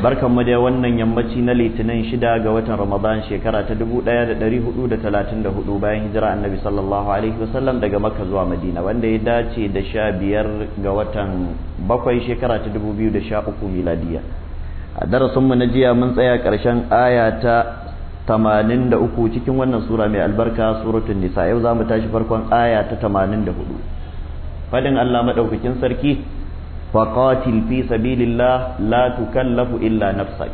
barkan mu da wannan yammaci na litinin shida ga watan ramadan shekara ta 1434 bayan hijira annabi sallallahu alaihi wasallam daga makka zuwa madina wanda ya dace da sha biyar ga watan bakwai shekara ta 2013 miladiya a darasin mu na jiya mun tsaya karshen aya ta 83 cikin wannan sura mai albarka suratul nisa yau zamu tashi farkon aya ta 84 fadin Allah madaukakin sarki فقاتل في سبيل الله لا تكلف إلا نفسك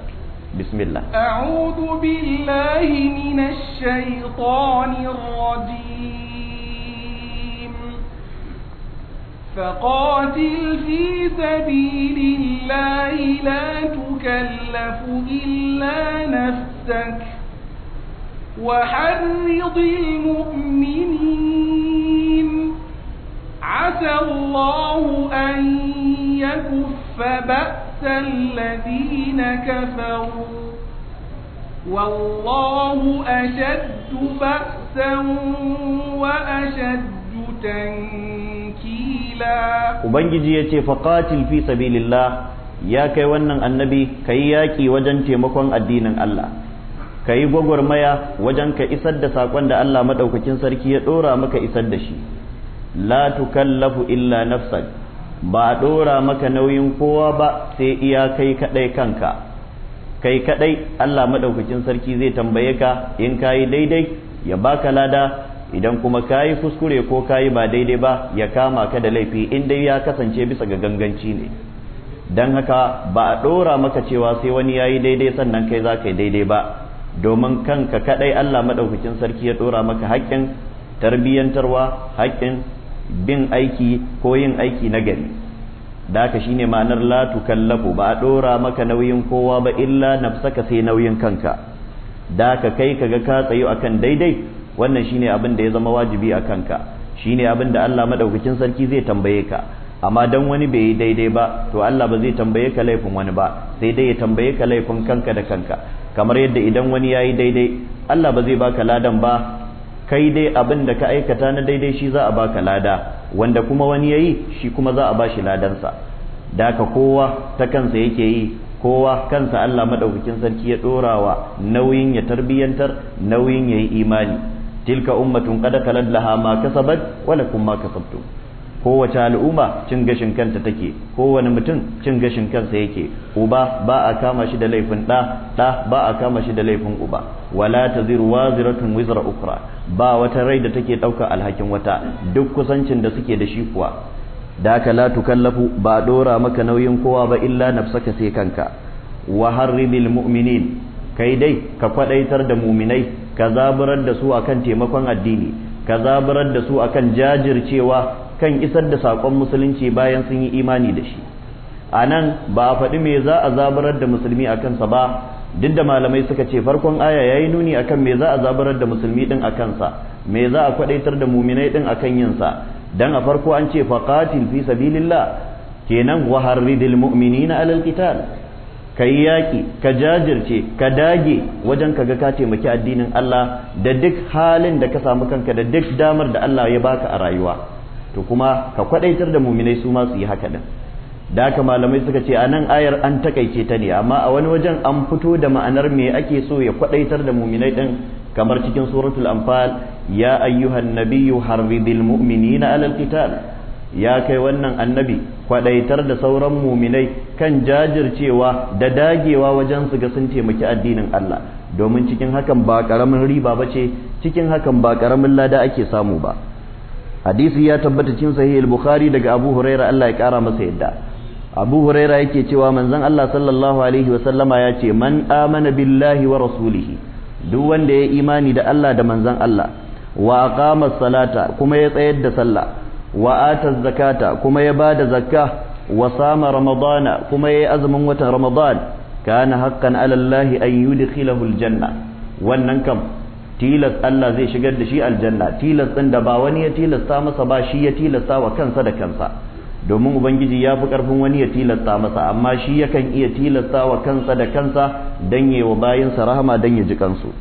بسم الله أعوذ بالله من الشيطان الرجيم فقاتل في سبيل الله لا تكلف إلا نفسك وحرض المؤمنين عسى الله أن يكف بأس الذين كفروا والله أشد بأسا وأشد تنكيلا وبنجي يتي فقاتل في سبيل الله يا كي ونن النبي كي ياكي وجن تيمكون الدين الله كي بغور ميا وجن كي إسد ساقوان دا الله مدوك تنسر كي يدورا مكا إسد شي la tukallafu illa nafsak ba a ɗora maka nauyin kowa ba sai iya kai kaɗai kanka kai kaɗai Allah maɗaukakin sarki zai tambaye ka in kayi daidai ya baka lada idan kuma kayi kuskure ko kayi ba daidai ba ya kama ka da laifi in dai ya kasance bisa ga ganganci ne don haka ba a ɗora maka cewa sai wani yayi daidai sannan kai za ka yi daidai ba domin kanka kaɗai Allah maɗaukakin sarki ya ɗora maka haƙƙin tarbiyyantarwa haƙƙin bin aiki ko yin aiki na gari da ka shine ma'anar la tukallafu ba a dora maka nauyin kowa ba illa nafsaka sai nauyin kanka da ka kai kaga ka tsayo akan daidai wannan shine abin da ya zama wajibi a kanka shine abin da Allah madaukakin sarki zai tambaye ka amma dan wani bai yi daidai ba to Allah ba zai tambaye ka laifin wani ba sai dai ya tambaye ka laifin kanka da kanka kamar yadda idan wani ya yi daidai Allah ba zai baka ladan ba kai dai abin da ka aikata na daidai shi za a baka lada wanda kuma wani yayi shi kuma za a bashi ladansa da ka kowa ta kansa yake yi kowa kansa Allah madaukakin sarki ya dorawa nauyin ya tarbiyantar nauyin yayi imani tilka ummatun qad khalat laha ma kasabat wa lakum ma kasabtum kowace al'umma cin gashin kanta take kowane mutum cin gashin kansa yake uba ba a kama shi da laifin ɗa ɗa ba a kama shi da laifin uba wala taziru waziratun wizra ukra ba wata rai da take ɗauka alhakin wata duk kusancin da suke da shi kuwa da ka la tukallafu ba ɗora maka nauyin kowa ba illa nafsaka sai kanka wa harribil mu'minin kai dai ka kwadaitar da muminai ka zaburar da su akan taimakon addini ka zaburar da su akan jajircewa kan isar da saƙon musulunci bayan sun yi imani da shi a nan ba a faɗi me za a zabarar da musulmi a kansa ba duk da malamai suka ce farkon aya ya yi nuni akan me za a zabarar da musulmi ɗin a kansa me za a kwaɗaitar da muminai ɗin a kan yinsa don a farko an ce faƙatil fi sabilillah kenan waharridil na alal qital ka yi yaƙi ka jajirce ka dage wajen ka ga ka taimaki addinin Allah da duk halin da ka samu kanka da duk damar da Allah ya baka a rayuwa to kuma ka kwadaitar da muminai su ma su yi haka din da haka malamai suka ce a nan ayar an takaice ta ne amma a wani wajen an fito da ma'anar me ake so ya kwadaitar da muminai din kamar cikin suratul anfal ya ayyuhan nabiyyu harridil mu'minina alal qital ya kai wannan annabi kwadaitar da sauran muminai kan jajircewa da dagewa wajen su ga sun taimaki addinin Allah domin cikin hakan ba karamin riba bace cikin hakan ba karamin lada ake samu ba hadisi ya tabbata cikin sahihul bukhari daga abu huraira Allah ya kara masa yadda abu huraira yake cewa manzon Allah sallallahu alaihi wasallama ya ce man amana billahi wa rasulihi duk wanda ya imani da Allah da manzon Allah wa aqama salata kuma ya tsayar da sallah wa ata zakata kuma ya bada zakka wa sama ramadana kuma ya azumin watan ramadan kana haqqan ala Allah an yudkhilahu aljanna wannan kam tilas Allah zai shigar da shi aljanna tilas din da ba wani ya tilasta masa ba shi ya tilasta wa kansa da kansa domin ubangiji ya fi karfin wani ya tilasta masa amma shi yakan iya tilasta wa kansa da kansa dan yayin wa bayinsa rahama dan ya ji kansu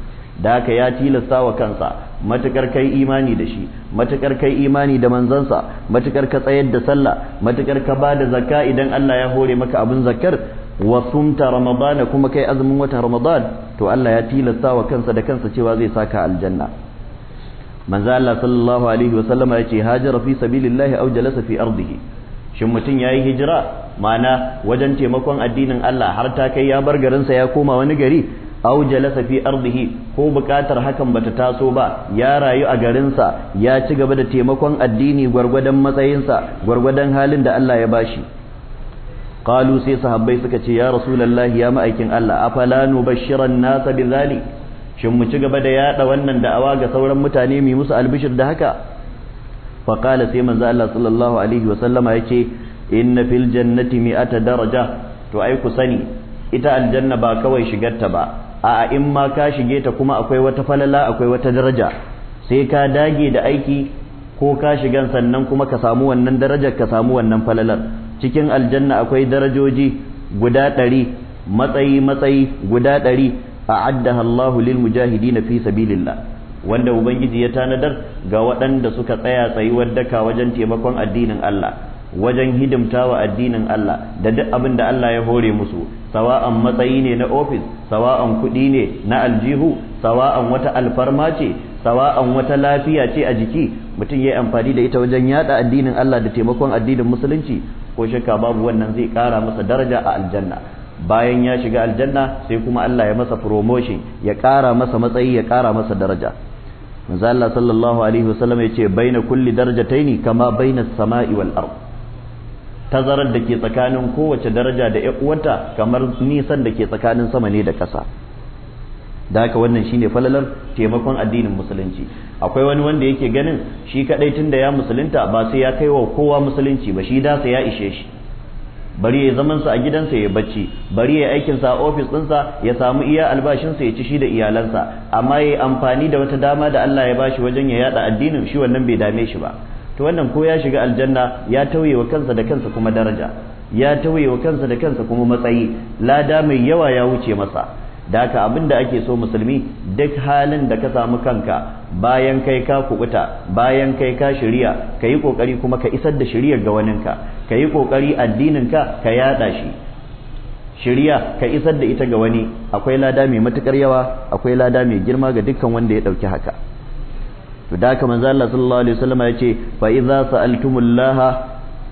da haka ya tilasta wa kansa matukar kai imani da shi matukar kai imani da manzansa matukar ka tsayar da sallah matukar ka ba da zakka idan Allah ya hore maka abin zakkar Wasumta ramadana kuma kai azumin watan ramadan to Allah ya tilasta wa kansa da kansa cewa zai saka aljanna manzo Allah sallallahu alaihi wa sallama yace hajara fi sabilillahi aw jalasa fi ardihi shin mutum yayi hijira ma'ana wajen taimakon addinin Allah har ta kai ya bar garinsa ya koma wani gari aw jalasa fi ardihi ko bukatar hakan bata taso ba ya rayu a garinsa ya ci gaba da taimakon addini gwargwadon matsayinsa gwargwadon halin da Allah ya bashi kalu sai sahabbai suka ce ya rasulullahi ya ma'aikin Allah afala nubashshiran nasa bizali shin mu ci gaba da yada wannan da'awa ga sauran mutane mu musu albishir da haka fa sai manzo Allah sallallahu alaihi wa sallama yace inna fil jannati mi'ata daraja to ai sani ita aljanna ba kawai ta ba a'a in ma ka shige ta kuma akwai wata falala akwai wata daraja sai ka dage da aiki ko ka shigan sannan kuma ka samu wannan darajar ka samu wannan falalar cikin aljanna akwai darajoji guda ɗari matsayi matsayi guda ɗari a addaha hallahu lil na fi sabilillah wanda ubangiji ya tanadar ga waɗanda suka tsaya tsayuwar daka wajen taimakon addinin Allah wajen hidimta wa addinin Allah da duk abin da Allah ya hore musu sawa'an matsayi ne na ofis sawa'an kuɗi ne na aljihu sawa'an wata alfarma ce sawa'an wata lafiya ce a jiki mutum ya yi amfani da ita wajen yada addinin Allah da taimakon addinin musulunci ko shakka babu wannan zai kara masa daraja a aljanna bayan ya shiga aljanna sai kuma Allah ya masa promotion ya kara masa matsayi ya kara masa daraja manzo Allah sallallahu alaihi wasallam yace baina kulli darajataini kama baina samai wal ard tazarar da ke tsakanin kowace daraja da ƴan uwanta kamar nisan da ke tsakanin sama ne da ƙasa da haka wannan shine falalar taimakon addinin musulunci akwai wani wanda yake ganin shi kadai tunda ya musulunta ba sai ya kai wa kowa musulunci ba shi dasa ya ishe shi bari ya zaman sa a gidansa ya bacci bari ya aikin sa a ofis ɗinsa ya samu iya albashin sa ya ci shi da iyalansa amma ya amfani da wata dama da Allah ya bashi wajen ya yada addinin shi wannan bai dame shi ba to wannan ko ya shiga aljanna ya tauye kansa da kansa kuma daraja ya tauye kansa da kansa kuma matsayi lada mai yawa ya wuce masa Daka haka abin da ake so musulmi duk halin da ka samu kanka bayan kai ka kubuta bayan kai ka shirya ka yi kokari kuma ka isar da shiryar ga waninka ka yi kokari addinin ka ka yada shi shirya ka isar da ita ga wani akwai lada mai matukar yawa akwai lada mai girma ga dukkan wanda ya dauki haka to da haka manzo Allah sallallahu alaihi wasallam ya ce fa idza sa'altumullaha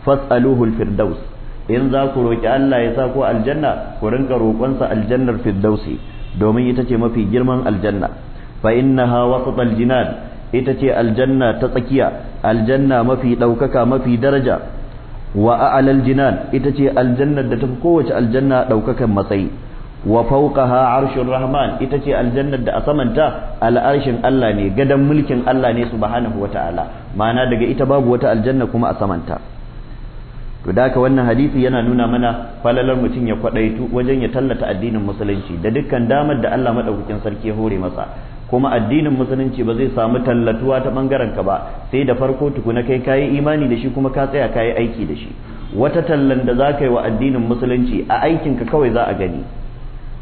fas'aluhu al-firdaus in za ku roƙi Allah ya sa ku aljanna ku rinka roƙonsa aljannar firdausi domin ita ce mafi girman aljanna fa innaha wasatal ita ce aljanna ta tsakiya aljanna mafi ɗaukaka mafi daraja wa a'lal ita ce aljannar da tafi kowace aljanna ɗaukakan matsayi wa fawqaha arshur rahman ita ce aljannar da a samanta al'ashin Allah ne gadan mulkin Allah ne subhanahu wata'ala ma'ana daga ita babu wata aljanna kuma a samanta to da haka wannan hadisi yana nuna mana falalar mutum ya kwadaitu wajen ya tallata addinin musulunci da dukkan damar da Allah madaukakin sarki ya hore masa kuma addinin musulunci ba zai samu tallatuwa ta bangaren ka ba sai da farko tukuna kai kayi imani da shi kuma ka tsaya kayi aiki da shi wata tallan da za ka yi wa addinin musulunci a aikin ka kawai za a gani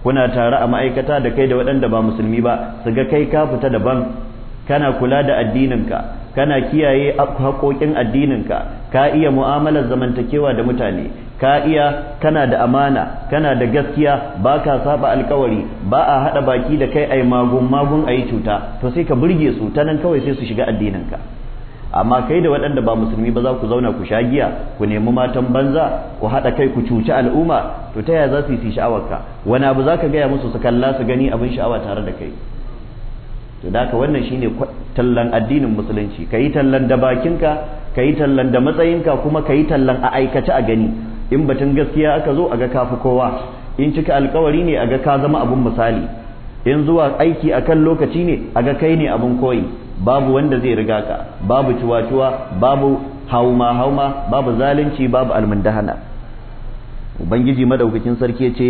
kuna tare a ma'aikata da kai da waɗanda ba musulmi ba su ga kai ka fita daban kana kula da addinin ka kana kiyaye haƙoƙin addininka ka iya mu'amalar zamantakewa da mutane ka iya kana da amana kana da gaskiya ba ka saba alkawari ba a haɗa baki da kai ai magun magun a yi cuta to sai ka burge su ta nan kawai sai su shiga addininka amma kai da waɗanda ba musulmi ba za ku zauna ku sha giya ku nemi matan banza ku haɗa kai ku cuci al'umma to ta yaya za su yi sha'awarka wani abu za ka gaya musu su kalla su gani abin sha'awa tare da kai to da haka wannan shine tallan addinin musulunci kayi tallan da bakinka kayi tallan da matsayinka kuma kayi tallan a aikace a gani in batun gaskiya aka zo a ga kafi kowa in cika alkawari ne a ga ka zama abun misali in zuwa aiki akan lokaci ne a ga kai ne abun koyi babu wanda zai riga ka babu ciwa-ciwa babu hauma hauma babu zalunci babu almundahana ubangiji madaukakin sarki ce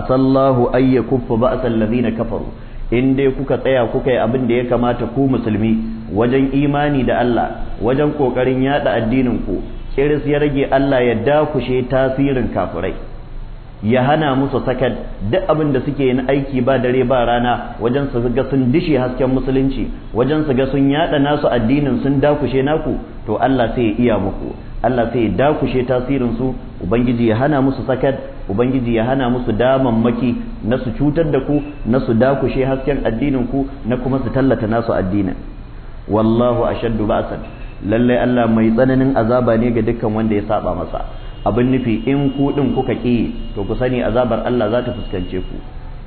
asallahu ayya kuffa ba'sal ladina kafaru in dai kuka tsaya kuka yi abin da ya kamata ku musulmi wajen imani da Allah wajen ƙoƙarin yada addinin ku kiris ya rage Allah ya dakushe tasirin kafirai ya hana musu sakat duk abin da suke yin aiki ba dare ba rana wajen su ga sun dishe hasken musulunci wajen su ga sun yada nasu addinin sun dakushe naku to Allah sai ya iya muku Allah sai ya dakushe tasirin su ubangiji ya hana musu sakat ubangiji ya hana musu damammaki na su cutar da ku na su dakushe hasken addinin ku na kuma su tallata nasu addinin wallahu ashaddu ba'san lallai Allah mai tsananin azaba ne ga dukkan wanda ya saba masa abin nufi in ku din kuka ki to ku sani azabar Allah za ta fuskance ku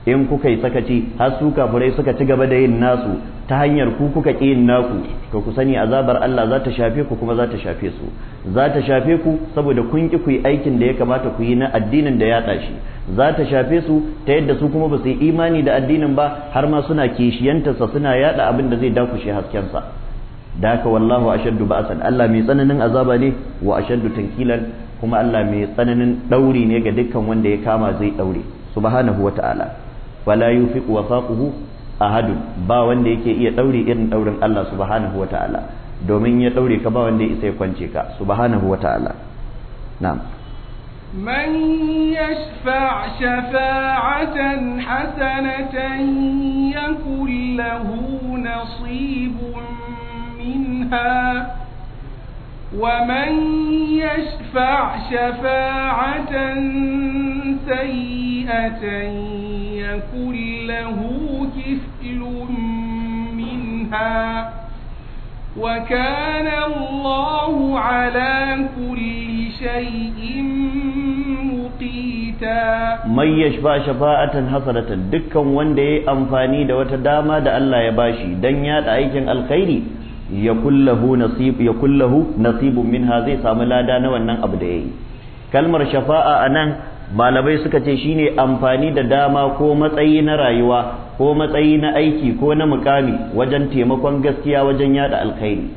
in kuka yi sakaci har su kafirai suka ci gaba da yin nasu ta hanyar ku kuka ƙi yin naku to ku sani azabar Allah za ta shafe ku kuma za ta shafe su za ta shafe ku saboda kun ki ku yi aikin da ya kamata ku yi na addinin da ya tashi za ta shafe su ta yadda su kuma ba su yi imani da addinin ba har ma suna kishiyantarsa suna yada abin da zai dakushe haskensa da haka wallahu ashaddu ba'san Allah mai tsananin azaba ne wa ashaddu tankilan kuma Allah mai tsananin dauri ne ga dukkan wanda ya kama zai daure subhanahu wa ta'ala fala yufiqu wasaquhu ahadun ba wanda yake iya daure irin daurin Allah subhanahu wataala domin ya daure ka ba wanda ya isa ya kwance ka subhanahu wataala na'am من يشفع شفاعة حسنة يكن له نصيب منها ومن يشفع شفاعة سيئة يكن له كفل منها وكان الله على كل شيء muqita man yashfa shafa'atan hasarata dukkan wanda yayi amfani da wata dama da Allah ya bashi dan yaɗa aikin alkhairi ya kullahu nasibun minha zai samu lada na wannan abu da yayi kalmar shafa'a anan malamai suka ce shine amfani da dama ko matsayi na rayuwa ko matsayi na aiki ko na mukami wajen taimakon gaskiya wajen yada alkhairi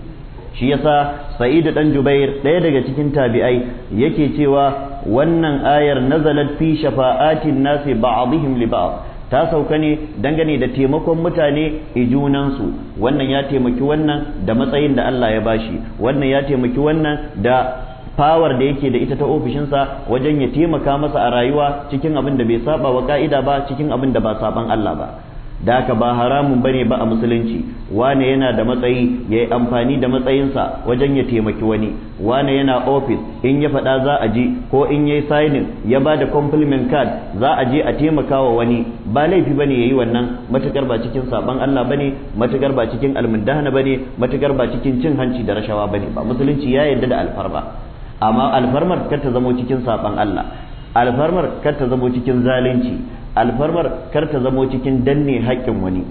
shi yasa sa'idu dan jubair ɗaya daga cikin tabi'ai yake cewa wannan ayar nazalat fi shafa'atin nasi ba'dihim li ba'd ta sauka ne dangane da taimakon mutane ijunansu wannan ya taimaki wannan da matsayin da Allah ya bashi wannan ya taimaki wannan da fawar da yake da ita ta ofishinsa wajen ya taimaka masa a rayuwa cikin abin da bai saba wa ka'ida ba cikin abin da ba saban Allah ba da haka ba haramun bane ba a musulunci wane yana da matsayi ya yi amfani da matsayinsa wajen ya taimaki wani wane yana ofis in ya faɗa za a ji ko in ya yi sainin ya ba da compliment card za a je a taimaka wa wani ba laifi ba ne ya yi wannan matukar ba cikin sabon Allah bane matukar ba cikin almundahana bane matukar ba cikin cin hanci da rashawa bane ba musulunci ya yarda da alfarma amma alfarmar kar ta zamo cikin sabon Allah alfarmar kar ta zamo cikin zalunci alfarmar kar ta zamo cikin danne haƙƙin wani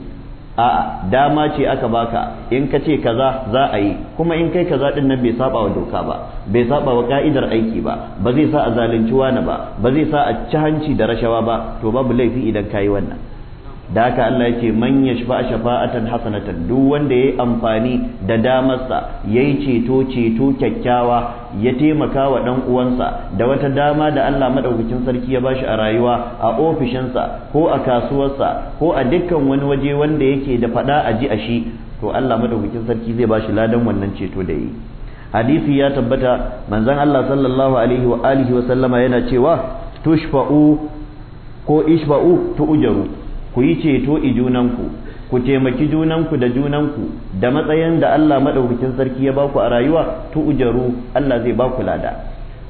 a'a dama ce aka baka in ka ce kaza za a yi kuma in kai kaza din nan bai saba wa doka ba bai saba wa ka'idar aiki ba ba zai sa a zalunci wani ba ba zai sa a ci hanci da rashawa ba to babu laifi idan ka yi wannan da haka Allah yake man yashfa shafa'atan hasanatan duk wanda ya yi amfani da damarsa yayi ceto ceto kyakkyawa ya taimaka wa dan uwansa da wata dama da Allah madaukakin sarki ya bashi a rayuwa a ofishinsa ko a kasuwarsa ko a dukkan wani waje wanda yake da faɗa a ji a shi to Allah madaukakin sarki zai bashi ladan wannan ceto da yi hadisi ya tabbata manzon Allah sallallahu alaihi wa alihi wa sallama yana cewa tushfa'u ko ishba'u tu'jaru ku yi ceto i junanku ku taimaki junanku da junanku da matsayin da Allah madaukakin sarki ya baku a rayuwa tu ujaru Allah zai baku lada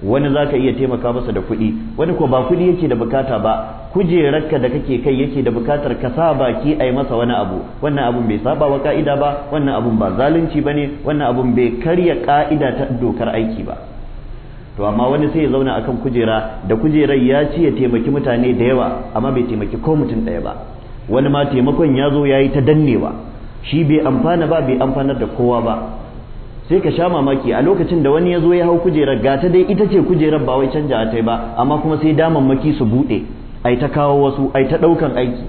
wani za ka iya taimaka masa da kuɗi wani ko ba kuɗi yake da bukata ba kujerarka da kake kai yake da bukatar ka sa baki a yi masa wani abu wannan abun bai saba wa ka'ida ba wannan abun ba zalunci ba ne wannan abun bai karya ka'ida ta dokar aiki ba to amma wani sai ya zauna akan kujera da kujerar ya ci ya taimaki mutane da yawa amma bai taimaki ko mutum ɗaya ba wani ma taimakon ya zo ya yi ta dannewa shi bai amfana ba bai amfanar da kowa ba sai ka sha mamaki a lokacin da wani ya zo ya hau kujerar ga ta dai ita ce kujerar ba wai canja ta ba amma kuma sai damammaki su buɗe ai ta kawo wasu ai ta ɗaukan aiki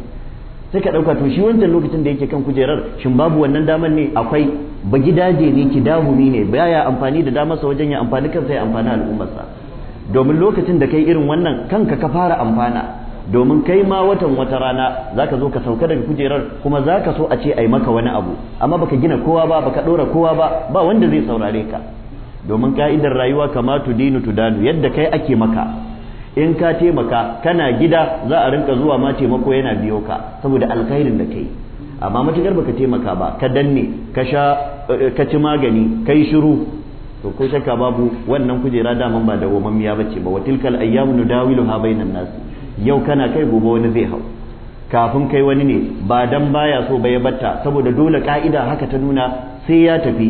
sai ka ɗauka to shi wancan lokacin da yake kan kujerar shin babu wannan damar ne akwai ba gidaje ne ki dahumi ne ya amfani da damarsa wajen ya amfani kansa ya amfani al'ummarsa domin lokacin da kai irin wannan kanka ka fara amfana domin kai ma watan wata rana za ka zo ka sauka daga kujerar kuma za ka so a ce ai maka wani abu amma baka gina kowa ba baka ɗora kowa ba ba wanda zai saurare ka domin ka'idar rayuwa kama tu tu danu yadda kai ake maka in ka taimaka kana gida za a rinka zuwa ma taimako yana biyo ka saboda alkhairin da kai amma matukar baka taimaka ba ka danne ka sha eh, ka ci magani kai shiru to ko shakka babu wannan kujera daman ba da ba bace ba watilkal ayyamu nudawiluha bainan nasi yau kana kai gobe wani zai hau kafin kai wani ne ba dan baya so ba ya batta saboda dole ka'ida haka ta nuna sai ya tafi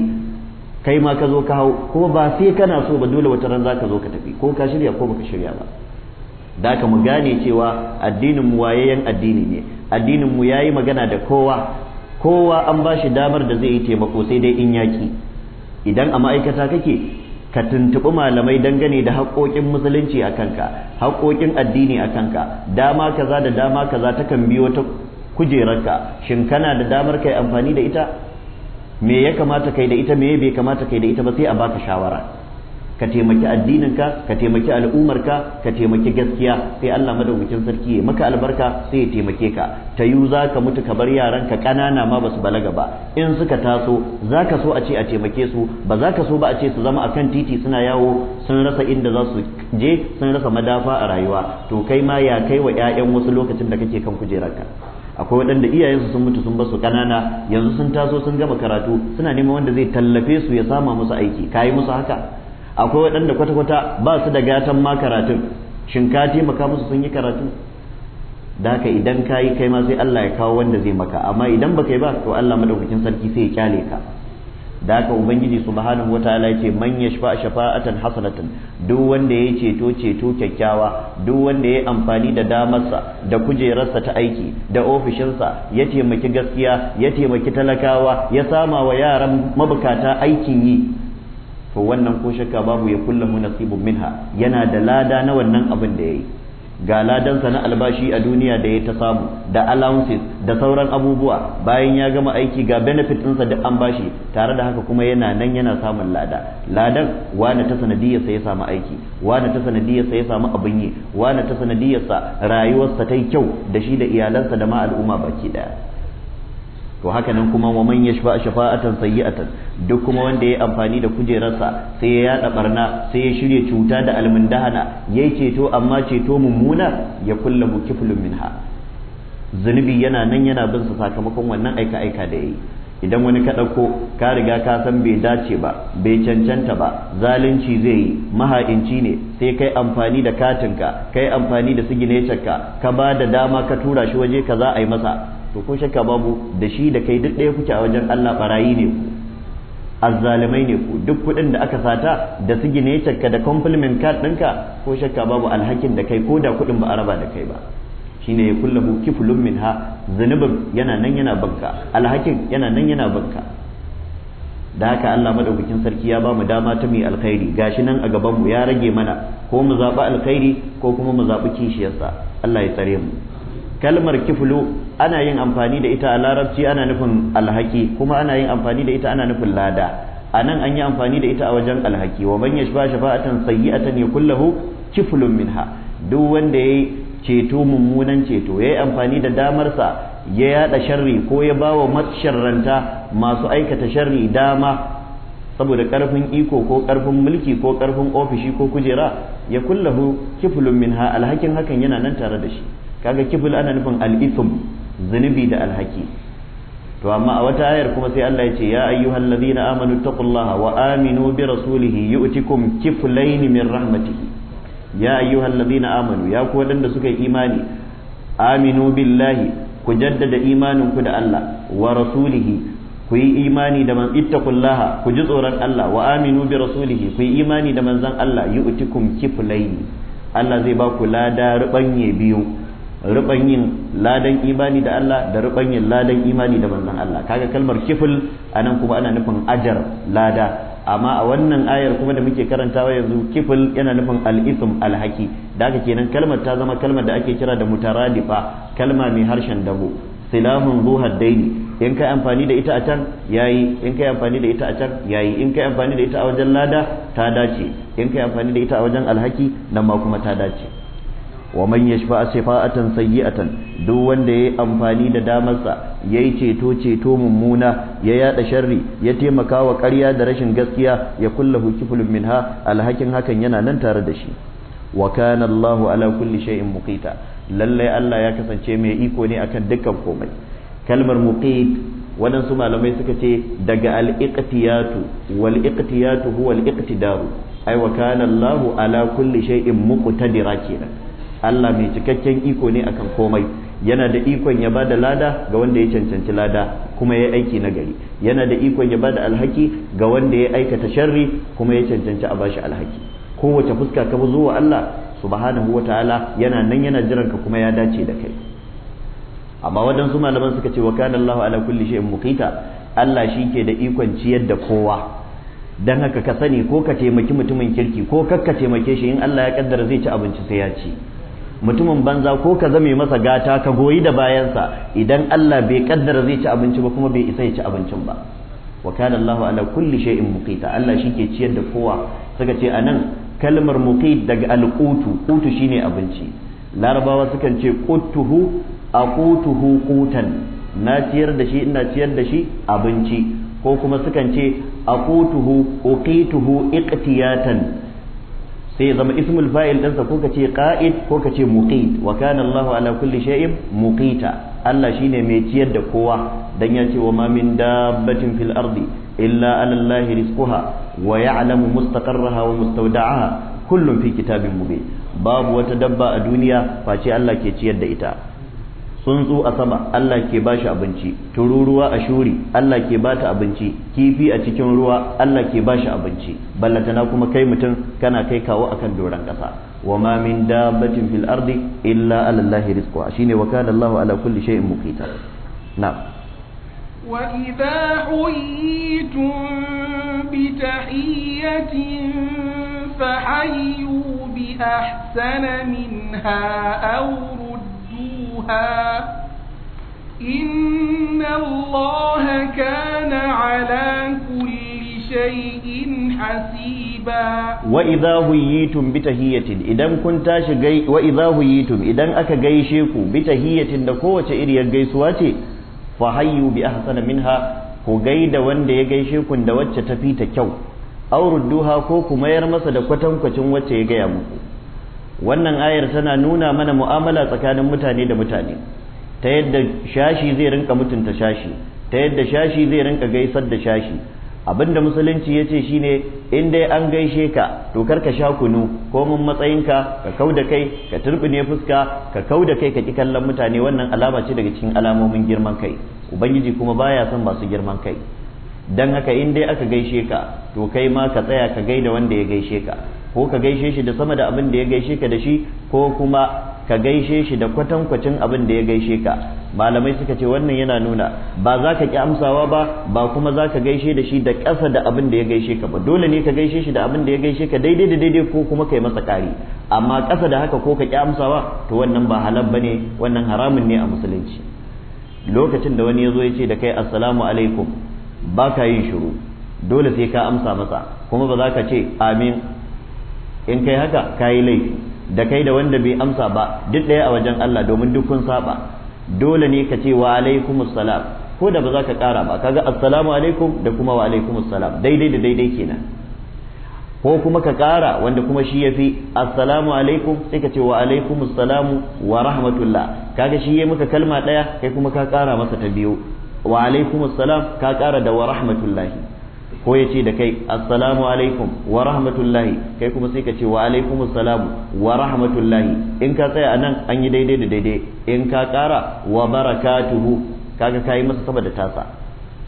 kai ma ka zo ka hau ko ba sai kana so ba dole wata ran ka zo ka tafi ko ka shirya ko baka shirya ba da ka mu gane cewa addinin mu yan addini ne addinin mu yayi magana da kowa kowa an ba shi damar da zai yi taimako sai dai in yaki idan a ma'aikata kake ka tuntuɓi malamai dangane da haƙoƙin musulunci a kanka haƙoƙin addini a kanka dama kaza da dama kaza takan biyo ta kujerarka shin kana da damar kai amfani da ita me ya kamata kai da ita me bai kamata kai da ita ba sai a baka shawara ka taimaki addininka ka taimaki al'ummarka ka taimaki gaskiya sai Allah madaukakin sarki ya maka albarka sai ya taimake ka ta yu za ka mutu ka bar yaran ka kanana ma ba su balaga ba in suka taso za ka so a ce a taimake su ba za ka so ba a ce su zama akan titi suna yawo sun rasa inda za su je sun rasa madafa a rayuwa to kai ma ya kai wa 'ya'yan wasu lokacin da kake kan ka akwai waɗanda iyayensu sun mutu sun basu kanana yanzu sun taso sun gama karatu suna neman wanda zai tallafe su ya sama musu aiki kayi musu haka akwai waɗanda kwata-kwata ba su da gatan ma karatun shin ka taimaka musu sun yi karatu da haka idan ka yi kai ma sai Allah ya kawo wanda zai maka amma idan baka kai ba to Allah madaukakin sarki sai ya kyale ka da haka ubangiji subhanahu wataala yace man yashfa shafa'atan hasanatan duk wanda yayi ceto ceto kyakkyawa duk wanda yayi amfani da damarsa da kujerarsa ta aiki da ofishinsa ya taimaki gaskiya ya taimaki talakawa ya sama wa yaran mabukata aikin yi to wannan ko shakka babu ya kulla mu nasibun minha yana da lada na wannan abin da yayi ga ladansa na albashi a duniya da ya ta samu da allowances da sauran abubuwa bayan ya gama aiki ga benefit ɗinsa da an bashi tare da haka kuma yana nan yana samun lada ladan wani ta sanadiyar sa ya samu aiki wani ta sanadiyar sa ya samu abin yi wani ta sanadiyar sa rayuwarsa ta kyau da shi da iyalansa da ma al'umma baki daya to haka nan kuma wa man yashfa shafa'atan sayyi'atan duk kuma wanda yayi amfani da kujerarsa sai ya yada barna sai ya shirye cuta da almundahana yayi ceto amma ceto mummuna ya kullahu kiflun minha zunubi yana nan yana bin su sakamakon wannan aika aika da yayi idan wani ka ɗauko ka riga ka san bai dace ba bai cancanta ba zalunci zai yi maha'inci ne sai kai amfani da katinka kai amfani da siginecarka ka ba da dama ka tura shi waje ka za a yi masa to ko shakka babu da shi da kai duk ɗaya kuke a wajen Allah barayi ne ku azzalimai ne ku duk kuɗin da aka sata da gine ka da compliment card ɗinka ko shakka babu alhakin da kai ko da kuɗin ba a raba da kai ba shine ya kullahu kiflun minha zunubin yana nan yana banka alhakin yana nan yana banka da haka Allah madaukakin sarki ya bamu dama ta mai alkhairi gashi nan a gaban mu ya rage mana ko mu zaɓi alkhairi ko kuma mu zaɓi kishiyarsa Allah ya tsare mu kalmar kiflu ana yin amfani da ita a larabci ana nufin alhaki kuma ana yin amfani da ita ana nufin lada a nan an yi amfani da ita a wajen alhaki wa man yashfa shafa'atan sayyi'atan yakul kiflun minha duk wanda yayi ceto mummunan ceto yayi amfani da damarsa ya yada sharri ko ya bawa masharranta masu aikata sharri dama saboda karfin iko ko karfin mulki ko karfin ofishi ko kujera ya kullahu kiflun minha alhakin hakan yana nan tare da shi kaga kiful ana nufin al-ithm zunubi da alhaki to amma a wata ayar kuma sai Allah ya ce ya ayyuhal ladina amanu taqullaha wa aminu bi rasulihi yu'tikum kiflayn min rahmatihi ya ayyuhal ladina amanu ya ku wadanda suka yi imani aminu billahi ku jaddada imanin ku da Allah wa rasulihi ku yi imani da man ittaqullaha ku ji tsoron Allah wa aminu bi rasulihi ku yi imani da manzon Allah yu'tikum kiflayn Allah zai ba ku lada rubanye biyu ruban yin ladan imani da Allah da ruban yin ladan imani da manzon Allah kaga kalmar kifil anan kuma ana nufin ajar lada amma a wannan ayar kuma da muke karantawa yanzu kiful yana nufin al-ism al-haki da haka kenan kalmar ta zama kalmar da ake kira da mutaradifa kalma mai harshen dabo silamun zuhar daini in kai amfani da ita a can yayi in kai amfani da ita a can yayi in kai amfani da ita a wajen lada ta dace in kai amfani da ita a wajen alhaki nan ma kuma ta dace wa man yashfa shafa'atan sayyi'atan duk wanda yayi amfani da damarsa yayi ceto ceto mummuna ya yada sharri ya taimaka wa ƙarya da rashin gaskiya ya kullahu kiflun minha alhakin hakan yana nan tare da shi wa kana Allahu ala kulli shay'in muqita lalle Allah ya kasance mai iko ne akan dukkan komai kalmar muqit waɗansu malamai suka ce daga al-iqtiyatu wal iqtiyatu huwa al-iqtidaru kana Allahu ala kulli shay'in muqtadira kenan Allah mai cikakken iko ne akan komai yana da ikon ya da lada ga wanda ya cancanci lada kuma ya aiki na gari yana da ikon ya ba da alhaki ga wanda ya aikata sharri kuma ya cancanci a bashi alhaki kowace fuska ka bi zuwa Allah subhanahu wataala yana nan yana jiran ka kuma ya dace da kai amma wadansu malaman suka ce wa kana Allahu ala kulli shay'in muqita Allah shi ke da ikon ciyar da kowa dan haka ka sani ko ka taimaki mutumin kirki ko kakka taimake shi in Allah ya kaddara zai ci abinci sai ya ci mutumin banza ko ka zame masa gata ka goyi da bayansa idan Allah bai kaddara zai ci abinci ba kuma bai isa ya ci abincin ba wa kana Allahu ala kulli shay'in muqita Allah shike ciyar da kowa suka ce anan kalmar muqit daga alqutu qutu shine abinci larabawa sukan ce qutuhu aqutuhu qutan na ciyar da shi ina ciyar da shi abinci ko kuma sukan ce aqutuhu uqituhu iqtiyatan sai zama ismul fa'il ɗinsa ko ka ce qa'id ko ka ce muqit wa kana Allahu ala kulli shay'in muqita Allah shine mai ciyar da kowa dan ya ce wa ma min dabbatin fil ardi illa ala Allah rizquha wa ya'lamu mustaqarraha wa mustawda'aha kullun fi kitabin mubin babu wata dabba a duniya face Allah ke ciyar da ita tsuntsu a sama Allah ke ba shi abinci tururuwa a shuri Allah ke ba ta abinci kifi a cikin ruwa Allah ke ba shi abinci ballatana kuma kai mutum kana kai kawo akan doron ƙasa wa ma min dabbatin fil ardi illa ala Allah rizquha shine wa kana Allah ala kulli shay'in muqita na'am وإذا حييتم بتحية bi بأحسن منها أو يَرِثُهَا إِنَّ اللَّهَ كَانَ عَلَى كُلِّ شَيْءٍ حَسِيبًا وَإِذَا هُيِّيتُم بِتَحِيَّةٍ إِذًا كُنْتَ شَيْءٍ وَإِذَا هُيِّيتُم إِذًا أَكَ غَيْشَ كُ بِتَحِيَّةٍ da kowace iriyar gaisuwa ce fahayyu bi minha ku gaida wanda ya gaishe ku da wacce tafi ta kyau aurudduha ko ku mayar masa da kwatankwacin wacce ya gaya muku wannan ayar tana nuna mana mu'amala tsakanin mutane da mutane ta yadda shashi zai rinka mutunta shashi ta yadda shashi zai rinka gaisar da shashi abinda musulunci ya ce shine in dai an gaishe ka to kar ka sha kunu ko mun matsayinka ka kau da kai ka turbine fuska ka kau da kai ka ki kallon mutane wannan alama ce daga cikin alamomin girman kai ubangiji kuma baya son masu girman kai dan haka in dai aka gaishe ka to kai ma ka tsaya ka gaida wanda ya gaishe ka ko ka gaishe shi da sama da abin da ya gaishe ka da shi ko kuma ka gaishe shi da kwatankwacin abin da ya gaishe ka malamai suka ce wannan yana nuna ba za ka ki amsawa ba ba kuma za ka gaishe da shi da ƙasa da abin da ya gaishe ka ba dole ne ka gaishe shi da abin da ya gaishe ka daidai da daidai ko kuma kai masa ƙari amma ƙasa da haka ko ka ki amsawa to wannan ba halal bane wannan haramun ne a musulunci lokacin da wani ya zo ya ce da kai assalamu alaikum ba ka yin shiru dole sai ka amsa masa kuma ba za ka ce amin in kai haka kai laifi da kai da wanda bai amsa ba duk ɗaya a wajen Allah domin duk kun saba dole ne ka ce wa alaikumus salam ko da ba za ka kara ba kaga assalamu alaikum da kuma wa alaikumus salam daidai da daidai kenan ko kuma ka kara wanda kuma shi yafi assalamu alaikum sai ka ce wa alaikumus salamu wa rahmatullah kaga shi yayi maka kalma daya kai kuma ka kara masa ta biyu wa alaikumus salam ka kara da wa rahmatullahi. ko ya ce da kai assalamu alaikum wa rahmatullahi kai kuma sai ka ce wa alaikum assalam wa rahmatullahi in ka tsaya anan an yi daidai da daidai in ka kara wa barakatuhu kaga kayi masa saboda tasa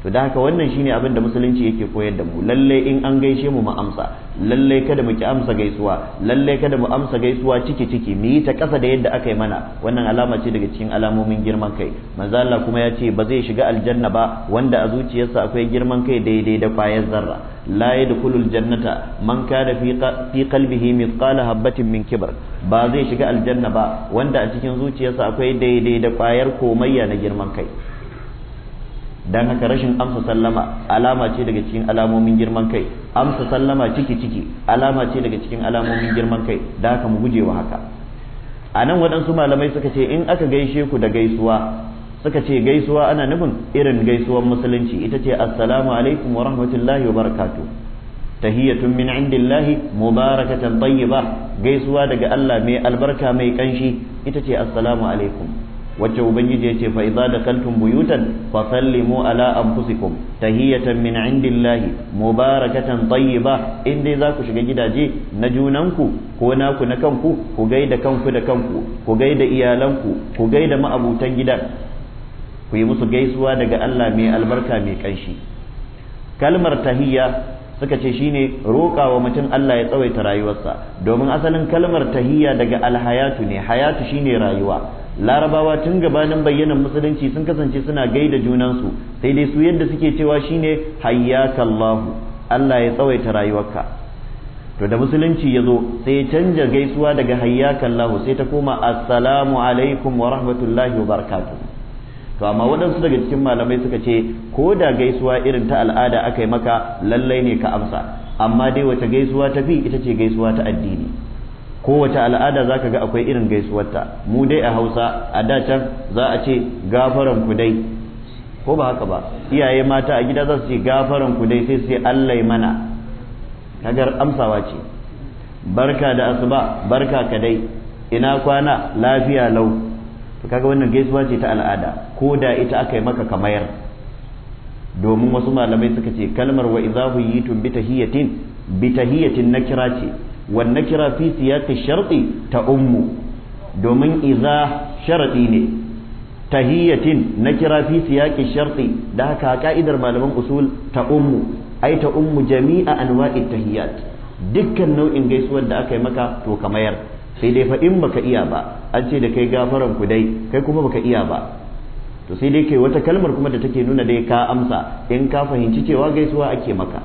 to da haka wannan shine abin da musulunci yake koyar da mu lalle in an gaishe mu mu amsa lalle kada mu ki amsa gaisuwa lalle kada mu amsa gaisuwa ciki ciki mu yi ta kasa da yadda aka yi mana wannan alama ce daga cikin alamomin girman kai manzo Allah kuma ya ce ba zai shiga aljanna ba wanda a zuciyarsa akwai girman kai daidai da kwayar zarra la yadkhulul jannata man kana fi qalbihi mithqala habatin min kibar ba zai shiga aljanna ba wanda a cikin zuciyarsa akwai daidai da kwayar komayya na girman kai dan haka rashin amsa sallama alama ce daga cikin alamomin girman kai amsa sallama ciki ciki alama ce daga cikin alamomin girman kai da haka mu gujewa haka a nan waɗansu malamai suka ce in aka gaishe ku da gaisuwa suka ce gaisuwa ana nufin irin gaisuwar musulunci ita ce assalamu alaikum wa rahmatullahi wa barakatu tahiyatun min indillahi mubarakatan tayyiba gaisuwa daga Allah mai albarka mai kanshi ita ce assalamu alaikum wacce ubangiji ya ce fa idza dakaltum buyutan fa sallimu ala anfusikum tahiyatan min indillahi mubarakatan tayyiba in dai za ku shiga gidaje na junanku ko naku na kanku ku gaida kanku da kanku ku gaida iyalanku ku gaida ma'abutan gidan ku yi musu gaisuwa daga Allah mai albarka mai kanshi kalmar tahiyya suka ce shine roƙawa mutum Allah ya tsawaita rayuwarsa domin asalin kalmar tahiyya daga alhayatu ne hayatu shine rayuwa larabawa tun gabanin bayyanan musulunci sun kasance suna gaida junansu sai dai su yadda suke cewa shine ne Allah Allah ya tsawaita rayuwarka to da musulunci ya zo sai ya canja gaisuwa daga hayyakallahu sai ta koma assalamu alaikum wa rahmatullahi wa barakatuh to amma waɗansu daga cikin malamai suka ce ko da gaisuwa irin ta al'ada aka yi maka lallai ne ka amsa amma dai wace gaisuwa ta fi ita ce gaisuwa ta addini kowace al'ada za ka ga akwai irin gaisuwarta mu dai a hausa a da can za a ce gafaran ku dai ko ba haka ba iyaye mata a gida za su ce gafaran ku dai sai su ce allai mana kagar amsawa ce barka da asuba barka ka dai ina kwana lafiya lau to kaga wannan gaisuwa ce ta al'ada ko da ita aka yi maka kamayar domin wasu malamai suka ce kalmar wa idza tun bi tahiyatin bi tahiyatin nakira ce wannan kira fi sharti ta ummu domin iza sharadi ne tahiyatin na kira fi sharti da haka ka'idar malaman usul ta ummu ai ta ummu jami'a anwa'i tahiyat dukkan nau'in gaisuwar da aka yi maka to ka mayar sai dai fa in baka iya ba an ce da kai gafaran ku dai kai kuma baka iya ba to sai dai kai wata kalmar kuma da take nuna dai ka amsa in ka fahimci cewa gaisuwa ake maka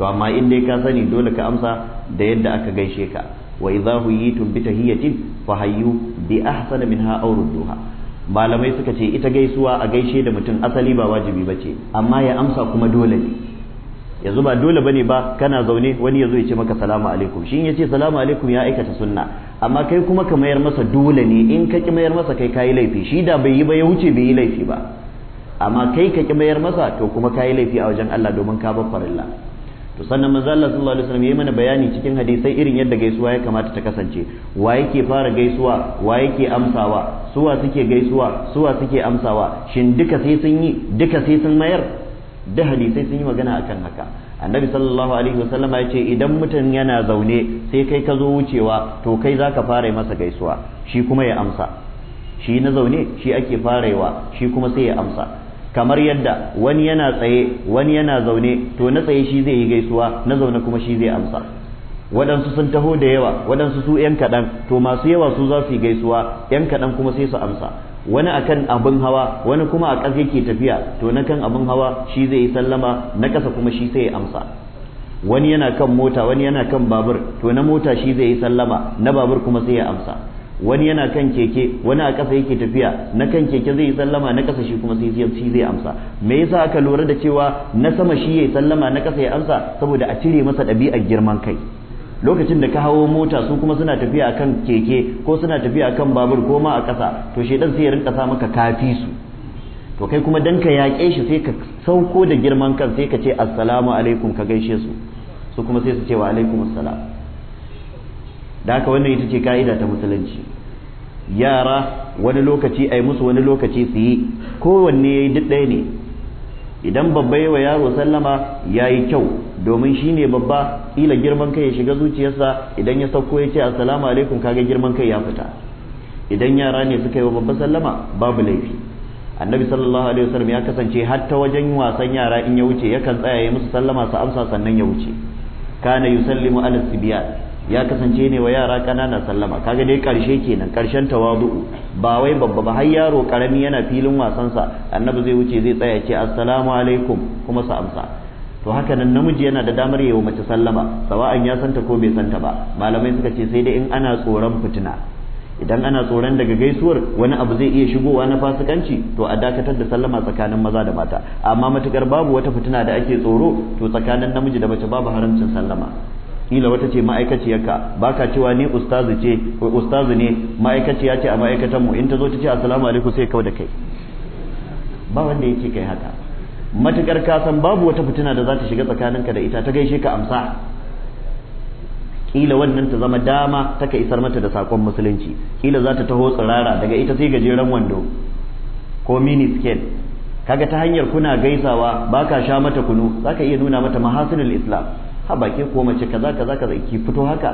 to amma in dai ka sani dole ka amsa da yadda aka gaishe ka wa idza huyitum bi tahiyatin fa hayyu bi ahsana minha aw rudduha malamai suka ce ita gaisuwa a gaishe da mutum asali ba wajibi bace amma ya amsa kuma dole ne yanzu ba dole bane ba kana zaune wani yazo ya ce maka salamu alaikum shin yace salamu alaikum ya aikata sunna amma kai kuma ka mayar masa dole ne in ka ki mayar masa kai kayi laifi shi da bai yi ba ya wuce bai yi laifi ba amma kai ka ki mayar masa to kuma kayi laifi a wajen Allah domin ka bar farilla to sannan manzo Allah sallallahu alaihi wasallam yayi mana bayani cikin hadisai irin yadda gaisuwa ya kamata ta kasance wa yake fara gaisuwa wa yake amsawa suwa suke gaisuwa suwa suke amsawa shin duka sai sun yi duka sai sun mayar da hadisai sun yi magana akan haka annabi sallallahu alaihi wasallam ya ce idan mutum yana zaune sai kai ka zo wucewa to kai zaka fara masa gaisuwa shi kuma ya amsa shi na zaune shi ake farewa shi kuma sai ya amsa kamar yadda wani yana tsaye wani yana zaune to na tsaye shi zai yi gaisuwa na zaune kuma shi zai amsa waɗansu sun taho da yawa waɗansu su 'yan kaɗan to masu yawa su za su yi gaisuwa 'yan kaɗan kuma sai su amsa wani akan abin hawa wani kuma a ƙasa yake tafiya to na kan abin hawa shi zai yi sallama na ƙasa kuma shi sai ya amsa wani yana kan mota wani yana kan babur to na mota shi zai yi sallama na babur kuma sai ya amsa wani yana kan keke wani a ƙasa yake tafiya na kan keke zai yi sallama na ƙasa shi kuma sai zai amsa me yasa aka lura da cewa na sama shi yayi sallama na ƙasa ya amsa saboda a cire masa ɗabi'ar girman kai lokacin da ka hawo mota su kuma suna tafiya akan keke ko suna tafiya akan babur ko ma a ƙasa to ɗan sai ya rinka sa maka kafi su to kai kuma dan ka yaƙe shi sai ka sauko da girman kan sai ka ce assalamu alaikum ka gaishe su su kuma sai su ce wa alaikum da haka wannan ita ce ka'ida ta musulunci yara wani lokaci ai musu wani lokaci su yi kowanne ya yi duk ɗaya ne idan babba yi wa yaro sallama ya yi kyau domin shi ne babba ila girman kai ya shiga zuciyarsa idan ya sauko ya ce assalamu alaikum kaga girman kai ya fita idan yara ne suka yi wa babba sallama babu laifi annabi sallallahu alaihi wasallam ya kasance hatta wajen wasan yara in ya wuce yakan tsaya ya musu sallama su amsa sannan ya wuce kana yusallimu ala sibiyat ya kasance ne wa yara kanana sallama kaga dai karshe kenan karshen tawadu ba wai babba ba har yaro karami yana filin wasan sa annabi zai wuce zai tsaya ce assalamu alaikum kuma sa amsa to haka nan namiji yana da damar yayin mace sallama sawa'an ya santa ko bai santa ba malamai suka ce sai dai in ana tsoron fitina idan ana tsoron daga gaisuwar wani abu zai iya shigowa na fasikanci to a dakatar da sallama tsakanin maza da mata amma matukar babu wata fitina da ake tsoro to tsakanin namiji da mace babu haramcin sallama kila wata ce ma'aikaciyarka ba ka cewa ni ustazu ce ustazu ne ma'aikaciya ce a ma'aikatan mu in ta zo ta ce assalamu alaikum sai kawai da kai ba wanda yake kai haka matukar ka san babu wata fitina da za ta shiga tsakaninka da ita ta gaishe ka amsa kila wannan ta zama dama ta ka isar mata da sakon musulunci kila za ta taho tsirara daga ita sai gajeren wando ko mini scale kaga ta hanyar kuna gaisawa baka sha mata kunu zaka iya nuna mata mahasinul islam ha bake ko mace kaza kaza kaza ki fito haka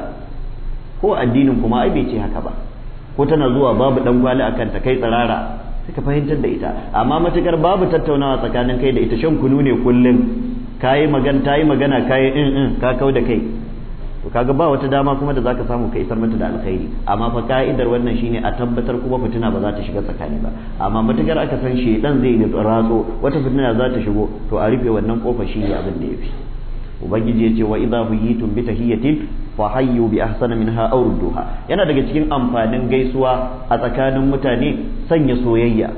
ko addinin kuma ai bai ce haka ba ko tana zuwa babu dan kwali akan ta kai tsirara suka fahimtar da ita amma matukar babu tattaunawa tsakanin kai da ita shan kunu ne kullum kai magana tayi magana kai in in ka kau da kai to kaga ba wata dama kuma da zaka samu ka isar mata da alkhairi amma fa ka'idar wannan shine a tabbatar kuma fitina ba za ta shiga tsakani ba amma matukar aka san shi dan zai ratso wata fitina za ta shigo to a rufe wannan kofar ne abin da yafi ubangiji ya ce wa idza huyitum bi tahiyatin fa hayyu bi ahsana minha aw rudduha yana daga cikin amfanin gaisuwa a tsakanin mutane sanya soyayya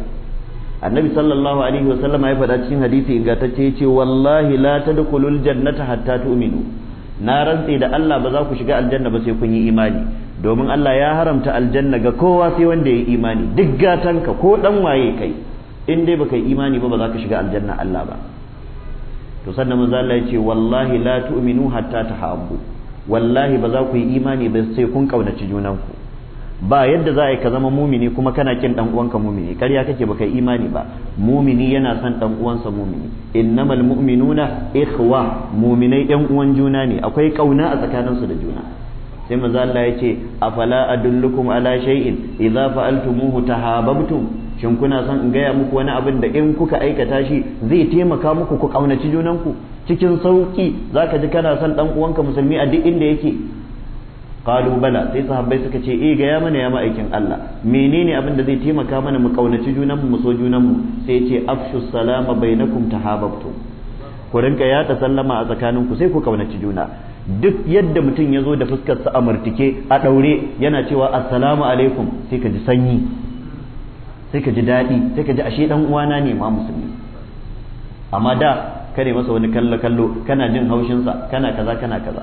annabi sallallahu alaihi wasallam ya faɗa cikin hadisi ingantacce ya ce wallahi la tadkhulul jannata hatta tu'minu na rantse da Allah ba za ku shiga aljanna ba sai kun yi imani domin Allah ya haramta aljanna ga kowa sai wanda ya yi imani duk gatanka ko dan waye kai in dai baka yi imani ba ba za ka shiga aljanna Allah ba to sannan manzo Allah ya ce wallahi la tu'minu hatta tahabbu wallahi ba za ku yi imani ba sai kun kaunaci ku. ba yadda za a yi ka zama mumini kuma kana kin dan uwanka mumini karya kake baka yi imani ba mumini yana son dan uwansa mumini innamal mu'minuna ikhwa muminai yan uwan juna ne akwai kauna a tsakaninsu da juna sai manzo Allah ya ce afala adullukum ala shay'in idza fa'altumuhu tahabbtum shin kuna son in gaya muku wani abin da in kuka aikata shi zai taimaka muku ku kaunaci junanku cikin sauki zaka ji kana son dan uwanka musulmi a duk inda yake qalu bala sai sahabbai suka ce eh gaya mana ya ma'aikin Allah menene abin da zai taimaka mana mu kaunaci junanmu mu so junanmu sai ya ce afshu salama bainakum tahabbtu ku rinka ta sallama a tsakanin ku sai ku kaunaci juna duk yadda mutum ya zo da fuskarsa a martike a ɗaure yana cewa assalamu alaikum sai ka ji sanyi sai ka ji daɗi sai ka ji ashe ɗan uwana ne ma musulmi amma da kare masa wani kallo kallo kana jin haushinsa kana kaza kana kaza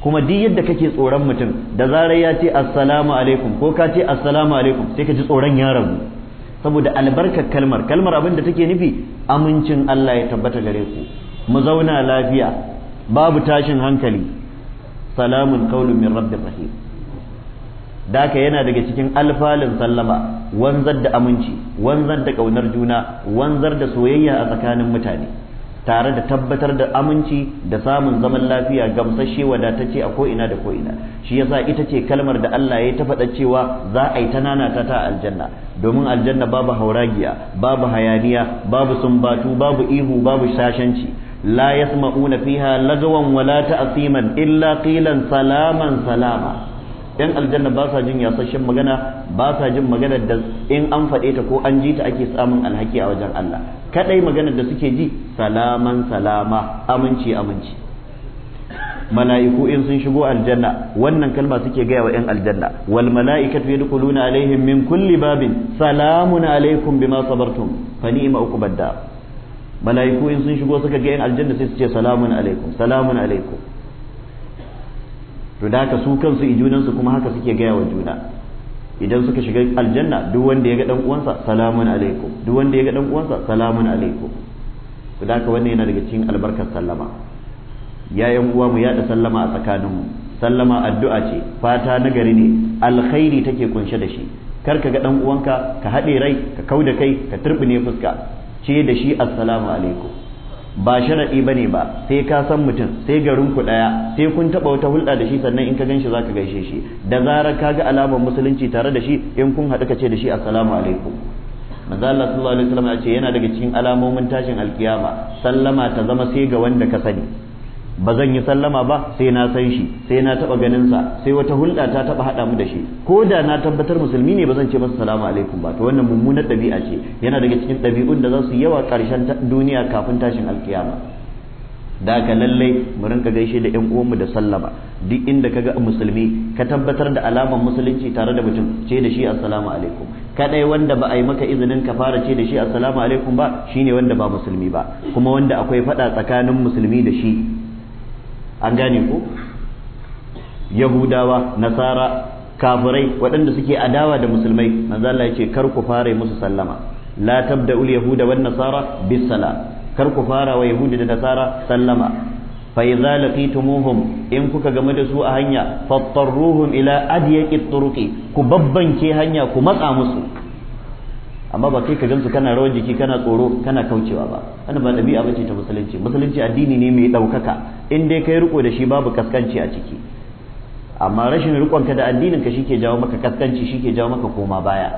kuma duk yadda kake tsoron mutum da zarar ya ce assalamu alaikum ko ka ce assalamu alaikum sai ka ji tsoron ya rabu saboda albarkar kalmar kalmar abin da take nufi amincin Allah ya tabbata gare ku mu zauna lafiya babu tashin hankali salamun qaulun min rabbir rahim daka yana daga cikin alfalin sallama wanzar da aminci wanzar da ƙaunar juna wanzar da soyayya a tsakanin mutane tare da tabbatar da aminci da samun zaman lafiya gamsashe wadatacce a ko'ina da ko'ina shi yasa ita ce kalmar da Allah ya ta faɗa cewa za a yi ta nanata ta aljanna domin aljanna babu hauragiya babu hayaniya babu sumbatu babu ihu babu shashanci la yasma'una fiha lagawan wala ta'siman illa qilan salaman salama yan aljanna ba sa jin yasashen magana ba sa jin magana da in an faɗe ta ko an ji ta ake samun alhaki a wajen Allah kadai magana da suke ji salaman salama aminci aminci mala'iku in sun shigo aljanna wannan kalma suke gaya wa yan aljanna wal mala'ikatu yadkhuluna alaihim min kulli babin salamun alaikum bima sabartum fa ni'ma uqbadda mala'iku in sun shigo suka ga yan aljanna sai su ce salamun alaikum salamun alaikum to da haka su kansu su kuma haka suke gaya wa juna idan suka shiga aljanna duk wanda ya ga dan uwansa salamun alaikum duk wanda ya ga dan uwansa salamun alaikum to da haka wannan yana daga cikin albarkar sallama ya yan uwa mu yada sallama a tsakanin mu sallama addu'a ce fata nagari ne alkhairi take kunshe da shi kar ka ga dan uwanka ka haɗe rai ka kauda kai ka turbine fuska ce da shi assalamu alaikum ba sharaɗi ba ne ba sai ka san mutum sai garin ku ɗaya sai kun taɓa wata hulɗa da shi sannan in ka gan shi za ka gaishe shi da zarar ka ga alamar musulunci tare da shi in kun haɗu ka ce da shi assalamu alaikum manzo Allah sallallahu alaihi wasallam ya ce yana daga cikin alamomin tashin alkiyama sallama ta zama sai ga wanda ka sani ba zan yi sallama ba sai na san shi sai na taba ganin sa sai wata hulɗa ta taba hada mu da shi ko da na tabbatar musulmi ne ba zan ce masa salamu alaikum ba to wannan mummunar ɗabi'a ce yana daga cikin ɗabi'un da za su yawa ƙarshen duniya kafin tashin alkiyama da ka lallai mu rinka gaishe da ƴan uwanmu da sallama duk inda kaga musulmi ka tabbatar da alamar musulunci tare da mutum ce da shi assalamu alaikum kadai wanda ba a yi maka izinin ka fara ce da shi assalamu alaikum ba shine wanda ba musulmi ba kuma wanda akwai faɗa tsakanin musulmi da shi an gane ko yahudawa nasara kafirai waɗanda suke adawa da musulmai manzo Allah ya kar ku fara musu sallama la tabda'ul yahuda wan nasara bis sala kar ku fara wa yahudi da nasara sallama fa idza laqitumuhum in kuka game da su a hanya fattarruhum ila adyaqi turuqi ku babbanke hanya ku matsa musu amma ba kai ka gamsu kana rawan jiki kana tsoro kana kaucewa ba wannan ba dabi'a ce ta musulunci musulunci addini ne mai ɗaukaka in dai kai riko da shi babu kaskanci a ciki amma rashin rikon da addinin ka shike jawo maka kaskanci shike jawo maka koma baya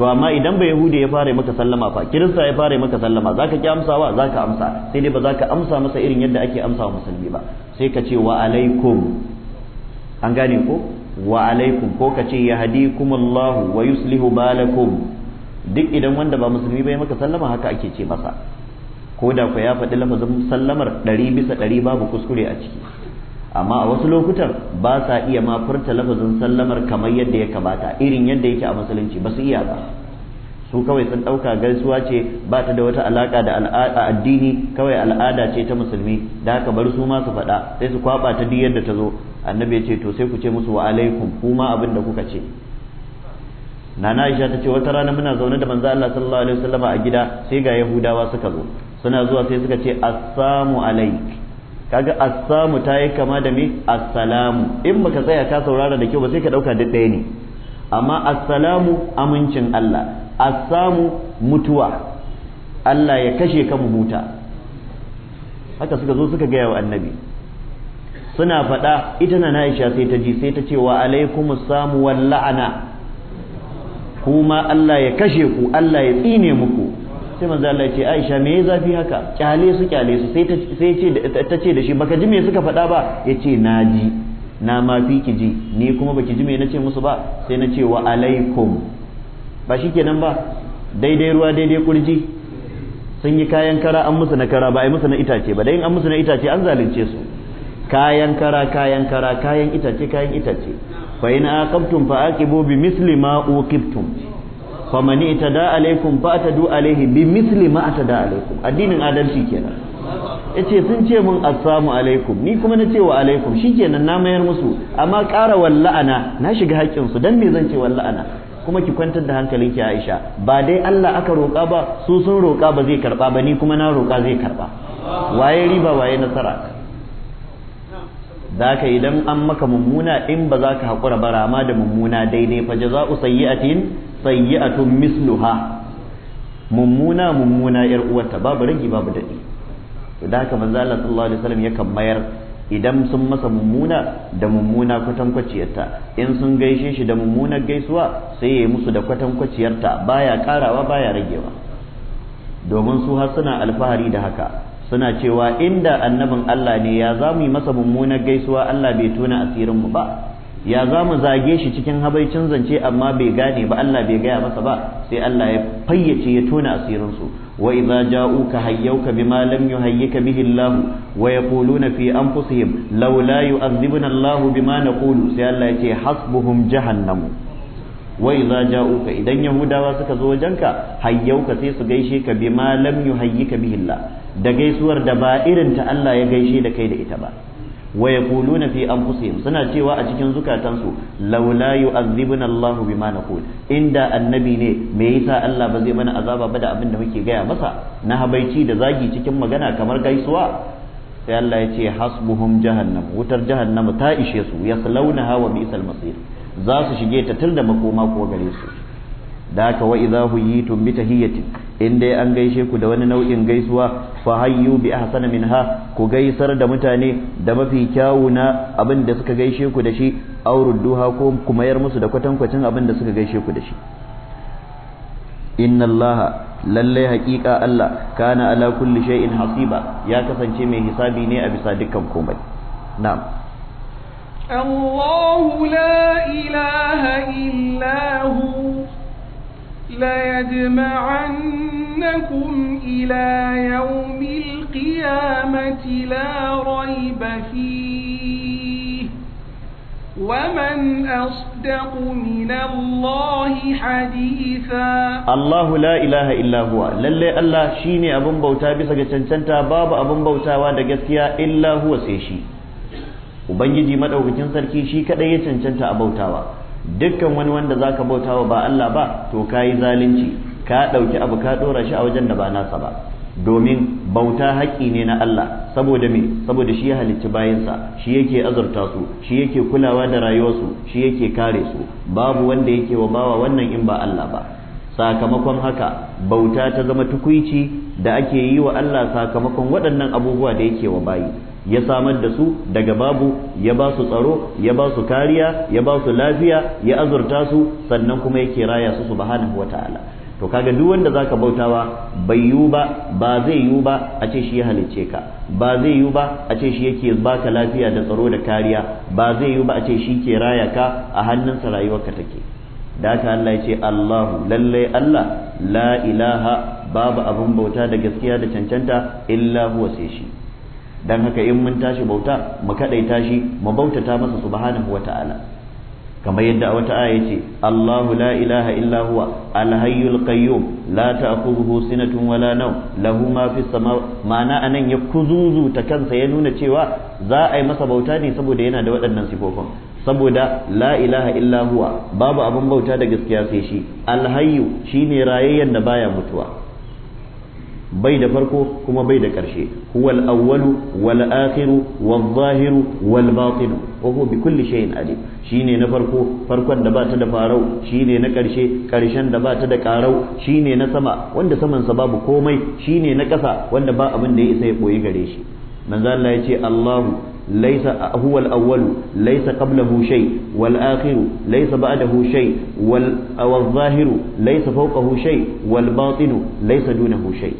to amma idan ba yahudi ya fara maka sallama fa kirista ya fara maka sallama zaka ki amsawa zaka amsa sai dai ba zaka amsa masa irin yadda ake amsa wa musulmi ba sai ka ce wa alaikum an gane ko wa alaikum ko ka ce yahdikumullahu wa yuslihu balakum duk idan wanda ba musulmi bai maka sallama haka ake ce masa ko da ku ya faɗi lafazin sallamar ɗari bisa ɗari babu kuskure a ciki amma a wasu lokutan ba sa iya ma furta lafazin sallamar kamar yadda ya kamata irin yadda yake a musulunci ba su iya ba su kawai sun ɗauka gaisuwa ce ba ta da wata alaƙa da addini kawai al'ada ce ta musulmi da haka bar su ma su faɗa sai su kwaɓa ta duk yadda ta zo annabi ya ce to sai ku ce musu wa alaikum kuma abin da kuka ce nana aisha ta ce wata rana muna zaune da manzo Allah sallallahu alaihi wasallama a gida sai ga yahudawa suka zo suna zuwa sai suka ce assalamu alaik kaga assalamu ta yi kama da me assalamu in baka tsaya ka saurara da kyau ba sai ka dauka duk ɗaya ne amma assalamu amincin Allah assamu mutuwa Allah ya kashe ka mu huta haka suka zo suka gaya wa annabi suna faɗa ita na Aisha sai ta ji sai ta ce wa alaikumus samu wal la'ana kuma Allah ya kashe ku Allah ya tsine muku sai manzo Allah ya ce Aisha me ya zafi haka kyale su kyale su sai sai ce ta ce da shi baka ji me suka faɗa ba yace na ji na ma fi ki ji ni kuma baki ji me nace musu ba sai na ce wa alaikum ba shikenan ba daidai ruwa daidai kurji sun yi kayan kara an musu na kara ba ai musu na itace ba dai an musu na itace an zalunce su kayan kara kayan kara kayan itace kayan itace fa ina aqabtum fa aqibu bi misli ma uqibtum faman itada alaikum fa atadu alaihi bi misli ma atada alaikum addinin adalci kenan yace sun ce mun assalamu alaikum ni kuma na ce wa alaikum shikenan na mayar musu amma ƙara walla'ana na shiga haƙƙin su dan me zan ce walla'ana kuma ki kwantar da hankalinki Aisha ba dai Allah aka roƙa ba su sun roƙa ba zai karba ba ni kuma na roƙa zai karɓa waye riba waye nasara Zaka ka idan an maka mummuna in ba za ka haƙura ba rama da mummuna daidai fa jaza sayyi'atin sayyi'atun misluha mummuna mummuna yar uwarta babu ragi babu dadi to da haka manzo Allah sallallahu alaihi wasallam yakan mayar idan sun masa mummuna da mummuna kwatankwaciyarta in sun gaishe shi da mummuna gaisuwa sai ya musu da kwatankwaciyarta baya karawa baya ragewa domin su har suna alfahari da haka suna cewa inda annabin Allah ne ya za mu yi masa mummunar gaisuwa Allah bai tona asirinmu ba ya za mu zage shi cikin habaicin zance amma bai gane ba Allah bai gaya masa ba sai Allah ya fayyace ya tona asirinsu wa idza ja'uka hayyuka bima lam yuhayyika bihi Allah wa yaquluna fi anfusihim law la yu'adhibuna Allah bima naqulu sai Allah ya ce hasbuhum jahannamu za ja uka idan yahudawa suka zo wajenka hayyauka sai su gaishe ka bi ma lam ka bihi Allah da gaisuwar da ba irin ta Allah ya gaishe da kai da ita ba wa yaquluna fi anfusihim suna cewa a cikin zukatansu laula yu'adhibuna Allah bima naqul inda annabi ne me yasa Allah ba zai mana azaba ba da abin da muke gaya masa na habaici da zagi cikin magana kamar gaisuwa sai Allah ya ce hasbuhum jahannam wutar jahannam ta ishe su yaslaunaha wa bi'sal masir za su shige ta tun da makoma ko gare su da haka wa idza tun bi tahiyyati in dai an gaishe ku da wani nau'in gaisuwa fa hayyu bi ahsana minha ku gaisar da mutane da mafi kyawu na abin da suka gaishe ku da shi aw rudduha ko ku mayar musu da kwatankwacin abin da suka gaishe ku da shi inna allaha lallai haƙiƙa Allah kana ala kulli shay'in hasiba ya kasance mai hisabi ne a bisa dukkan komai na'am الله لا إله إلا هو ليجمعنكم إلى يوم القيامة لا ريب فيه ومن أصدق من الله حديثا الله لا إله إلا هو للي الله شيني أبن بوتا بسجة تنتا باب أبن بوتا وادا إلا هو سيشي ubangiji madaukakin sarki shi kaɗai ya cancanta a bautawa dukkan wani wanda za zaka bautawa ba Allah ba to kayi zalunci ka ɗauki abu ka dora shi a wajen da ba nasa ba domin bauta haƙƙi ne na Allah saboda me saboda shi ya halicci bayansa shi yake azurta su shi yake kulawa da rayuwarsu shi yake kare su babu wanda yake wa bawa wannan in ba Allah ba sakamakon haka bauta ta zama tukuici da ake yi wa Allah sakamakon waɗannan abubuwa da yake wa bayi ya samar da su daga babu ya ba su tsaro ya ba su kariya ya ba su lafiya ya azurta su sannan kuma yake raya su su subhanahu wataala to kaga duk wanda zaka bautawa bai yiwu ba ba zai yiwu ba a ce shi ya halicce ka ba zai yiwu ba a ce shi yake baka lafiya da tsaro da kariya ba zai yiwu ba a ce shi ke raya ka a hannunsa rayuwarka take da haka Allah ya ce Allahu lallai Allah la ilaha babu abin bauta da gaskiya da cancanta illa huwa sai shi dan haka in mun tashi bauta mu kadaita shi mu bautata masa subhanahu wataala kamar yadda a wata aya ce Allahu la ilaha illa huwa al-hayyul qayyum la ta'khudhuhu sinatun wala nawm lahu ma fis sama ma'ana anan ya kuzuzu ta kansa ya nuna cewa za a yi masa bauta ne saboda yana da waɗannan sifofin saboda la ilaha illa huwa babu abin bauta da gaskiya sai shi al-hayyu shine rayayyen da baya mutuwa bai da farko kuma bai da ƙarshe huwal awwalu wal akhiru wal zahiru wal batinu wa huwa bi kulli shay'in alim shine na farko farkon da ta da farau shine na ƙarshe ƙarshen da bata da karau shine na sama wanda saman sa babu komai shine na ƙasa wanda ba abin da ya isa ya koyi gare shi manzo Allah ya ce Allahu ليس هو الأول ليس قبله شيء والآخر ليس بعده شيء والظاهر ليس فوقه wal والباطن ليس دونه شيء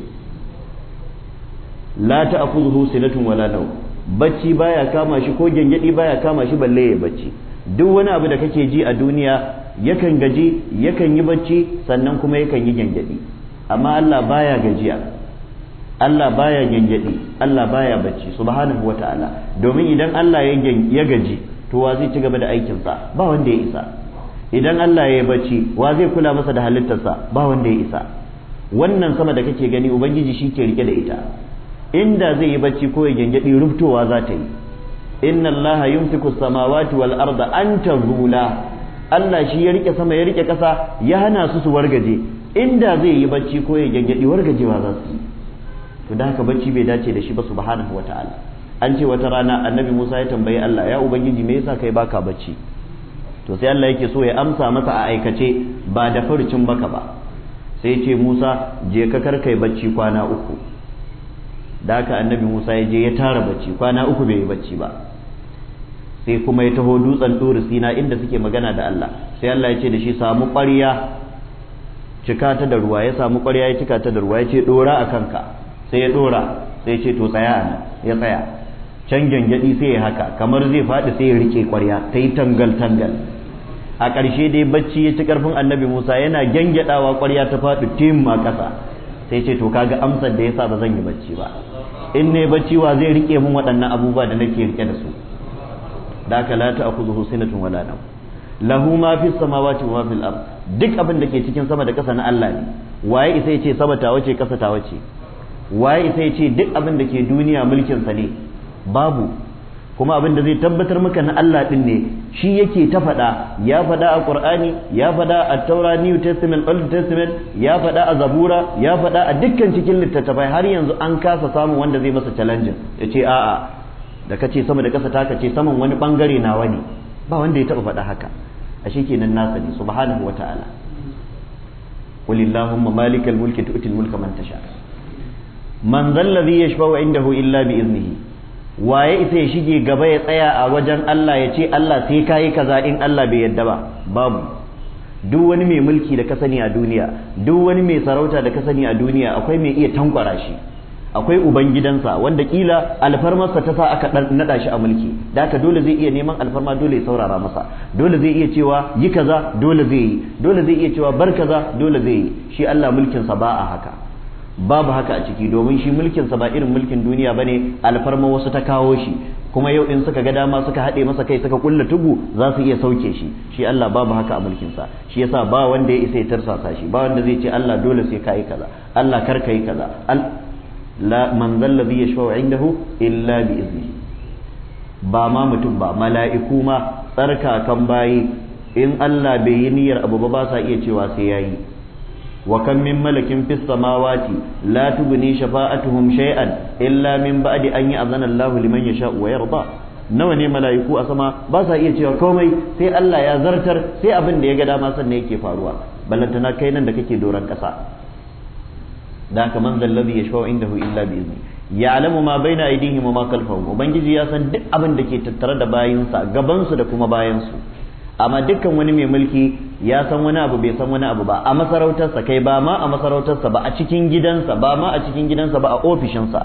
la akuzuhu sinatun wala nawm bacci baya kama shi ko gengedi baya kama shi balle ya bacci duk wani abu da kake ji a duniya yakan gaji yakan yi bacci sannan kuma yakan yi gengedi amma Allah baya gajiya Allah baya gengedi Allah baya bacci subhanahu wata'ala domin idan Allah ya gaji to wa zai ci gaba da aikinsa ba wanda ya isa idan Allah ya yi bacci wa zai kula masa da halittarsa ba wanda ya isa wannan sama da kake gani ubangiji shi ke rike da ita inda zai yi bacci ko ya gyangyaɗi rubtowa za ta yi inna allaha yumsiku samawati wal arda an tazula Allah shi ya rike sama ya rike ƙasa ya hana su su wargaje inda zai yi bacci ko ya gyangyaɗi wargajewa za su yi to da haka bacci bai dace da shi ba subhanahu wata'ala an ce wata rana annabi Musa ya tambayi Allah ya ubangiji me yasa kai baka bacci to sai Allah yake so ya amsa masa a aikace ba da farcin baka ba sai ce Musa je ka karkai bacci kwana uku da haka annabi musa ya je ya tara bacci kwana uku bai yi bacci ba sai kuma ya taho dutsen turi sina inda suke magana da allah sai allah ya ce da shi samu ƙwarya cika ta da ruwa ya samu ƙwarya ya cika ta da ruwa ya ce 'Dora a kanka sai ya ɗora sai ya ce to tsaya a nan ya tsaya can gyangyaɗi sai ya haka kamar zai faɗi sai ya riƙe ƙwarya ta yi tangal-tangal a ƙarshe dai bacci ya ci ƙarfin annabi musa yana gyangyaɗawa ƙwarya ta faɗi tim a ƙasa sai ce to kaga amsar da ya sa ba zan yi bacci ba in ne barci wa zai rike mun waɗannan abubuwa da nake rike da su da ka la ta'khudhuhu sinatun wala nan lahu ma fi samawati wa ma fil ard duk abin da ke cikin sama da ƙasa na Allah ne waye isa yace sama ta wace ƙasa ta wace waye isa yace duk abin da ke duniya mulkin sa ne babu kuma abin da zai tabbatar maka na Allah din ne shi yake ta faɗa ya faɗa a Qur'ani ya faɗa a Taura New Testament Old Testament ya faɗa a Zabura ya faɗa a dukkan cikin littattafai har yanzu an kasa samun wanda zai masa challenge ya ce a'a da kace sama da kasa taka ce saman wani bangare nawa ne ba wanda ya taɓa faɗa haka ashe kenan nasa ne subhanahu wata'ala قل اللهم مالك الملك تؤتي الملك من تشاء من ذا الذي يشفع عنده إلا بإذنه waye isa ya shige gaba ya tsaya a wajen Allah ya ce Allah sai kayi kaza in Allah bai yadda ba babu duk wani mai mulki da kasani a duniya duk wani mai sarauta da kasani a duniya akwai mai iya tankwara shi akwai ubangidansa wanda kila alfarmarsa ta sa aka nada shi a mulki da haka dole zai iya neman alfarma dole ya saurara masa dole zai iya cewa yi kaza dole zai yi dole zai iya cewa bar kaza dole zai yi shi Allah mulkinsa ba a haka babu haka a ciki domin shi mulkin sa ba irin mulkin duniya bane alfarma wasu ta kawo shi kuma yau in suka ga dama suka haɗe masa kai suka kulla tugu za su iya sauke shi shi Allah babu haka a mulkin sa shi yasa ba wanda ya isa ya tarsasa shi ba wanda zai ce Allah dole sai kai kaza Allah kar kai kaza la man zal yashfa'u indahu illa bi iznihi ba ma mutum ba mala'iku ma tsarkakan bayi in Allah bai yi niyyar abu ba ba sa iya cewa sai yayi wa kam min malakin fis samawati la tughni shafa'atuhum shay'an illa min ba'di an ya'zana Allahu liman yasha'u wa yarda nawa ne mala'iku a sama ba sa iya cewa komai sai Allah ya zartar sai abin da ya ga dama sannan yake faruwa ballantana kai nan da kake doron kasa da haka man zallazi yashfa'u indahu illa bi izni ya'lamu ma baina aydihim wa ma khalfahum ubangiji ya san duk abin da ke tattare da bayinsa gaban su da kuma bayansu. su amma dukkan wani mai mulki ya san wani abu bai san wani abu ba a masarautarsa kai ba ma a masarautarsa ba a cikin gidansa ba ma a cikin gidansa ba a ofishinsa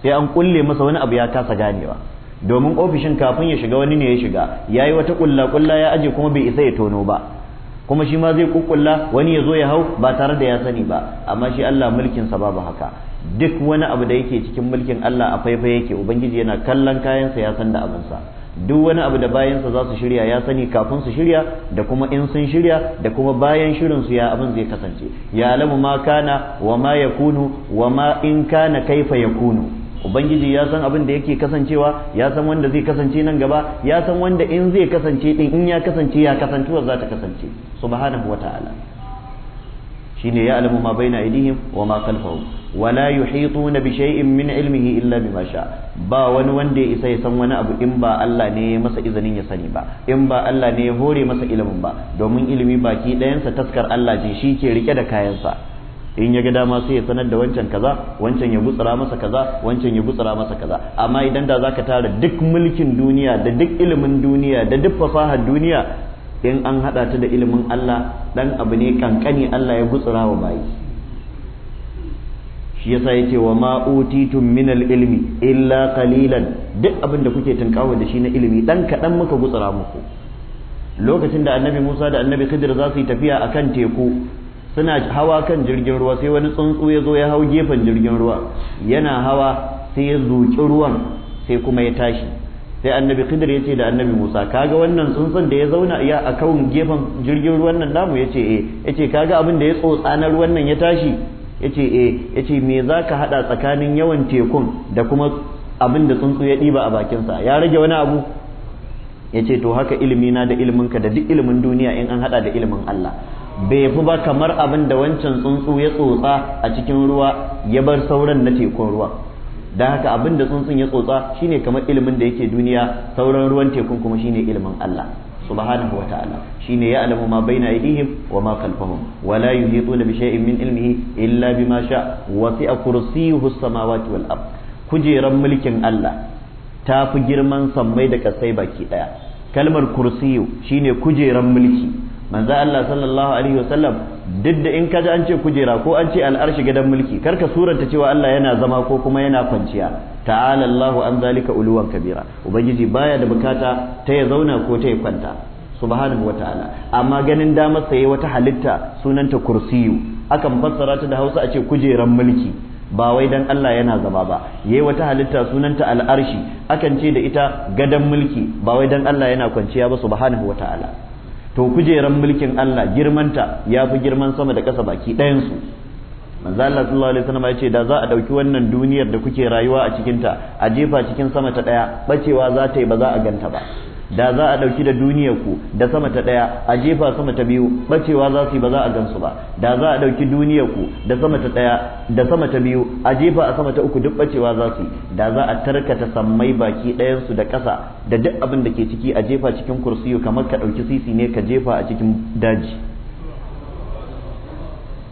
sai an kulle masa wani abu ya kasa ganewa domin ofishin kafin ya shiga wani ne ya shiga ya yi wata kulla kulla ya aje kuma bai isa ya tono ba kuma shi ma zai kukkulla wani ya zo ya hau ba tare da ya sani ba amma shi Allah mulkinsa babu haka duk wani abu da yake cikin mulkin Allah a faifai yake ubangiji yana kallon kayansa ya san da abinsa duk wani abu da bayansa za su shirya ya sani kafin su shirya da kuma in sun shirya da kuma bayan shirin su ya abin zai kasance ya alamu ma kana wa ma kunu wa ma in kana kaifa yakunu ubangiji ya san abin da yake kasancewa ya san wanda zai kasance nan gaba ya san wanda in zai kasance din in ya kasance ya kasantuwa za ta kasance subhanahu wataala shine ya alamu ma baina aidihim wa ma kalfahu wa la na bi shay'in min ilmihi illa ma sha ba wani wanda ya isa ya san wani abu in ba Allah ne masa izinin ya sani ba in ba Allah ne ya hore masa ilimin ba domin ilimi baki ɗayansa taskar Allah ce shi ke rike da kayansa in ya ga dama sai ya sanar da wancan kaza wancan ya gutsara masa kaza wancan ya gutsara masa kaza amma idan da zaka tara duk mulkin duniya da duk ilimin duniya da duk fasahar duniya in an haɗa ta da ilimin Allah ɗan abu ne kankani Allah ya gutsura wa bayi shi yasa yake wa ma utitum min ilmi illa qalilan duk abin da kuke tunkawa da shi na ilimi dan kaɗan muka gutsura muku lokacin da annabi Musa da annabi Khidir za su yi tafiya akan teku suna hawa kan jirgin ruwa sai wani tsuntsu ya zo ya hau gefen jirgin ruwa yana hawa sai ya zuci ruwan sai kuma ya tashi sai annabi khidir ya ce da annabi musa kaga wannan tsuntsun da ya zauna ya a kawun gefen jirgin ruwan nan namu ya ce eh ya ce kaga abin da ya tsotsa na ruwan nan ya tashi ya ce eh ya ce me za ka haɗa tsakanin yawan tekun da kuma abin da tsuntsu ya ɗiba a bakin sa ya rage wani abu ya ce to haka ilimina da iliminka da duk ilimin duniya in an haɗa da ilimin allah bai fi ba kamar abin da wancan tsuntsu ya tsotsa a cikin ruwa ya bar sauran na tekun ruwa don haka abin da tsuntsun ya tsotsa shine kamar ilimin da yake duniya sauran ruwan tekun kuma shine ilimin Allah subhanahu wa ta'ala shine ya alamu ma baina aydihim wa ma khalfahum wa la yuhituna bi shay'in min ilmihi illa bima sha wa fi kursiyuhu samawati wal ard kujeran mulkin Allah ta fi girman sammai da kasai baki daya kalmar kursiyu shine kujeran mulki manzo Allah sallallahu alaihi wasallam duk da in kaji an ce kujera ko an ce al'arshi gidan mulki karka suranta cewa Allah yana zama ko kuma yana kwanciya ta'ala Allahu an zalika uluwan kabira ubangiji baya da bukata ta ya zauna ko ta ya kwanta subhanahu ta'ala amma ganin damar saye wata halitta sunanta kursiyu akan fassara ta da Hausa a ce kujeran mulki ba wai dan Allah yana zama ba yayi wata halitta sunanta al'arshi akan ce da ita gadan mulki ba wai dan Allah yana kwanciya ba subhanahu ta'ala. to kujeran mulkin Allah girmanta ya fi girman sama da ƙasa baki ɗayansu manzo Allah sallallahu alaihi wasallam ya ce da za a ɗauki wannan duniyar da kuke rayuwa a cikinta a jefa cikin sama ta ɗaya bacewa za ta yi ba za a ganta ba da za a ɗauki da duniyar ku da sama ta ɗaya a jefa sama ta biyu bacewa za su yi ba za a gansu ba da za a ɗauki duniyar ku da sama ta ɗaya da sama ta biyu a jefa a sama ta uku duk bacewa za su yi da za a tarkata sammai baki ɗayansu da ƙasa da duk abin da ke ciki a jefa cikin kursiyu kamar ka ɗauki sisi ne ka jefa a cikin daji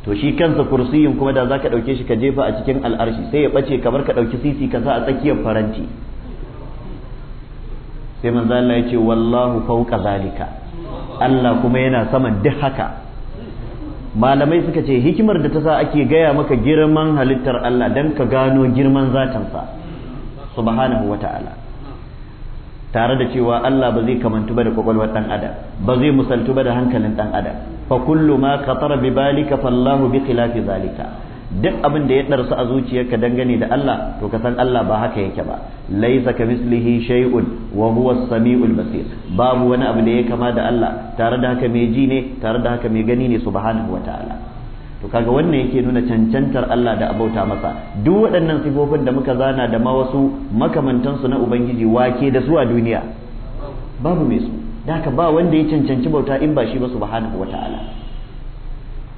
to shi kansa kursiyin kuma da za ka ɗauke shi ka jefa a cikin al'arshi sai ya ɓace kamar ka ɗauki sisi ka sa a tsakiyar faranti sai manzo Allah ya ce wallahu fawqa zalika Allah kuma yana saman duk haka malamai suka ce hikimar da ta sa ake gaya maka girman halittar Allah dan ka gano girman zatansa subhanahu wa ta'ala tare da cewa Allah ba zai kamantu ba da kwakwalwar dan adam ba zai musaltu ba da hankalin dan adam fa kullu ma qatara bi balika fallahu bi khilafi zalika duk abin da ya ɗarsu a zuciyarka dangane da Allah to ka san Allah ba haka yake ba laisa ka mislihi shay'un wa huwa samiul basir babu wani abu da ya kama da Allah tare da haka mai ji ne tare da haka mai gani ne subhanahu ta'ala to kaga wannan yake nuna cancantar Allah da abauta masa duk waɗannan sifofin da muka zana da ma wasu makamantansu na ubangiji wake da su a duniya babu mai su da haka ba wanda ya cancanci bauta in ba shi ba subhanahu ta'ala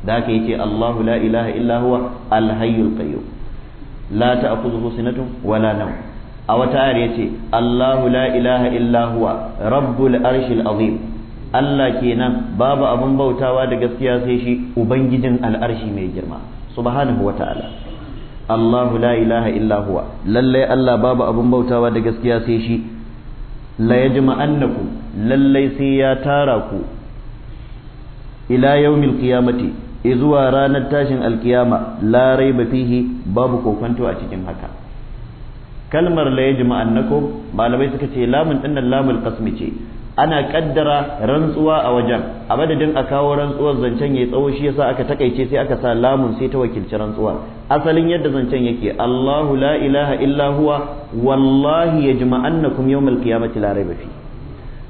da haka yace Allahu la ilaha illa huwa al-hayyul qayyum la ta'khudhuhu sinatun wala nawm a wata ayar yace Allahu la ilaha illa huwa rabbul arshil azim Allah kenan babu abin bautawa da gaskiya sai shi ubangijin al'arshi mai girma subhanahu wata'ala Allahu la ilaha illa huwa lallai Allah babu abin bautawa da gaskiya sai shi la yajma'annakum lallai sai ya tara ku ila yaumil qiyamati zuwa ranar tashin alkiyama larai raiba fihi babu kokonto a cikin haka kalmar la yajma'annakum malamai suka ce lamun dinnan lamul qasmi ce ana kaddara rantsuwa a wajen a madadin a kawo rantsuwar zancen ya tsawo shi yasa aka takaice sai aka sa lamun sai ta wakilci rantsuwa asalin yadda zancen yake Allahu la ilaha illa huwa wallahi yajma'annakum yawmal qiyamati la raiba fi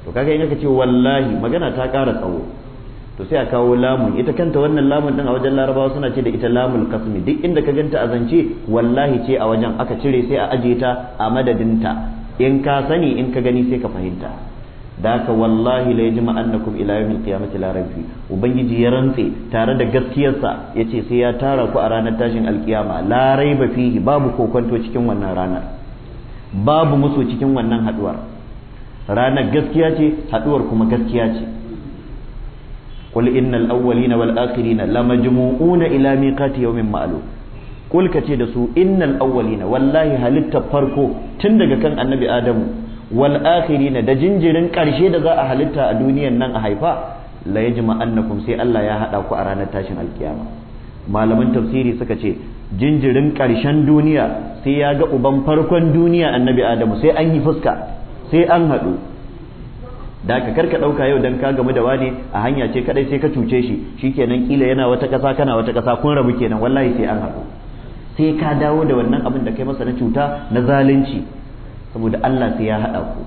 to kaga in aka ce wallahi magana ta kara tsawo to sai a kawo lamun ita kanta wannan lamun din a wajen larabawa suna ce da ita lamun kasmi duk inda ka ganta a zance wallahi ce a wajen aka cire sai a aje ta a madadin ta in ka sani in ka gani sai ka fahimta da ka wallahi la yajma annakum ila yawmil qiyamati la rabbi ubangiji ya rantse tare da gaskiyarsa yace sai ya tara ku a ranar tashin alkiyama la raiba fihi babu kokonto cikin wannan ranar babu musu cikin wannan haduwar ranar gaskiya ce haduwar kuma gaskiya ce kul innal awwalina wal akhirina lamajmu'una ila miqati yawmin ma'lum kul kace da su innal awwalina wallahi halitta farko tun daga kan annabi adamu wal akhirina da jinjirin karshe da za a halitta a duniyan nan a haifa la yajma'annakum sai Allah ya hada ku a ranar tashin alkiyama malaman tafsiri suka ce jinjirin karshen duniya sai ya ga uban farkon duniya annabi adamu sai an yi fuska sai an haɗu da ka karka ɗauka yau don ka gamu da wani a hanya ce kadai sai ka cuce shi shi shikenan kila yana wata ƙasa kana wata ƙasa kun rabu kenan wallahi sai an haɗu sai ka dawo da wannan abin da kai masa na cuta na zalunci saboda Allah sai ya haɗa ku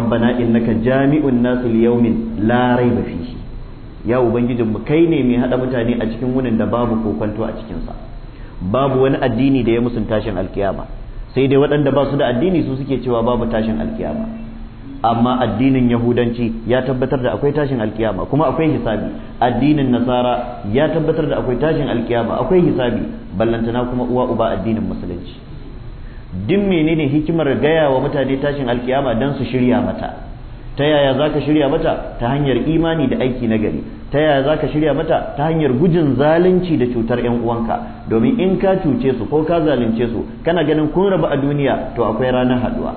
rabbana innaka jami'un nas yawmin la rayba fihi ya ubangijin mu kai ne mai haɗa mutane a cikin wunin da babu kokonto a cikin sa babu wani addini da ya musunta tashin alkiyama sai dai waɗanda ba su da addini su suke cewa babu tashin alkiyama amma addinin yahudanci ya tabbatar da akwai tashin alkiyama kuma akwai hisabi addinin nasara ya tabbatar da akwai tashin alkiyama akwai hisabi ballantana kuma uwa uba addinin musulunci duk menene hikimar gaya wa mutane tashin alkiyama don su shirya mata ta yaya za ka shirya mata ta hanyar imani da aiki na gari ta yaya za ka shirya mata ta hanyar gujin zalunci da cutar 'yan uwanka domin in ka cuce su ko ka zalunce su kana ganin kun rabu a duniya to akwai ranar haduwa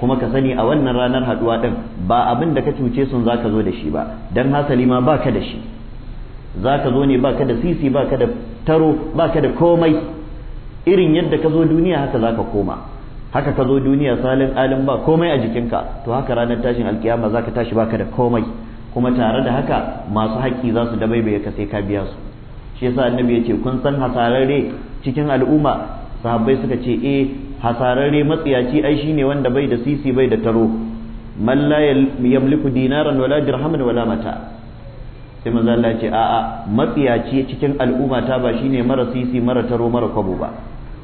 kuma ka sani a wannan ranar haduwa din ba abin da ka cuce sun zaka zo da shi ba dan hasali ma baka da shi zaka zo ne baka da sisi baka da taro baka da komai irin yadda ka zo duniya haka zaka koma haka ka zo duniya salin Alim, ba komai a jikinka to haka ranar tashin alkiyama zaka tashi baka da komai kuma tare da haka masu haƙƙi za su dabaibaye ka sai ka biya su shi yasa annabi ya ce kun san hasararre cikin al'umma sahabbai suka ce eh hasararre matsiyaci ai shine wanda bai da sisi bai da taro man la yamliku dinaran wala dirhaman wala mata sai manzo Allah ce a'a matsiyaci cikin al'umma ta ba shine mara sisi mara taro mara kwabo ba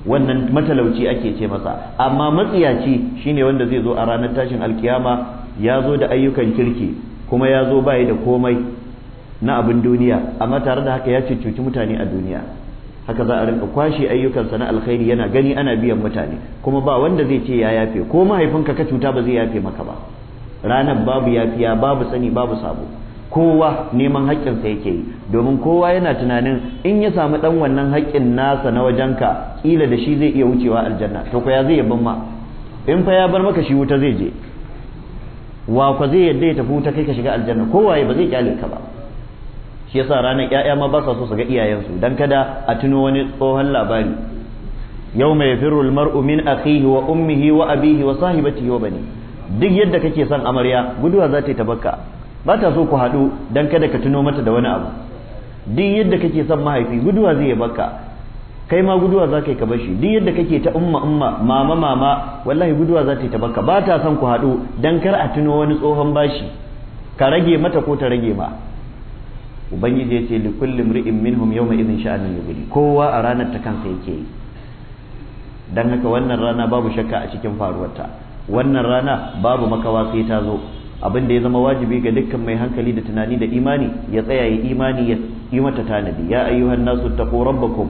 wannan matalauci ake ce masa amma matsiyaci shine wanda zai zo a ranar tashin alkiyama ya zo da ayyukan kirki kuma ya zo bai da komai na abin duniya amma tare da haka ya cuci mutane a duniya haka za a rinka kwashe ayyukansa na alkhairi yana gani ana biyan mutane kuma ba wanda zai ce ya yafe ko mahaifinka ka cuta ba zai yafe maka ba ranar babu yafiya babu sani babu sabo kowa neman haƙƙinsa yake yi domin kowa yana tunanin in ya samu ɗan wannan haƙƙin nasa na wajenka ƙila da shi zai iya wucewa aljanna to ya zai yabban ma in fa ya bar maka shi wuta zai je wa zai yadda ya tafi wuta kai ka shiga aljanna kowaye ba zai kyale ka ba shi yasa ranar ƴaƴa ma ba sa so su ga iyayensu dan kada a tuno wani tsohon labari yau mai firul mar'u min akhihi wa ummihi wa abihi wa sahibatihi wa bani duk yadda kake son amarya guduwa za ta yi tabakka ba ta so ku haɗu dan kada ka tuno mata da wani abu duk yadda kake son mahaifi guduwa zai baka kai ma guduwa za ka yi ka bashi duk yadda kake ta umma umma mama mama wallahi guduwa za ta yi ta baka ba ta son ku haɗu dan kar a tuno wani tsohon bashi ka rage mata ko ta rage ma ubangiji ya ce likulli mri'in minhum yawma idhin sha'anun yughni kowa a ranar ta kansa yake yi dan haka wannan rana babu shakka a cikin faruwarta wannan rana babu makawa sai ta zo abin da ya zama wajibi ga dukkan mai hankali da tunani da imani ya tsaya ya imani ya yi mata tanadi ya ayyuhan nasu taqu rabbakum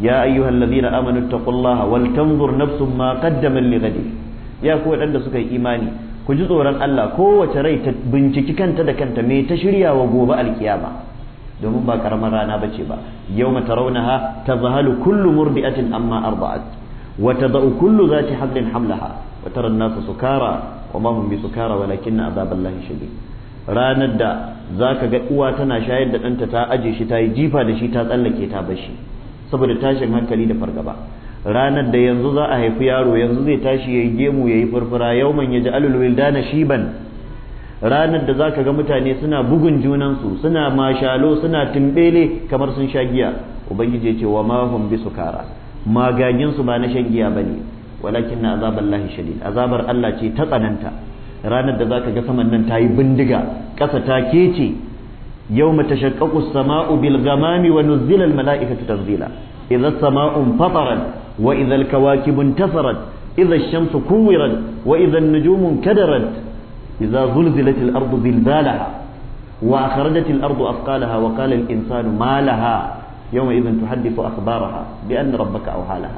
ya ayyuhan ladina amanu taqullaha wal tanzur nafsum ma qaddamat li ya ku wadanda suka yi imani ku ji tsoron Allah kowace rai ta binciki kanta da kanta me ta shirya wa gobe alkiyama domin ba karamar rana bace ba yau yawma tarawnaha tazhalu kullu murbi'atin amma arda'at wa tad'u kullu zati hablin hamlaha wa tara an-nasa sukara wa ma hum bisukara walakinna azaballahi shadid ranar da zaka ga uwa tana shayar da ɗanta ta aje shi ta yi jifa da shi ta tsallake ta bashi saboda tashin hankali da fargaba ranar da yanzu za a haifi yaro yanzu zai tashi yayi gemu ya yi furfura yau ji yaj'alul wildana shiban ranar da zaka ga mutane suna bugun junansu suna mashalo suna timbele kamar sun sha giya ubangiji ya ce wa ma hum bisukara magagin su ba na shan giya bane walakin na azaballahi shadid azabar Allah ce ta tsananta ranar da zaka ga saman nan tayi bindiga ƙasa ta kece yawma tashaqqaqu as-sama'u bil ghamami wa nuzzila al-mala'ikatu tanzila Idan as-sama'u fatarat wa idhal kawakibu intasarat idha ash-shamsu kuwirat wa idha an-nujumu kadarat idha zulzilat al-ardu zilzalaha wa akhrajat al-ardu athqalaha wa qala al-insanu ma laha yawma idhan tuhaddithu akhbaraha bi anna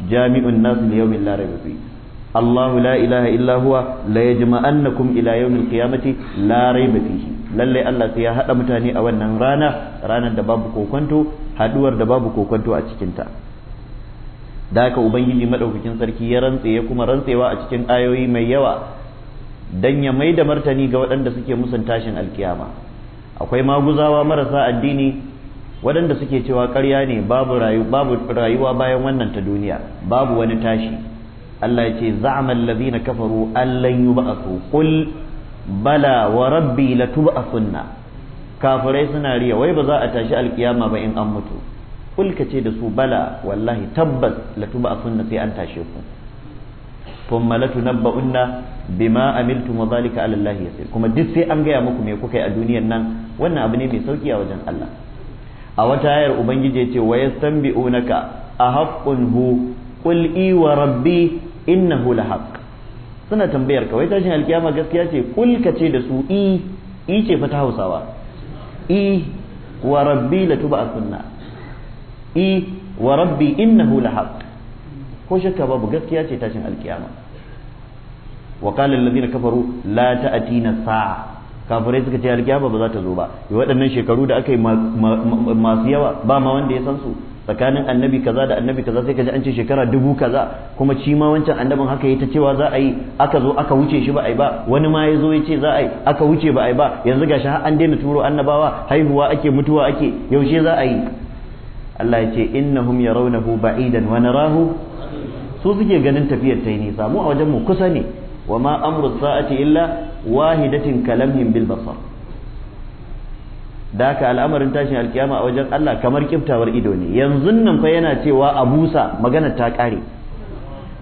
jami'un nas la rayba fihi الله لا إله إلا هو لا يجمعنكم إلى يوم القيامة لا ريب فيه ya الله mutane a wannan rana رانا da babu كنتو haduwar da babu kokonto a cikinta da haka ubangiji madaukakin sarki ya rantse ya kuma rantsewa a cikin ayoyi mai yawa dan ya mai da martani ga waɗanda suke musun tashin alkiyama akwai maguzawa marasa addini waɗanda suke cewa ƙarya ne babu rayuwa bayan wannan ta duniya babu wani tashi Allah ya ce za'ama allazina kafaru allan yub'athu qul bala wa rabbi latub'athunna kafirai suna riya wai ba za a tashi alkiyama ba in an mutu kulka ce da su bala wallahi tabbas latuba afunna sai an tashe ku thumma latunabba'unna bima amiltum wa 'ala Allah yasir kuma duk sai an gaya muku me kuka yi a duniyar nan wannan abu ne mai sauki a wajen Allah a wata ayar ubangiji ce wa yastanbi'unaka ahaqqun hu qul i wa rabbi innahu lahaq suna tambayar ka wai tashin alkiyama gaskiya ce kulka ce da su i i ce fa ta Hausawa i wa rabbi latub'athunna i wa rabbi innahu lahaq ko shakka babu gaskiya ce tashin alkiyama wa qala alladhina kafaru la ta'tina sa'a kafirai suka ce alkiyama ba za ta zo ba waɗannan shekaru da aka yi masu yawa ba ma wanda ya san su tsakanin annabi kaza da annabi kaza sai kaji an ce shekara dubu kaza kuma shi ma wancan annabin haka yi ta cewa za a yi aka zo aka wuce shi ba a yi ba wani ma ya zo ya ce za a yi aka wuce ba a yi ba yanzu gashi har an daina turo annabawa haihuwa ake mutuwa ake yaushe za a yi Allah ya ce innahum yarawnahu ba'idan wa narahu su suke ganin tafiyar ta yi nisa mu a wajen mu kusa ne wa ma amru sa'ati illa wahidatin kalamhim bil basar da haka al'amarin tashin alkiyama a wajen Allah kamar kiftawar ido ne yanzu nan fa yana cewa a busa magana ta kare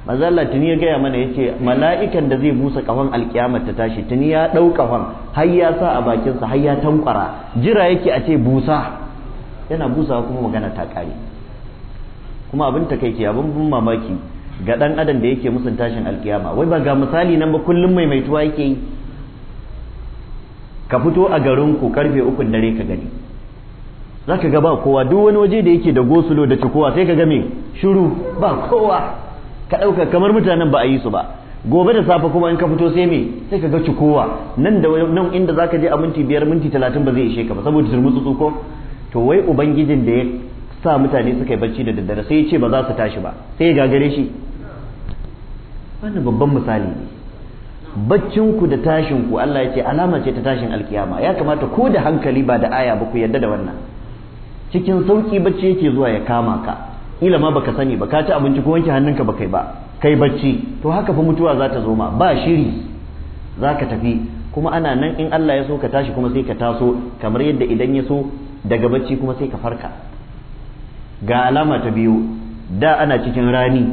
manzo Allah tuni ya gaya mana yace mala'ikan da zai busa kafan alkiyama ta tashi tuni ya dau kafan har ya sa a bakin sa har ya tankwara jira yake a ce busa yana busa kuma magana ta kare kuma abin ta ke abin bin mamaki ga dan adam da yake musun tashin alkiyama wai ba ga misali nan ba kullum maimaituwa yake yi ka fito a garinku karfe uku dare ka gani za ka ga ba kowa duk wani waje da yake da gosulo da cikowa sai ka ga shuru ba kowa ka ɗauka kamar mutanen ba a yi su ba gobe da safe kuma in ka fito sai me sai ka ga cikowa nan da nan inda za ka je a minti biyar minti talatin ba zai ishe ka ba saboda turmutsu ko to wai ubangijin da ya sa mutane suka yi bacci da daddare sai ya ce ba za su tashi ba sai ya gagare shi wannan babban misali ne baccinku da tashinku Allah ya ce alama ce ta tashin alkiyama ya kamata ko da hankali ba da aya ba ku yarda da wannan cikin sauki bacci yake zuwa ya kama ka ila ma baka sani ba ka ci abinci ko wanke hannunka ba kai ba kai bacci to haka fa mutuwa za ta zo ma ba shiri za ka tafi kuma ana nan in Allah ya so ka tashi kuma sai ka taso kamar yadda idan ya so daga bacci kuma sai ka farka ga alama ta biyu da ana cikin rani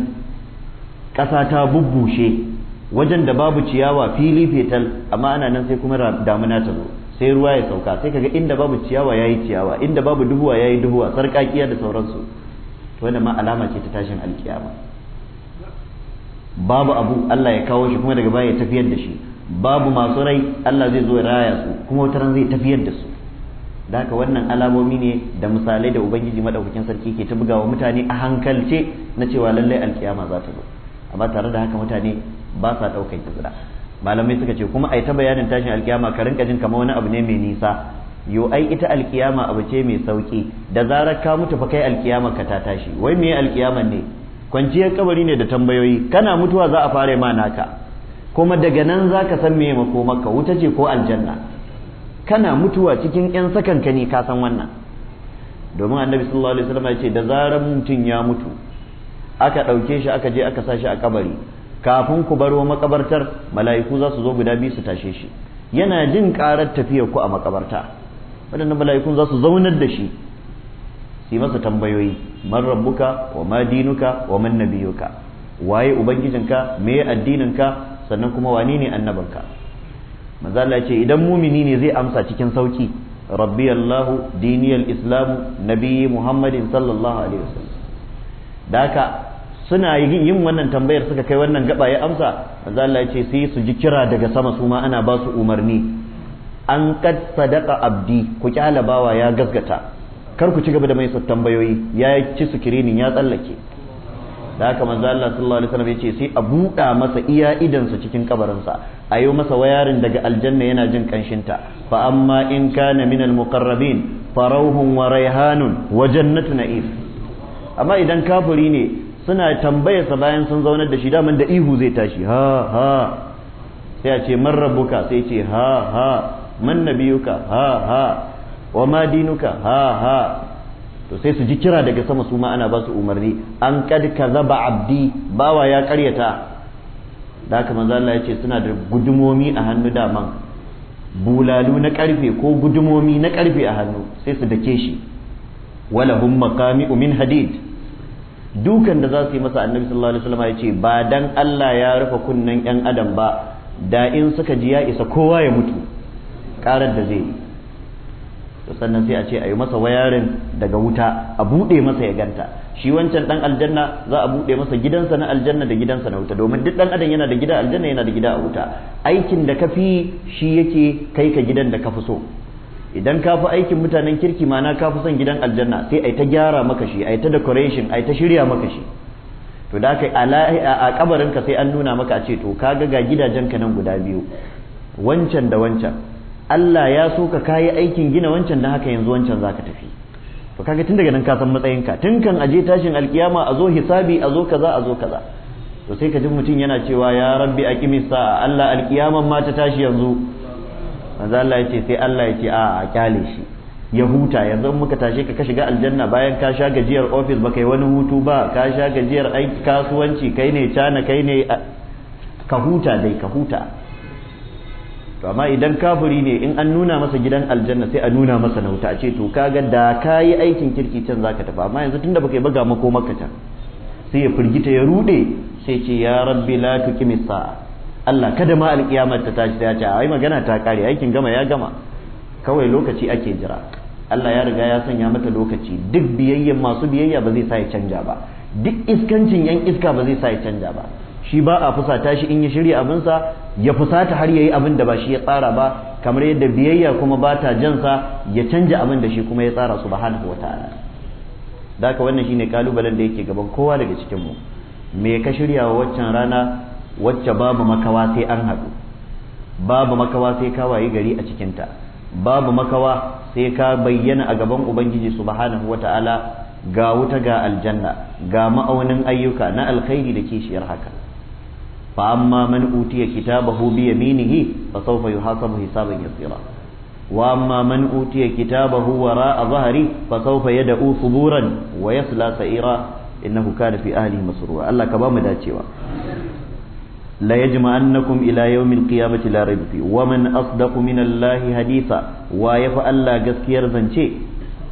ƙasa ta bubbushe wajen da babu ciyawa fili fetal amma ana nan sai kuma damuna ta zo sai ruwa ya sauka sai kaga inda babu ciyawa yayi ciyawa inda babu duhuwa yayi duhuwa sarkakiya da sauransu to wannan ma alama ce ta tashin alkiyama babu abu Allah ya kawo shi kuma daga baya ya tafiyar da shi babu masu rai Allah zai zo ya raya su kuma wata ran zai tafiyar da su da haka wannan alamomi ne da misalai da ubangiji madaukakin sarki ke ta bugawa mutane a hankalce na cewa lallai alkiyama za ta zo amma tare da haka mutane ba sa ɗaukar izra malamai suka ce kuma a yi ta bayanin tashin alkiyama ka rinka jin kamar wani abu ne mai nisa yo ai ita alkiyama abu ce mai sauki da zarar ka mutu fa kai alkiyama ka ta tashi wai me alkiyama ne kwanciyar kabari ne da tambayoyi kana mutuwa za a fara ma naka kuma daga nan za ka san me ka wuta ce ko aljanna kana mutuwa cikin yan sakan ka ne ka san wannan domin annabi sallallahu alaihi wasallam ya ce da zarar mutum ya mutu aka ɗauke shi aka je aka sa a kabari kafin ku baro makabartar mala'iku za su zo guda biyu su tashe shi yana jin karar tafiyar ku a makabarta waɗannan mala'ikun za su zaunar da shi su masa tambayoyi man rabbuka wa ma dinuka wa man nabiyuka waye ubangijinka me addininka sannan kuma wani ne annabinka manzo Allah ce idan mumini ne zai amsa cikin sauki rabbi Allah diniyal islam nabiyyi muhammadin sallallahu alaihi wasallam daka suna yin wannan tambayar suka kai wannan gaba ya amsa manzo Allah ya ce sai su ji kira daga sama su ma ana ba su umarni an kad sadaqa abdi ku kyala bawa ya gasgata kar ku ci gaba da mai tambayoyi ya ci sukirinin ya tsallake da haka manzo Allah sallallahu alaihi wasallam yace sai a buɗa masa iya su cikin kabarinsa a yi masa wayarin daga aljanna yana jin ta. fa amma in kana minal muqarrabin farauhun wa raihanun wa jannatu na'if amma idan kafiri ne suna tambayarsa bayan sun zaunar da shi daman da ihu zai tashi ha ha sai a ce man rabbuka sai ce ha ha man nabiyuka ha ha wa ma dinuka ha ha to sai su ji kira daga sama su ma ana ba su umarni an kad kazaba abdi bawa ya karyata da haka manzo Allah ya suna da gudumomi a hannu daman bulalu na karfe ko gudumomi na karfe a hannu sai su dake shi Wala hum maqami min hadid dukan da za su yi masa annabi sallallahu alaihi wasallam ya ce ba dan Allah ya rufe kunnen yan adam ba da in suka ji ya isa kowa ya mutu karar da zai yi sannan sai a ce a yi masa wayarin daga wuta a bude masa ya ganta shi wancan dan aljanna za a bude masa gidansa na aljanna da gidansa na wuta domin duk dan adam yana da gida aljanna yana da gida a wuta aikin da kafi fi shi yake kai ka gidan da ka fi so idan ka fi aikin mutanen kirki na ka fi son gidan aljanna sai a yi ta gyara maka shi yi ta decoration a yi ta shirya maka shi to da aka yi a kabarin sai an nuna maka a ce to ka ga gidajen ka nan guda biyu wancan da wancan Allah ya so ka kayi aikin gina wancan da haka yanzu wancan zaka tafi to kaga tun daga nan ka san matsayinka tun kan aje tashin alkiyama a zo hisabi a zo kaza a zo kaza to sai ka ji mutum yana cewa ya rabbi aqimis sa'a Allah alkiyaman ma ta tashi yanzu manzo Allah ya ce sai Allah ya ce a a kyale shi ya huta yanzu in muka tashe ka ka shiga aljanna bayan ka sha gajiyar ofis baka yi wani hutu ba ka sha gajiyar aiki kasuwanci kai ne cana kai ne ka huta dai ka huta to amma idan kafuri ne in an nuna masa gidan aljanna sai a nuna masa na wuta a ce to kaga da ka yi aikin kirki can zaka tafi amma yanzu tunda baka yi baga mako maka can sai ya firgita ya rude sai ce ya rabbi la tuqimis Allah kada ma alkiyamar ta tashi ta ce ai magana ta kare aikin gama ya gama kawai lokaci ake jira Allah ya riga ya sanya mata lokaci duk biyayyen masu biyayya ba zai sa ya canja ba duk iskancin yan iska ba zai sa ya canja ba shi ba a fusata shi in ya shirya sa ya fusata har yayi abin da ba shi ya tsara ba kamar yadda biyayya kuma ba ta jan sa ya canja abin da shi kuma ya tsara subhanahu wataala da haka wannan shine kalubalen da yake gaban kowa daga cikin mu me ka shirya wa waccan rana wacce babu makawa sai an haɗu babu makawa sai ka wayi gari a cikinta babu makawa sai ka bayyana a gaban ubangiji subhanahu wata'ala ga wuta ga aljanna ga ma'aunin ayyuka na alkhairi da kishiyar haka fa amma man utiya kitabahu bi yaminihi fa sawfa yuhasabu hisaban yasira wa amma man utiya kitabahu wara'a zahri fa sawfa yad'u suburan wa yasla sa'ira innahu kana fi ahlihi masrura Allah ka ba mu dacewa لا يجمعنكم إلى يوم القيامة لا ريب فيه ومن أصدق من الله حديثا ويفع الله غسكير زنشي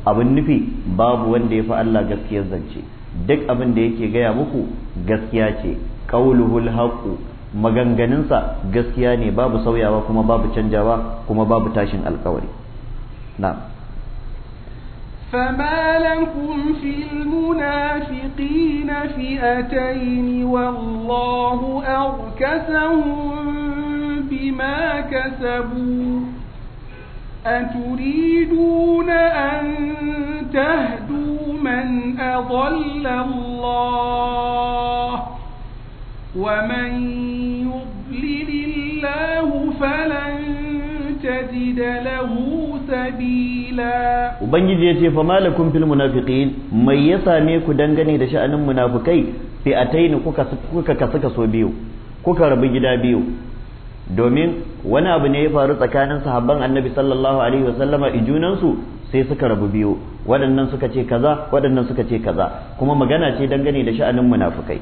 abin nufi babu wanda ya fi Allah gaskiyar zance duk abin da yake gaya muku gaskiya ce qauluhul haqu maganganunsa gaskiya ne babu sauyawa kuma babu canjawa kuma babu tashin alkawari na'am فما لكم في المنافقين فئتين والله أركسهم بما كسبوا أتريدون أن تهدوا من أضل الله ومن يضلل الله فلن تجد له سبيلا وبنجي يتي فما لكم في المنافقين ما يسامي ku dangane da sha'anin munafikai fi ataini kuka kuka kasuka so biyu kuka rabu gida biyu domin wani abu ne ya faru tsakanin sahabban annabi sallallahu alaihi wasallama su sai suka rabu biyu waɗannan suka ce kaza waɗannan suka ce kaza kuma magana ce dangane da sha'anin munafukai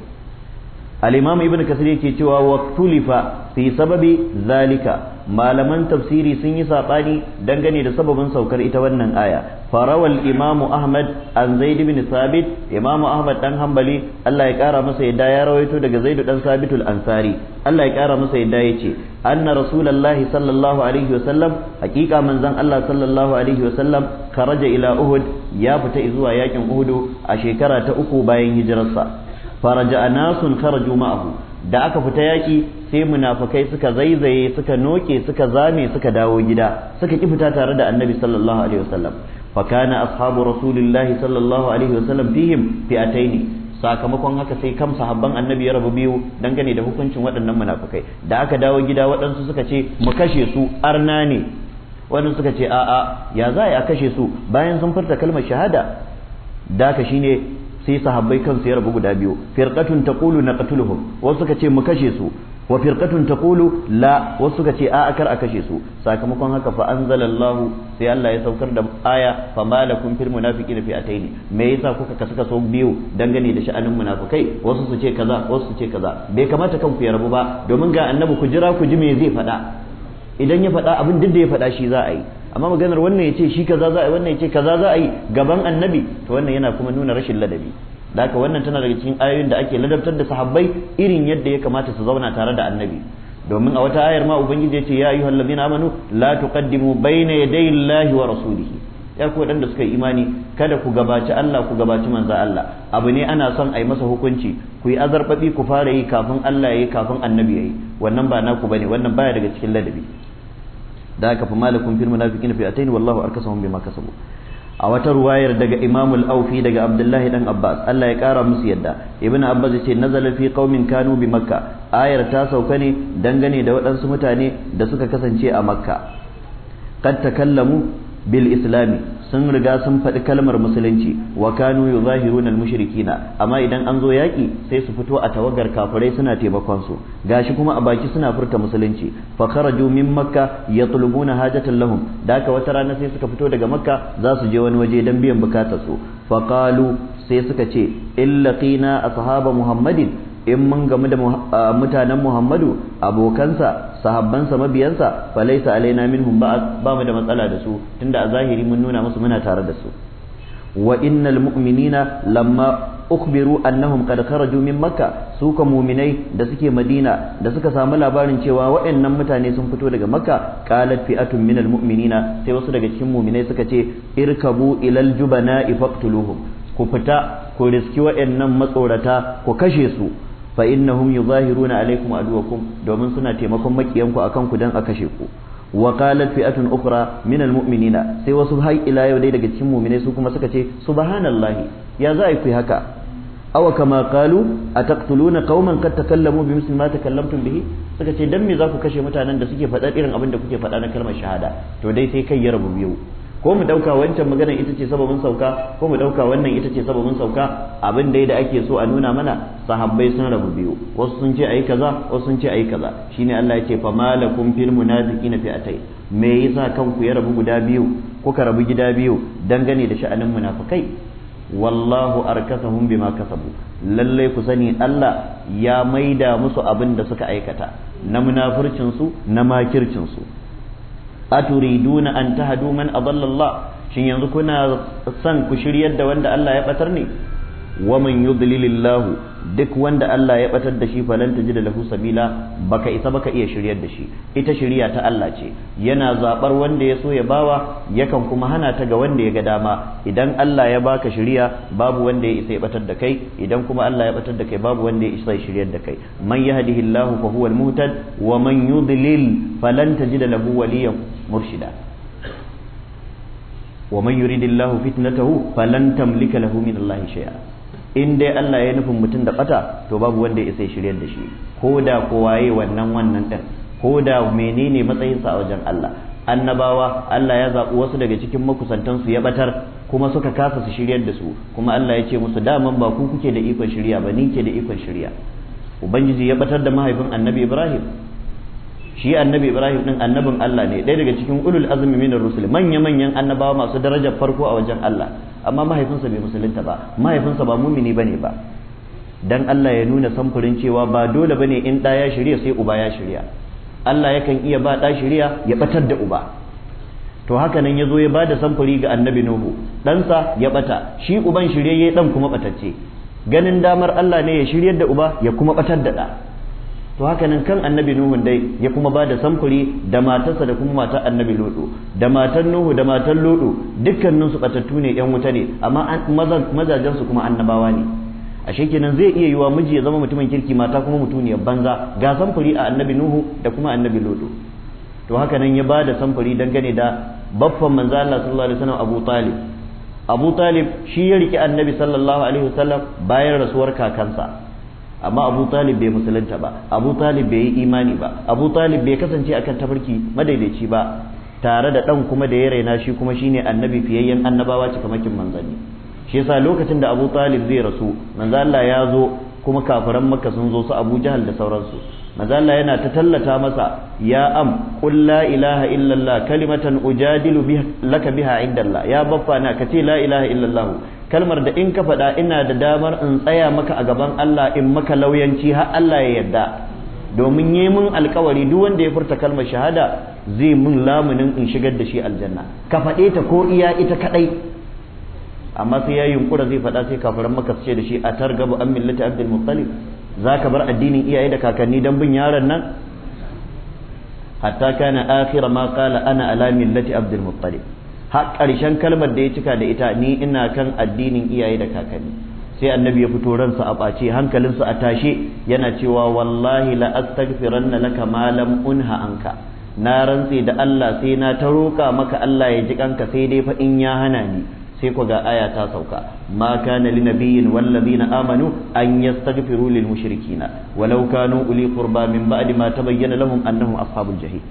al-imam ibnu kasir yake cewa waqtulifa fi sababi zalika malaman tafsiri sun yi saɓani dangane da sababin saukar ita wannan aya farawal imamu ahmad an zaid bin sabit imamu ahmad dan hambali. Allah ya kara masa yadda ya rawaito daga Zaidu dan sabitul ansari Allah ya kara masa yadda ce anna rasulullahi sallallahu alaihi wasallam hakika manzon Allah sallallahu alaihi wasallam kharaja ila uhud ya fita zuwa yakin uhud a shekara ta uku bayan hijirarsa faraja nasun kharaju ma'ahu da aka fita yaƙi sai munafukai suka zaizaye suka noke suka zame suka dawo gida suka ki fita tare da annabi sallallahu alaihi wasallam fa kana ashabu rasulillahi sallallahu alaihi wasallam fihim fi'ataini sakamakon haka sai kam sahabban annabi ya rabu biyu dangane da hukuncin waɗannan munafukai da aka dawo gida waɗansu suka ce mu kashe su arna ne waɗansu suka ce a'a ya za a kashe su bayan sun furta kalmar shahada da ka shine sai sahabbai kansu ya rabu guda biyu firqatun taqulu naqtuluhum wasu suka ce mu kashe su wa firqatun taqulu la wasu suka ce a'a kar a kashe su sakamakon haka fa anzalallahu sai Allah ya saukar da aya fa malakum fil munafiqin fi me yasa kuka kasu kaso biyu dangane da sha'anin munafikai wasu su ce kaza wasu su ce kaza bai kamata kanku ya rabu ba domin ga annabi ku jira ku ji me zai faɗa idan ya faɗa abin duk da ya faɗa shi za a yi amma maganar wannan ya ce shi kaza za a yi wannan ya ce kaza za a yi gaban annabi to wannan yana kuma nuna rashin ladabi da haka wannan tana daga cikin ayoyin da ake ladabtar da sahabbai irin yadda ya kamata su zauna tare da annabi domin a wata ayar ma ubangiji ya ce ya ayyuhal ladina amanu la tuqaddimu bayna yaday llahi wa rasulihi ya ku wadanda suka yi imani kada ku gabaci Allah ku gabaci manzo Allah abu ne ana son a yi masa hukunci ku yi azarfafi ku fara yi kafin Allah yi kafin annabi yayi wannan ba naku bane wannan baya daga cikin ladabi da aka fi malakum fil munafiqina fi'atayn wallahu arkasahum bima kasabu a wata ruwayar daga Imam al-Aufi daga Abdullahi dan Abbas Allah ya kara musu yadda Ibn Abbas ce nazala fi qaumin kanu bi Makka ayar ta sauka ne dangane da waɗansu mutane da suka kasance a Makka kad takallamu bil islami sun riga sun faɗi kalmar musulunci wa kanu yuzahiruna al mushrikina amma idan an zo yaki sai su fito a tawagar kafirai suna taimakon su gashi kuma a baki suna furta musulunci fa kharaju min makka yatlubuna hajatan lahum daka wata rana sai suka fito daga makka za su je wani waje dan biyan bukatar su fa qalu sai suka ce illaqina ashaba muhammadin in mun gamu da mutanen Muhammadu abokansa sahabbansa mabiyansa fa falaisa alaina minhum ba ba mu da matsala da su tunda a zahiri mun nuna musu muna tare da su wa innal mu'minina lamma ukhbiru annahum qad kharaju min makka su ka mu'minai da suke madina da suka samu labarin cewa waɗannan mutane sun fito daga makka qalat fi'atun minal mu'minina sai wasu daga cikin mu'minai suka ce irkabu ilal jubana ifaqtuluhum ku fita ku riski waɗannan matsorata ku kashe su fa innahum yuzahiruna alaikum aduwakum domin suna taimakon makiyanku akan ku dan a kashe ku wa qalat fi'atun ukhra min almu'minina sai wasu har ila yau dai daga cikin mu'minai su kuma suka ce subhanallahi ya za a yi haka aw kama qalu ataqtuluna qauman qad takallamu bi misli ma takallamtum bihi suka ce dan me za ku kashe mutanen da suke faɗa irin abin da kuke faɗa na kalmar shahada to dai sai kai ya rabu biyu ko mu dauka wancan maganar ita ce sababin sauka ko mu dauka wannan ita ce sababin sauka abin dai da ake so a nuna mana sahabbai sun rabu biyu wasu sun ce ayi kaza wasu sun ce ayi kaza shine Allah ya ce fa malakum fil munafiqina fi'atay me yasa kanku ya rabu guda biyu kuka rabu gida biyu dangane da sha'anin munafikai wallahu arkasahum bima kasabu lallai ku sani Allah ya maida musu abin da suka aikata na munafurcin su na makircin su aturiduna an tahadu man adalla Allah shin yanzu kuna san ku shiryar da wanda Allah ya batar ne wa man yudlilillahu duk wanda Allah ya batar da shi falan da lahu sabila baka isa baka iya shiryar da shi ita shiriya ta Allah ce yana zabar wanda ya so ya bawa yakan kuma hana ta ga wanda ya ga dama idan Allah ya baka shiriya babu wanda ya isa ya batar da kai idan kuma Allah ya batar da kai babu wanda ya isa ya shiryar da kai man yahdihillahu fa huwa al wa man yudlil falan lahu waliyan murshida ومن in dai Allah ya nufin mutum da bata to babu wanda ya isa shiryar da shi ko da kowaye wannan wannan ɗin ko da menene matsayinsa a wajen Allah annabawa Allah ya zaɓi wasu daga cikin makusantansu ya ɓatar kuma suka kasa su shiryar da su kuma Allah ya ce musu daman ba ku kuke da ikon shirya ba ni ke da ikon shirya ubangiji ya ɓatar da mahaifin annabi Ibrahim shi annabi ibrahim din annabin allah ne ɗaya daga cikin ulul azumi minar rusul manya manyan annabawa masu darajar farko a wajen allah amma mahaifinsa bai musulunta ba mahaifinsa ba mumini bane ba dan allah ya nuna samfurin cewa ba dole bane in ɗa ya shirya sai uba ya shirya allah yakan iya ba ɗa shirya ya batar da uba to haka nan ya zo ya ba da samfuri ga annabi nuhu ɗansa ya ɓata shi uban shiryayye ɗan kuma batacce ganin damar allah ne ya shiryar da uba ya kuma batar da ɗa to haka nan kan annabi nuhu dai ya kuma ba da samfuri da matarsa da kuma matar annabi da matar nuhu da matar lodu dukkanin su batattu ne yan wuta ne amma mazajen su kuma annabawa ne ashe kenan zai iya yiwa miji ya zama mutumin kirki mata kuma mutuniyar banza ga samfuri a annabi nuhu da kuma annabi ludu to haka nan ya ba da samfuri dangane da baffan manzo Allah sallallahu alaihi wasallam Abu Talib Abu Talib shi ya riki annabi sallallahu alaihi wasallam bayan rasuwar kakansa amma abu talib bai musulunta ba abu talib bai yi imani ba abu talib bai kasance akan tafarki madaidaici ba tare da dan kuma da ya raina shi kuma shine annabi fiyayyen annabawa cikamakin manzanni shi yasa lokacin da abu talib zai rasu manzo Allah ya zo kuma kafiran makka sun zo su abu jahal da sauransu manzo Allah yana ta tallata masa ya am qul la ilaha illallah kalimatan ujadilu biha laka biha indallah ya baffa na kace la ilaha illallah kalmar da in ka faɗa ina da damar in tsaya maka a gaban Allah in maka lauyanci har Allah ya yarda domin yi mun alkawari duk wanda ya furta kalmar shahada zai mun lamunin in shigar da shi aljanna ka faɗe ta ko iya ita kaɗai amma sai ya yunkura zai faɗa sai kafiran maka su ce da shi a targabu an millati abdul muttalib za ka bar addinin iyaye da kakanni don bin yaron nan hatta kana akhira ma qala ana ala millati abdul muttalib har ƙarshen kalmar da ya cika da ita ni ina kan addinin iyaye da kakanni sai annabi ya fito ransa a ɓace hankalinsa a tashe yana cewa wallahi la astaghfiranna laka ma lam unha anka na rantse da Allah sai na ta roƙa maka Allah ya ji kanka sai dai fa in ya hana ni sai ku ga aya ta sauka ma kana lin nabiyyin wal ladina amanu an yastaghfiru lil mushrikina walau kanu uli qurba min ba'di ma tabayyana lahum annahum ashabul jahim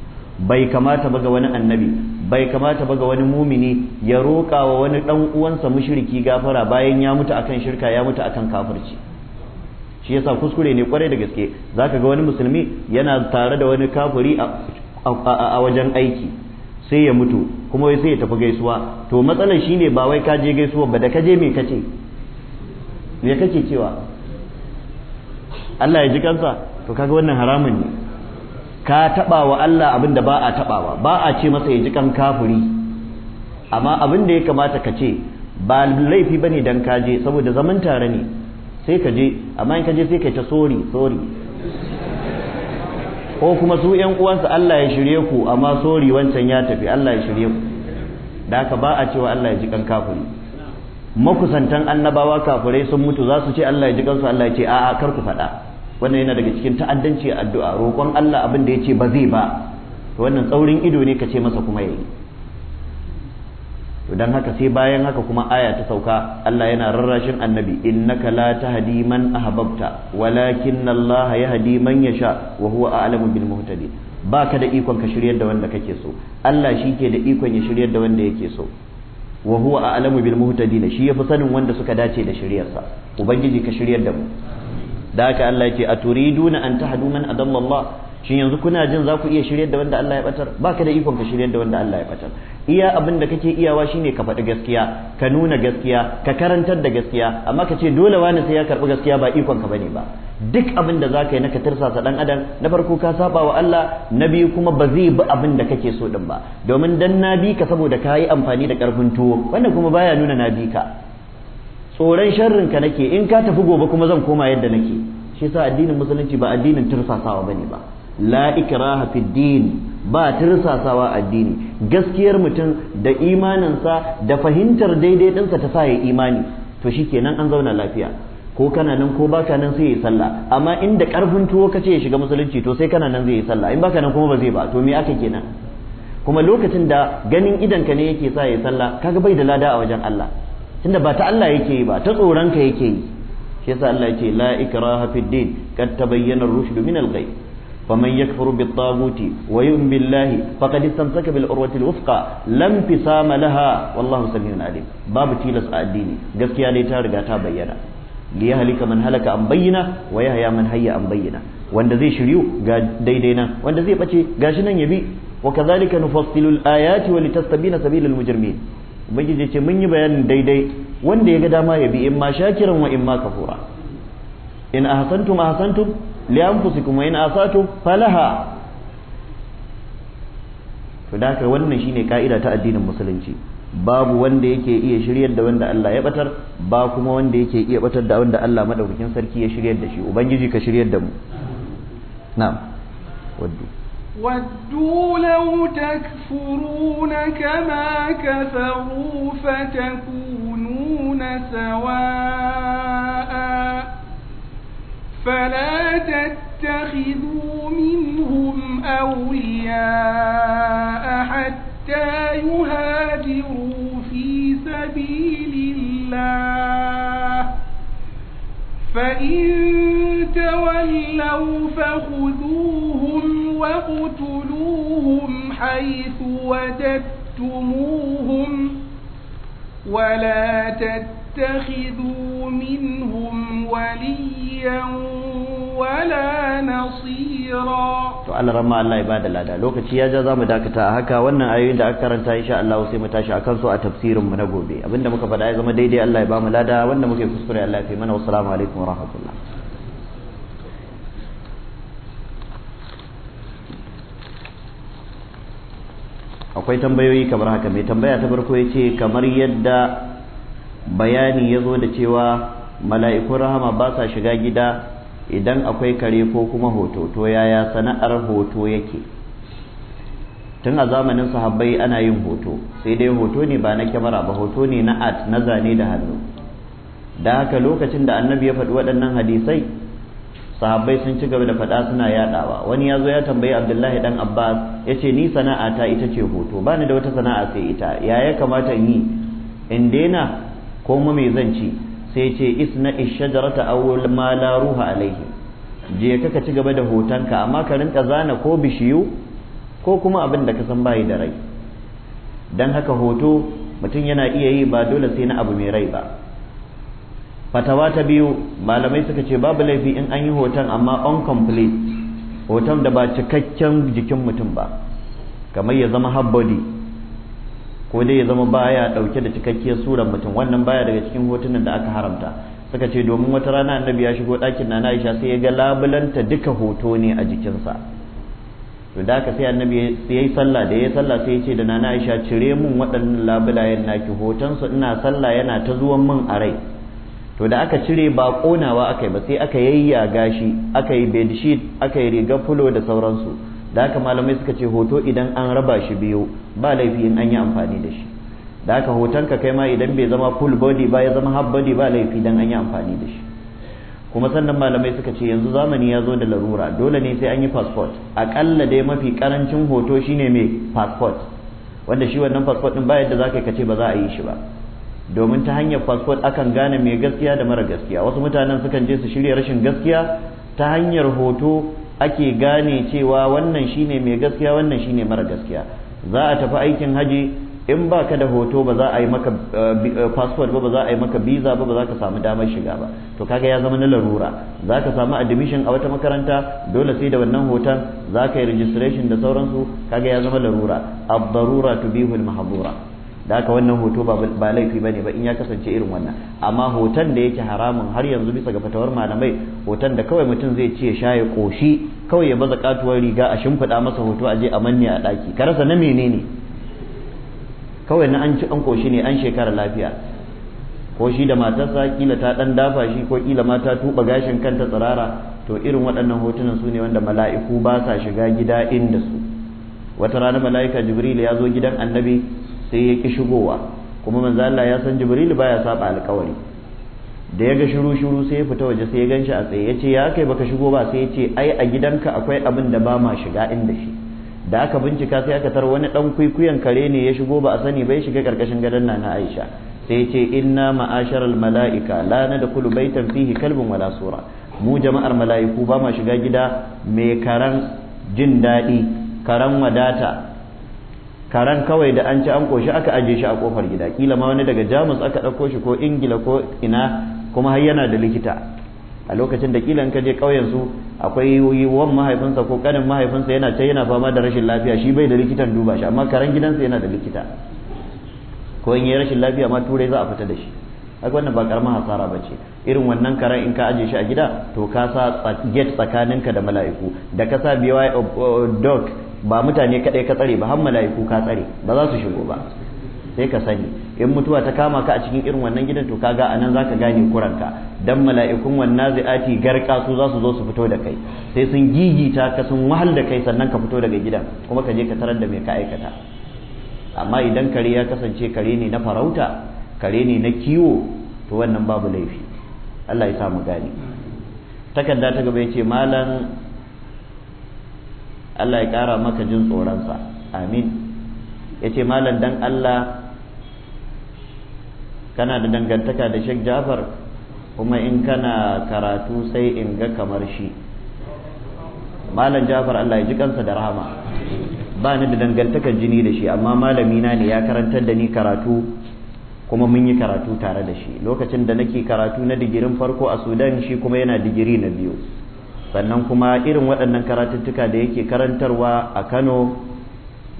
bai kamata ba ga wani annabi bai kamata ba ga wani mumini ya roƙa wa wani ɗan uwansa mushriki gafara bayan ya mutu akan shirka ya mutu akan kafirci shi yasa kuskure ne kwarai da gaske zaka ga wani musulmi yana tare da wani kafiri a wajen aiki sai ya mutu kuma wai sai ya tafi gaisuwa to matsalar shine ba wai ka je gaisuwa ba da ka je me kace me kake cewa Allah ya ji kansa to kaga wannan haramun ne ka taɓa wa Allah abin da ba a taɓawa ba a ce masa ya ji kan kafuri amma abin da ya kamata ka ce ba laifi ba ne don ka je saboda zaman tare ne sai ka je amma in ka je sai ka ta sori sori ko kuma su yan uwansa Allah ya shirye ku amma sori wancan ya tafi Allah ya shirye ku da haka ba a cewa Allah ya ji kan kafuri makusantan annabawa kafurai sun mutu za su ce Allah ya ji kansu Allah ya ce a'a kar ku faɗa wannan yana daga cikin ta'addanci a addu'a roƙon Allah abin da ce ba zai ba wannan tsaurin ido ne ka ce masa kuma yayi to dan haka sai bayan haka kuma aya ta sauka Allah yana rarrashin annabi innaka la tahdi man ahbabta walakin Allah yahdi man yasha wa huwa a'lamu bil muhtadin baka da ikon ka shiryar da wanda kake so Allah shi ke da ikon ya shiryar da wanda yake so wa huwa a'lamu bil muhtadin shi yafi sanin wanda suka dace da shiryarsa ubangiji ka shiryar da mu da haka Allah ce a turiduna an tahdu man adalla Allah shin yanzu kuna jin za ku iya shiryar da wanda Allah ya batar baka da ikon ka shiryar da wanda Allah ya batar iya abin da kake iyawa shine ka faɗi gaskiya ka nuna gaskiya ka karantar da gaskiya amma ka ce dole wani sai ya karɓi gaskiya ba ikon ka bane ba duk abin da za ka yi na ka tirsasa ɗan adam na farko ka saba wa Allah na biyu kuma ba zai bi abin da kake so din ba domin dan na bi ka saboda ka yi amfani da ƙarfin tuwo wanda kuma baya nuna na bi ka tsoron sharrin ka nake in ka tafi gobe kuma zan koma yadda nake shi yasa addinin musulunci ba addinin tursasawa bane ba la ikraha fid din ba tursasawa addini gaskiyar mutum da imaninsa da fahimtar daidai ɗinsa ta sa ya imani to shikenan an zauna lafiya ko kana nan ko baka nan sai ya sallah amma inda karfin tuwo ka ce ya shiga musulunci to sai kana nan zai yi sallah in baka nan kuma ba zai ba to me aka kenan kuma lokacin da ganin idanka ne yake sa ya sallah kaga bai da lada a wajen Allah tunda ba ta Allah yake yi ba ta tsoronka yake yi shi yasa Allah yake la ikraha fid din kad tabayyana ar-rushd min al-ghay man yakfur bit taguti wa yu'min billahi faqad istamsaka bil urwati al-wuthqa lam tisama laha wallahu samiun alim babu tilas a addini gaskiya ne ta riga ta bayyana li yahlika man halaka an bayyana wa yahya man hayya an bayyana wanda zai shiryu ga daidai nan wanda zai bace gashi nan yabi wa kadhalika nufassilu al-ayati wa litastabina sabilal mujrimin ubangiji ce mun yi bayanin daidai wanda ya ga dama ya bi in ma shakiran wa in ma kafura in ahsantum ahsantum li anfusikum wa in asatum falaha to da ka wannan shine ka'ida ta addinin musulunci babu wanda yake iya shiryar da wanda Allah ya batar ba kuma wanda yake iya batar da wanda Allah madaukakin sarki ya shiryar da shi ubangiji ka shiryar da mu na'am waddu ودوا لو تكفرون كما كفروا فتكونون سواء فلا تتخذوا منهم أولياء حتى يهاجروا في سبيل الله فإن تولوا فخذوهم واقتلوهم حيث وجدتموهم ولا تتخذوا منهم وليا ولا نصيرا to Allah Allah ya bada lada lokaci ya ja zamu dakata haka wannan ayoyin da aka karanta insha Allah sai mu tashi akan su a tafsirin mu na gobe abinda muka faɗa ya zama daidai Allah ya bamu lada wanda muke kuskure Allah ya fi mana wassalamu alaikum wa rahmatullah akwai tambayoyi kamar haka mai tambaya ta farko ya ce kamar yadda bayani ya zo da cewa mala'ikun rahama ba sa shiga gida idan akwai kare ko kuma hoto to yaya sana'ar hoto yake tun a zamanin sahabbai ana yin hoto sai dai hoto ne ba na kyamara ba hoto ne na art na zane da hannu da haka lokacin da annabi ya faɗi waɗannan hadisai sahabbai sun ci gaba da faɗa suna yaɗawa wani ya zo ya tambayi abdullahi dan abbas ya ce ni sana'a ta ita ce hoto ba ni da wata sana'a sai ita ya ya kamata in yi in daina ko mai zan ci sai ce isna ishajarata awwal ma la ruha alaihi je ka ci gaba da hotonka amma ka rinka zana ko bishiyu ko kuma abin da ka san bayi da rai dan haka hoto mutum yana iya yi ba dole sai na abu mai rai ba fatawa ta biyu malamai suka ce babu laifi in an yi hoton amma on complete hoton da ba cikakken jikin mutum ba kamar ya zama habbodi ko dai ya zama baya dauke da cikakkiyar surar mutum wannan baya daga cikin hotunan da aka haramta suka ce domin wata rana annabi ya shigo dakin na Aisha sai ya ga labulanta duka hoto ne a jikinsa to da haka sai annabi ya yi sallah da ya yi sallah sai ya ce da nana Aisha cire mun waɗannan labulayen naki hoton su ina sallah yana ta zuwan mun a rai to da aka cire ba konawa aka yi ba sai aka yayyaga gashi aka yi bedsheet aka yi riga fulo da sauransu da haka malamai suka ce hoto idan an raba shi biyu ba laifi in an yi amfani da shi da haka hotonka kai ma idan bai zama full body ba ya zama half body ba laifi dan an yi amfani da shi kuma sannan malamai suka ce yanzu zamani ya zo da larura dole ne sai an yi passport akalla dai mafi karancin hoto shine mai passport wanda shi wannan passport din ba yadda za ka ce ba za a yi shi ba domin ta hanyar passport akan gane mai gaskiya da mara gaskiya wasu mutanen sukan je su shirya rashin gaskiya ta hanyar hoto ake gane cewa wannan shine mai gaskiya wannan shine mara gaskiya za a tafi aikin haji in ba ka da hoto ba za a yi maka eh, eh, passport ba za a yi maka visa ba za ka samu damar shiga ba to kaga ya zama na larura za ka samu admission a wata makaranta dole sai da wannan hoton za ka yi registration da sauransu kaga ya zama larura ad-darura tubihu mahdura da aka wannan hoto ba laifi ba ne ba in ya kasance irin wannan amma hoton da yake haramun har yanzu bisa ga fatawar malamai hoton da kawai mutum zai ce sha ya koshi kawai ya baza katuwar riga a shimfiɗa masa hoto a je a manne a ɗaki ka rasa na menene kawai na an ci an koshi ne an shekara lafiya ko shi da matarsa kila ta ɗan dafa shi ko kila ma ta tuɓa gashin kanta tsirara to irin waɗannan hotunan su ne wanda mala'iku ba sa shiga gida inda su wata rana mala'ika jibril ya zo gidan annabi sai ya ki shigowa kuma manzo Allah ya san Jibril baya saba alƙawari da ya ga shiru shiru sai ya fita waje sai ya ganshi a tsaye yace ya kai baka shigo ba sai yace ai a gidanka akwai abin da ba ma shiga inda shi da aka bincika sai aka tar wani dan kwikwiyon kare ne ya shigo ba a sani bai shiga karkashin gadon na Aisha sai yace inna ma'asharal mala'ika la nadkhulu baitan fihi kalbun wala sura mu jama'ar mala'iku ba ma shiga gida mai karan jin daɗi karan wadata karan kawai da an ci an koshi aka aje shi a kofar gida kila ma wani daga jamus aka ɗauko shi ko ingila ko ina kuma har yana da likita a lokacin da kila in ka je ƙauyen su akwai wan mahaifinsa ko kanin mahaifinsa yana ta yana fama da rashin lafiya shi bai da likitan duba shi amma karan gidansa yana da likita ko in yi rashin lafiya ma turai za a fita da shi haka wannan ba karamar hasara ba ce irin wannan karan in ka aje shi a gida to ka sa gate tsakaninka da mala'iku da ka sa biwa dog ba mutane kadai ka tsare ba har mala'iku ka tsare ba za su shigo ba sai ka sani in mutuwa ta kama ka a cikin irin wannan gidan to kaga anan zaka gane kuranka dan mala'ikun wannan zai'ati garka su za su zo su fito da kai sai sun gigita ka sun wahal da kai sannan ka fito daga gidan kuma ka je ka tarar da mai ka aikata amma idan kare ya kasance kare ne na farauta kare ne na kiwo to wannan babu laifi Allah ya sa mu gane takarda ta gaba ya ce malam Allah ya ƙara maka jin tsoronsa amin ya ce malam dan Allah kana da dangantaka da Sheikh Jafar kuma in kana karatu sai in ga kamar shi malam Jafar Allah ya ji kansa da rahama ba ni da dangantakar jini da shi amma malami na ne ya karantar da ni karatu kuma mun yi karatu tare da shi lokacin da nake karatu na digirin farko a Sudan shi kuma yana digiri na biyu sannan kuma irin waɗannan karatuttuka da yake karantarwa a kano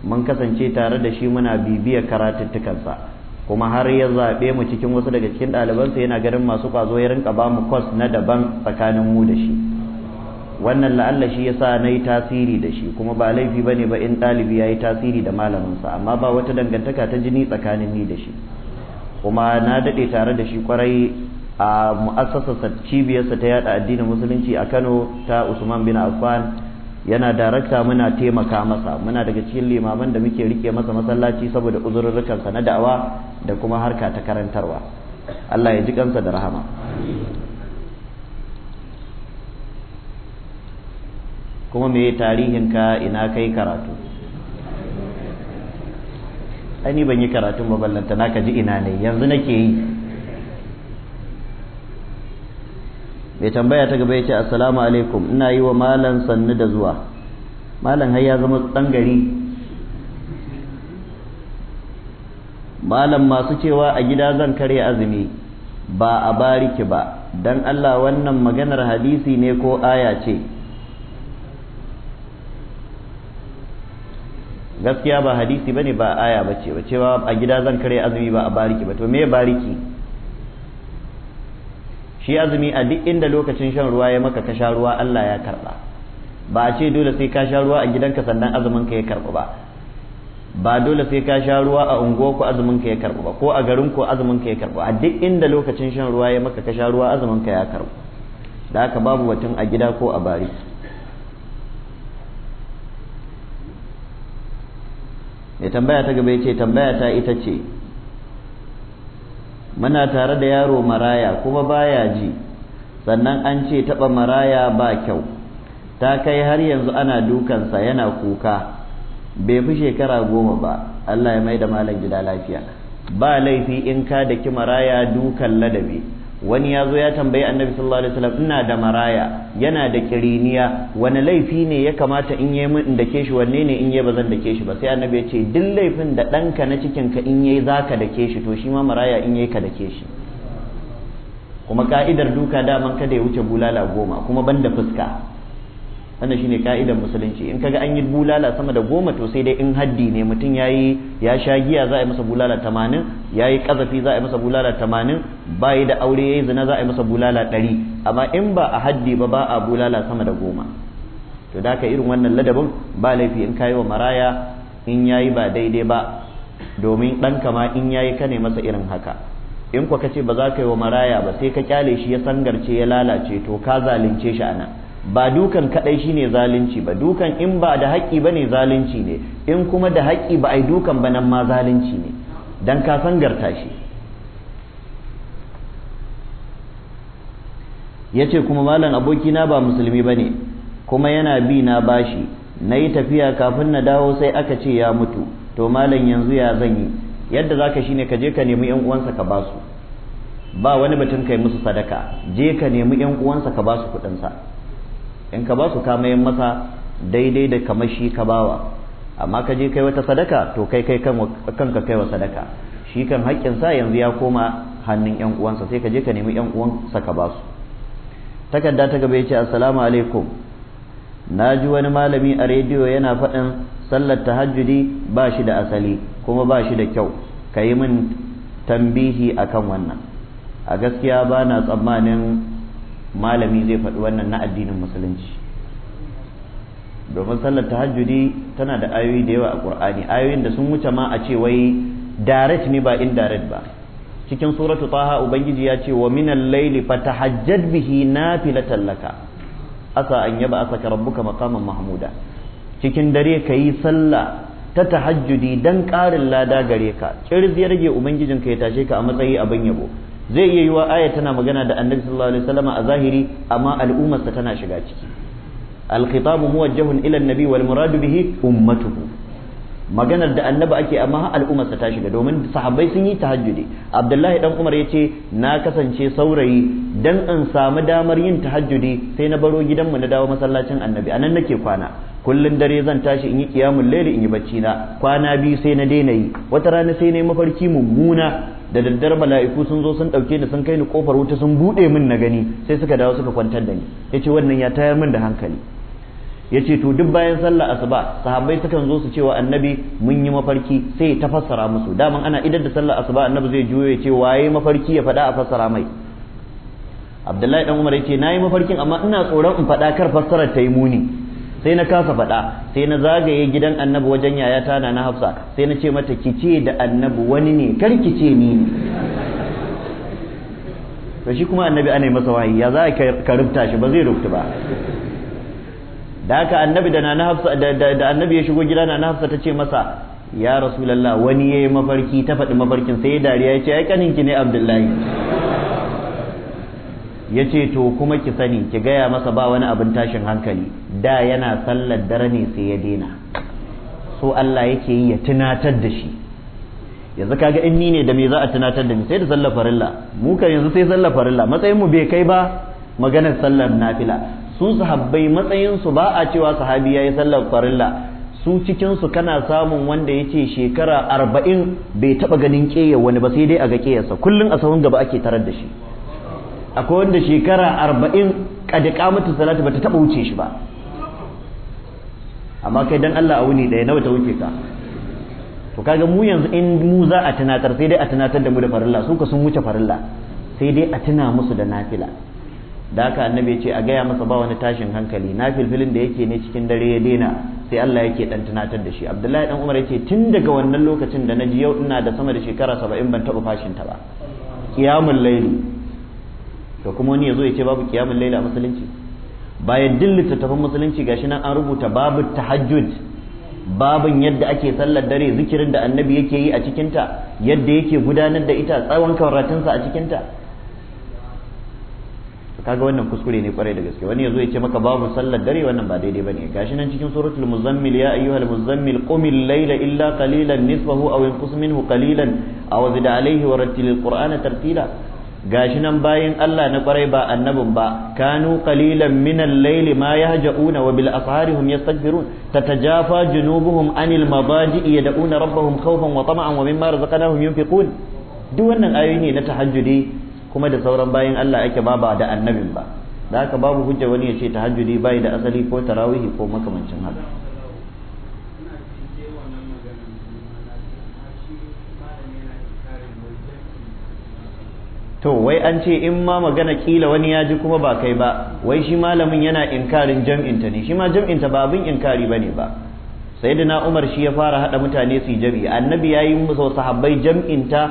mun kasance tare da shi muna bibiyar karatuttukansa kuma har ya zaɓe mu cikin wasu daga cikin ɗalibansa yana ganin masu ƙwazo ya rinka ba mu kwas na daban tsakanin mu da shi wannan la'alla shi ya sa na yi tasiri da shi kuma ba laifi ba ne ba in ɗalibi ya yi tasiri da malaminsa amma ba wata dangantaka ta jini tsakanin ni da shi kuma na daɗe tare da shi kwarai a mu'assasarsa cibiyarsa ta yada addinin musulunci a Kano ta Usman bin Affan yana darakta muna taimaka masa muna daga cikin limaman da muke rike masa masallaci saboda uzurrukansa na da'awa da kuma harka ta karantarwa Allah ya ji kansa da rahama kuma me tarihinka ina kai karatu ani ban yi karatun ba ballanta naka ji ina ne yanzu nake yi mai tambaya ta gaba ya ce assalamu alaikum ina yi wa malam sannu da zuwa malan har ya zama ɗan gari malam masu cewa a gida zan kare azumi ba a bariki ba don allah wannan maganar hadisi ne ko aya ce gaskiya ba hadisi bane ba aya ce ba cewa a gida zan kare azumi ba a bariki ba to me bariki shi azumi a duk inda lokacin shan ruwa ya maka ka sha ruwa Allah ya karba ba a ce dole sai ka sha ruwa a gidanka sannan azumin ka ya karba ba ba dole sai ka sha ruwa a unguwarku azumin ka ya karba ba ko a garin ku azumin ka ya karba a duk inda lokacin shan ruwa ya maka ka sha ruwa azumin ka ya karba da haka babu batun a gida ko a bari mai tambaya ta gaba ya ce tambaya ta ita ce muna tare da yaro maraya kuma baya ji sannan an ce taɓa maraya ba kyau ta kai har yanzu ana dukansa yana kuka bai fi shekara goma ba Allah ya mai da malam gida lafiya ba laifi in ka daki maraya dukan ladabi wani ya zo ya tambayi annabi sallallahu alaihi wasallam ina da maraya yana da kiriniya wani laifi ne ya kamata in yi min da ke shi wanne ne in yi bazan da shi ba sai annabi ya ce duk laifin da ɗanka na cikin ka in yi zaka da to shi ma maraya in yi ka da shi kuma ka'idar duka daman kada ya wuce bulala goma kuma banda fuska wannan shine ka'idar musulunci in kaga an yi bulala sama da goma to sai dai in haddi ne mutum ya yi ya sha giya za a yi masa bulala tamanin ya yi kazafi za a yi masa bulala tamanin ba yi da aure ya yi zina za a yi masa bulala ɗari amma in ba a haddi ba ba a bulala sama da goma to da ka irin wannan ladabin ba laifi in ka yi wa maraya in ya yi ba daidai ba domin ɗan kama in ya yi ka ne masa irin haka in kwa ce ba za ka yi wa maraya ba sai ka kyale shi ya sangarce ya lalace to ka zalunce shi a nan. ba dukan kadai shine zalunci ba dukan in ba da haƙƙi ba ne zalunci ne in kuma da haƙƙi ba ai dukan ba nan ma zalunci ne dan ka sangarta shi ya ce kuma malam abokina ba musulmi ba ne kuma yana bi na bashi na yi tafiya kafin na dawo sai aka ce ya mutu to malam yanzu ya zan yi yadda za ka shine ka je ka nemi yan uwansa ka basu ba wani batun kai musu sadaka je ka nemi yan uwansa ka basu kuɗinsa in ka ba su ka masa daidai da kamashi ka bawa amma ka je kai wata sadaka to kai kai kanka kai wa sadaka shi kan haƙƙin sa yanzu ya koma hannun yan uwansa sai ka je ka nemi yan uwansa ka ba su takarda ta gaba ya ce assalamu alaikum na ji wani malami a rediyo yana faɗin sallar tahajjudi ba shi da asali kuma ba shi da kyau ka yi min tambihi akan wannan a gaskiya ba na tsammanin malami zai faɗi wannan na addinin musulunci domin sallar tahajjudi tana da ayoyi da yawa a qur'ani ayoyin da sun wuce ma a ce wai direct ne ba indirect ba cikin suratu taha ubangiji ya ce wa minal laili fatahajjad bihi nafilatan laka asa an yaba asaka ka maqaman mahmuda cikin dare ka yi sallah ta tahajjudi dan karin lada gare ka ƙirz ya rage ubangijinka ya tashe ka a matsayi abin yabo zai iya yiwa aya tana magana da annabi sallallahu alaihi wasallam a zahiri amma al'ummarsa tana shiga ciki al-khitabu muwajjahun ila an-nabi wal muradu bihi ummatuhu maganar da annabi ake amma sa ta shiga domin sahabbai sun yi tahajjudi abdullahi dan umar ya ce na kasance saurayi dan in samu damar yin tahajjudi sai na baro gidanmu na dawo masallacin annabi anan nake kwana kullun dare zan tashi in yi qiyamul layli in yi bacci na kwana biyu sai na daina yi wata rana sai na yi mafarki mummuna da daddare mala'iku sun zo sun ɗauke ni sun kai ni kofar wuta sun bude min na gani sai suka dawo suka kwantar da ni yace wannan ya tayar min da hankali yace to duk bayan sallar asuba sahabbai sukan zo su cewa annabi mun yi mafarki sai ta fassara musu daman ana idan da sallar asuba annabi zai juyo ya ce waye mafarki ya fada a fassara mai abdullahi dan umar yace nayi mafarkin amma ina tsoron in faɗa kar fassarar ta yi muni sai na kasa faɗa sai na zagaye gidan annabi wajen yayata na na hafsa sai na ce mata kice da annabi wani ne kar ki ce ni ne to shi kuma annabi ana masa wahayi ya za ka rubuta shi ba zai rubuta ba da haka annabi da na hafsa da annabi ya shigo gida na hafsa ta ce masa ya rasulullah wani ya yi mafarki ta faɗi mafarkin sai dariya ya ce ai kaninki ne abdullahi ya ce to kuma ki sani ki gaya masa ba wani abin tashin hankali da yana sallar dare ne sai ya dena so Allah yake yi ya tunatar da shi yanzu kaga in ni ne da me za a tunatar da ni sai da sallar farilla mu kan yanzu sai sallar farilla matsayin mu bai kai ba maganar sallar nafila su sahabbai matsayin su ba a cewa sahabi yayi sallar farilla su cikin su kana samun wanda yace shekara arba'in bai taba ganin keye wani ba sai dai a ga keyarsa kullun a sahun gaba ake tarar da shi akwai wanda shekara arba'in kadika kamata salatu bata taba wuce shi ba amma kai dan Allah a wuni ɗaya nawa ta wuce ka to kaga mu yanzu in mu za a tunatar sai dai a tunatar da mu da farilla su ka sun wuce farilla sai dai a tuna musu da nafila da haka annabi ce a gaya masa ba wani tashin hankali nafilfilin da yake ne cikin dare ya daina sai Allah yake dan tunatar da shi Abdullahi dan Umar yake tun daga wannan lokacin da naji yau ina da sama da shekara 70 ban taɓa fashin ta ba qiyamul layli to kuma wani yazo ya ce babu kiyamul laila a musulunci bayan duk littattafan musulunci gashi nan an rubuta babu tahajjud babin yadda ake sallar dare zikirin da annabi yake yi a cikinta yadda yake gudanar da ita tsawon karatunsa a cikinta kaga wannan kuskure ne kwarai da gaske wani yazo ya ce maka babu sallar dare wannan ba daidai bane gashi nan cikin suratul muzammil ya ayyuhal muzammil qum layla illa qalilan nisfahu aw inqus minhu qalilan aw zid alayhi wa rattilil qur'ana tartila gashi nan bayin Allah na kwarai ba annabin ba kanu qalilan min layli ma yahja'una wa bil asharihum yastakbirun tatajafa junubuhum anil mabaji'i yad'una rabbahum khawfan wa tama'an wa mimma razaqnahum yunfiqun duk wannan ayoyi ne na tahajjudi kuma da sauran bayin Allah ake ba ba da annabin ba da haka babu hujja wani ya ce tahajjudi bai da asali ko tarawihi ko makamancin haka to wai an ce in ma magana kila wani ya ji kuma ba kai ba wai shi malamin yana inkarin jam'inta ne shi ma jam'inta ba abin inkari bane ba sayyidina Umar shi ya fara hada mutane su jam'i annabi yayi musu sahabbai ta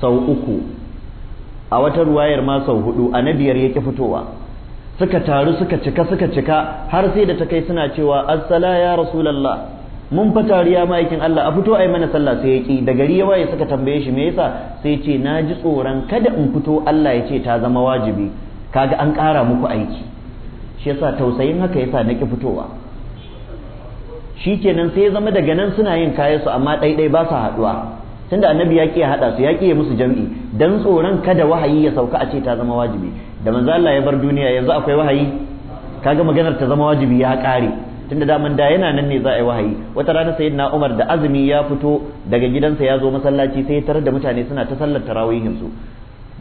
sau uku a wata ruwayar ma sau hudu annabiyar yake fitowa suka taru suka cika suka cika har sai da ta kai suna cewa assala ya rasulallah. mun fa ma ma'aikin Allah a fito ai mana sallah sai ya ƙi da gari ya waye suka tambaye shi me yasa sai ce na ji tsoron kada in fito Allah ya ce ta zama wajibi kaga an ƙara muku aiki shi yasa tausayin haka yasa na ki fitowa shi kenan sai ya zama daga nan suna yin kayansu su amma ɗaiɗai ba sa haɗuwa tunda annabi ya ya haɗa su ya ya musu jam'i dan tsoron kada wahayi ya sauka a ce ta zama wajibi da manzo Allah ya bar duniya yanzu akwai wahayi kaga maganar ta zama wajibi ya kare. tunda daman da yana nan ne za a yi wahayi wata rana sayyidina Umar da azumi ya fito daga gidansa ya zo masallaci sai ya tarar da mutane suna ta sallar tarawihin su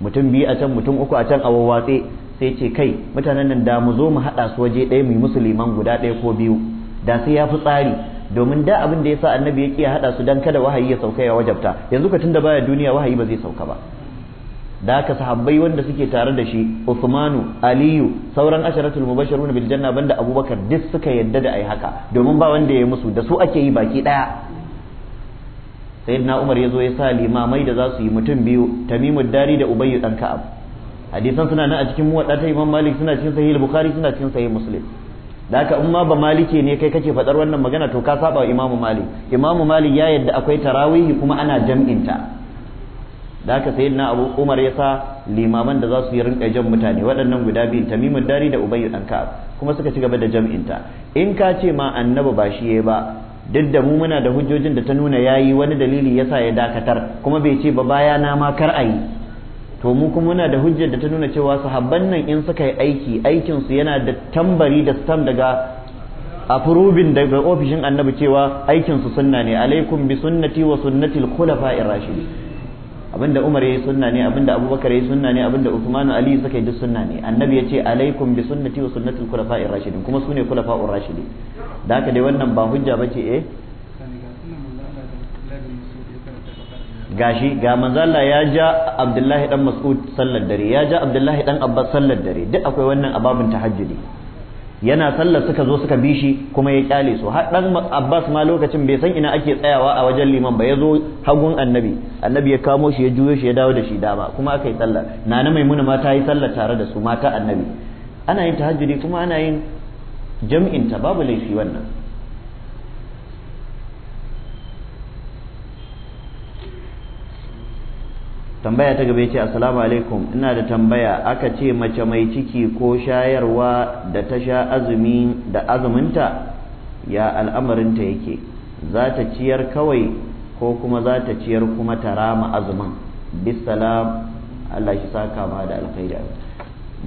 mutum biyu a can mutum uku a can a wawatse sai ce kai mutanen nan da mu zo mu haɗa su waje ɗaya mu yi musulman guda ɗaya ko biyu da sai ya fi tsari domin da abin da ya sa annabi ya ƙi haɗa su dan kada wahayi ya sauka ya wajabta yanzu ka tunda baya duniya wahayi ba zai sauka ba da haka sahabbai wanda suke tare da shi Uthmanu Aliyu sauran asharatul mubashiruna bil janna banda Abubakar duk suka yadda da ai haka domin ba wanda ya musu da su ake yi baki daya sayyidina Umar ya zo ya sa limamai da zasu yi mutum biyu Tamimud Dari da Ubayy dan Ka'ab hadisan suna nan a cikin muwadda ta Imam Malik suna cikin sahih Bukhari suna cikin sahih Muslim da haka in ma ba malike ne kai kake fadar wannan magana to ka saba wa Imam Malik Imam Malik ya yadda akwai tarawihi kuma ana jam'inta da sayi sayi na abu umar ya sa limaman da za su yi rinka jan mutane waɗannan guda biyu tamimin dari da ubayyu dan ka'ab kuma suka ci gaba da jam'inta in ka ce ma annabi ba shi ya ba duk da mu muna da hujjojin da ta nuna yayi wani dalili yasa ya dakatar kuma bai ce ba baya na ma kar ayi to mu kuma muna da hujjar da ta nuna cewa sahabban nan in suka yi aiki aikin su yana da tambari da stam daga afurubin daga ofishin annabi cewa aikin su sunna ne alaikum bi sunnati wa sunnatil khulafa'ir rashidin abinda Umar yayi sunna ne abinda Abubakar yayi sunna ne abinda Uthman Ali suka yi duk sunna ne annabi yace alaikum bi sunnati wa sunnatul khulafa'ir rashidin kuma sune khulafa'ur rashidin da haka dai wannan ba hujja bace eh gashi ga manzala ya ja Abdullahi dan Mas'ud sallar dare ya ja Abdullahi dan Abbas sallar dare duk akwai wannan ababun tahajjudi yana sallar suka zo suka bi shi kuma ya kyale su har dan Abbas ma lokacin bai san ina ake tsayawa a wajen liman ba ya zo hagun annabi annabi ya kamo shi ya juyo shi ya dawo da shi dama kuma aka yi sallar nana maimuna ma ta yi sallar tare da su mata annabi ana yin tahajjudi kuma ana yin jam'in ta babu laifi wannan tambaya ta gaba ce assalamu alaikum ina da tambaya aka ce mace mai ciki ko shayarwa da ta sha azumi da azuminta ya al'amarinta yake za ta ciyar kawai ko kuma za ta ciyar kuma ta rama azumin bisalam Allah shi saka ma da alkhairi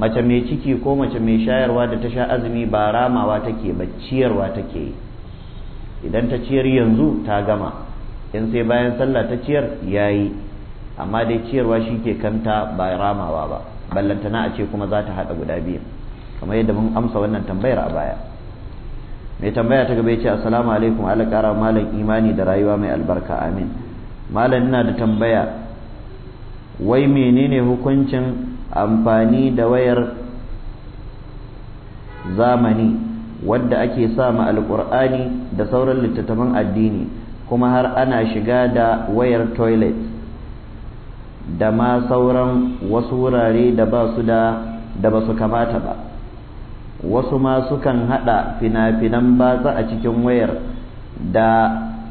mace mai ciki ko mace mai shayarwa da ta sha azumi ba ramawa take ba ciyarwa take idan ta ciyar yanzu ta gama in sai bayan sallah ta ciyar yayi amma dai ciyarwa shi ke kanta ba ramawa ba ballantana a ce kuma za ta haɗa guda biyu kamar yadda mun amsa wannan tambayar a baya mai tambaya ta gaba ya ce assalamu alaikum ala ƙara malam imani da rayuwa mai albarka amin malam ina da tambaya wai menene hukuncin amfani da wayar zamani wadda ake sa ma alƙur'ani da sauran littattafan addini kuma har ana shiga da wayar toilet da ma sauran wasu wurare da ba su da da ba su kamata ba wasu ma sukan haɗa fina-finan batsa a cikin wayar da